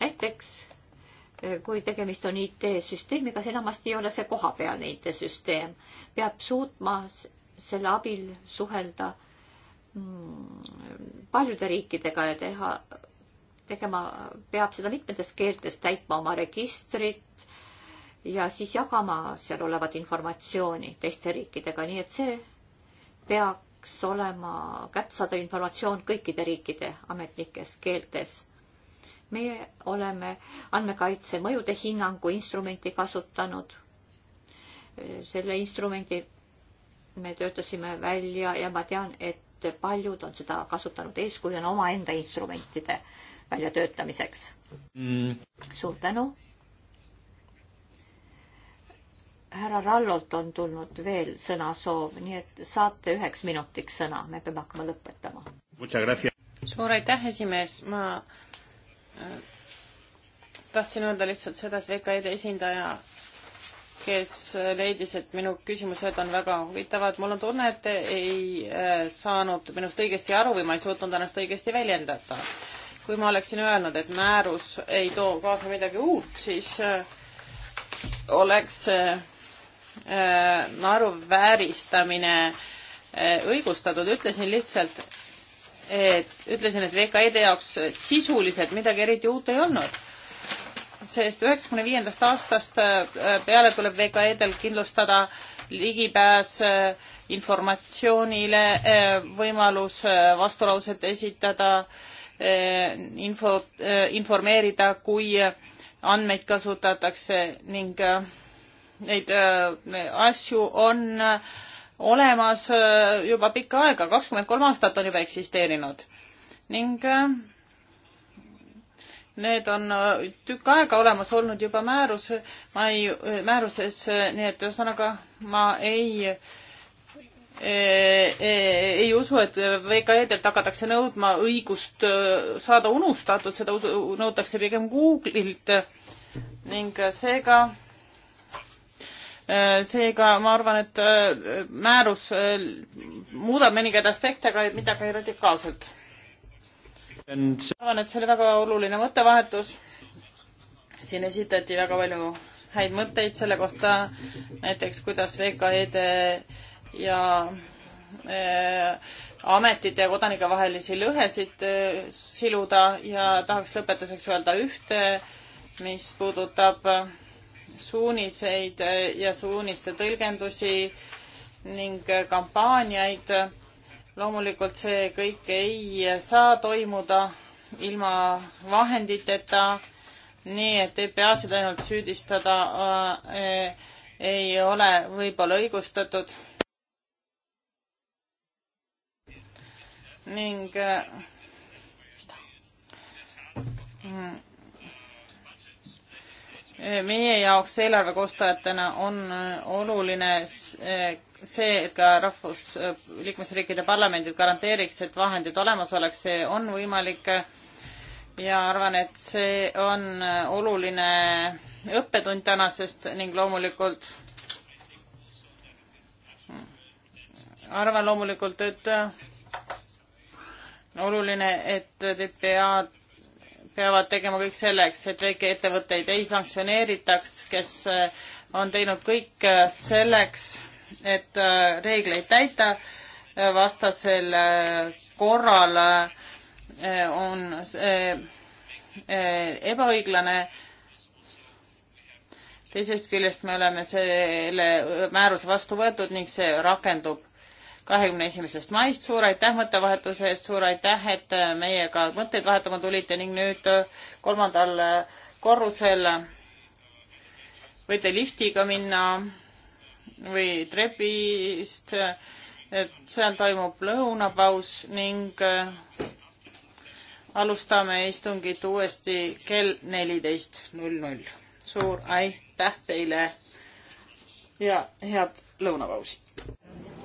[SPEAKER 2] näiteks eh, kui tegemist on IT-süsteemiga, siis enamasti ei ole see kohapealne IT-süsteem, peab suutma selle abil suhelda mm, paljude riikidega ja teha, tegema, peab seda mitmetes keeltes täitma oma registrit ja siis jagama seal olevat informatsiooni teiste riikidega, nii et see peaks peaks olema kättesaadav informatsioon kõikide riikide ametlikes keeltes. meie oleme andmekaitse mõjude hinnangu instrumenti kasutanud. selle instrumendi me töötasime välja ja ma tean, et paljud on seda kasutanud eeskujuna omaenda instrumentide väljatöötamiseks mm.. suur tänu härra Rallolt on tulnud veel sõnasoov, nii et saate üheks minutiks sõna, me peame hakkama lõpetama.
[SPEAKER 3] suur aitäh, esimees, ma äh, tahtsin öelda lihtsalt seda, et VKE-de esindaja, kes leidis, et minu küsimused on väga huvitavad, mul on tunne, et te ei äh, saanud minust õigesti aru või ma ei suutnud ennast õigesti väljendada. kui ma oleksin öelnud, et määrus ei too kaasa midagi uut, siis äh, oleks Äh, naeruvääristamine äh, õigustatud, ütlesin lihtsalt, et ütlesin, et VKE-de jaoks sisuliselt midagi eriti uut ei olnud. sest üheksakümne viiendast aastast äh, peale tuleb VKE-del kindlustada ligipääs informatsioonile, võimalus vastulauset esitada, info, informeerida, kui andmeid kasutatakse ning neid äh, asju on äh, olemas äh, juba pikka aega, kakskümmend kolm aastat on juba eksisteerinud ning need on tükk aega olemas olnud juba määrus, ma ei, määruses, nii et ühesõnaga ma ei Ei, ei, ei usu, et VKE-delt hakatakse nõudma õigust saada unustatud, seda usu, nõutakse pigem Google'ilt ning seega Äh, seega ma arvan, et äh, määrus äh, muudab mõningaid aspekte, aga midagi radikaalselt. ma arvan, et see oli väga oluline mõttevahetus. siin esitati väga palju häid mõtteid selle kohta, näiteks kuidas VKE-de ja ametite ja kodanike vahelisi lõhesid siluda ja tahaks lõpetuseks öelda ühte, mis puudutab suuniseid äh, ja suuniste tõlgendusi ning äh, kampaaniaid. loomulikult see kõik ei saa toimuda ilma vahenditeta, nii et ei pea seda ainult süüdistada äh,, ei ole võib-olla õigustatud. ning äh, meie jaoks eelarve koostajatena on oluline see, et ka rahvus, liikmesriikide parlamendid garanteeriks, et vahendid olemas oleks, see on võimalik ja arvan, et see on oluline õppetund tänasest ning loomulikult arvan loomulikult, et oluline, et TPA-d peavad tegema kõik selleks, et väikeettevõtteid ei sanktsioneeritaks, kes eh, on teinud kõik eh, selleks, et eh, reegleid täita, vastasel korral on see ebaõiglane. teisest küljest me oleme selle määruse vastu võetud ning see rakendub kahekümne esimesest maist. suur aitäh mõttevahetuse eest, suur aitäh, et äh, meiega mõtteid vahetama tulite ning nüüd äh, kolmandal äh, korrusel võite liftiga minna või trepist, et seal toimub lõunapaus ning alustame istungit uuesti kell neliteist null null. suur aitäh teile ja head lõunapausi!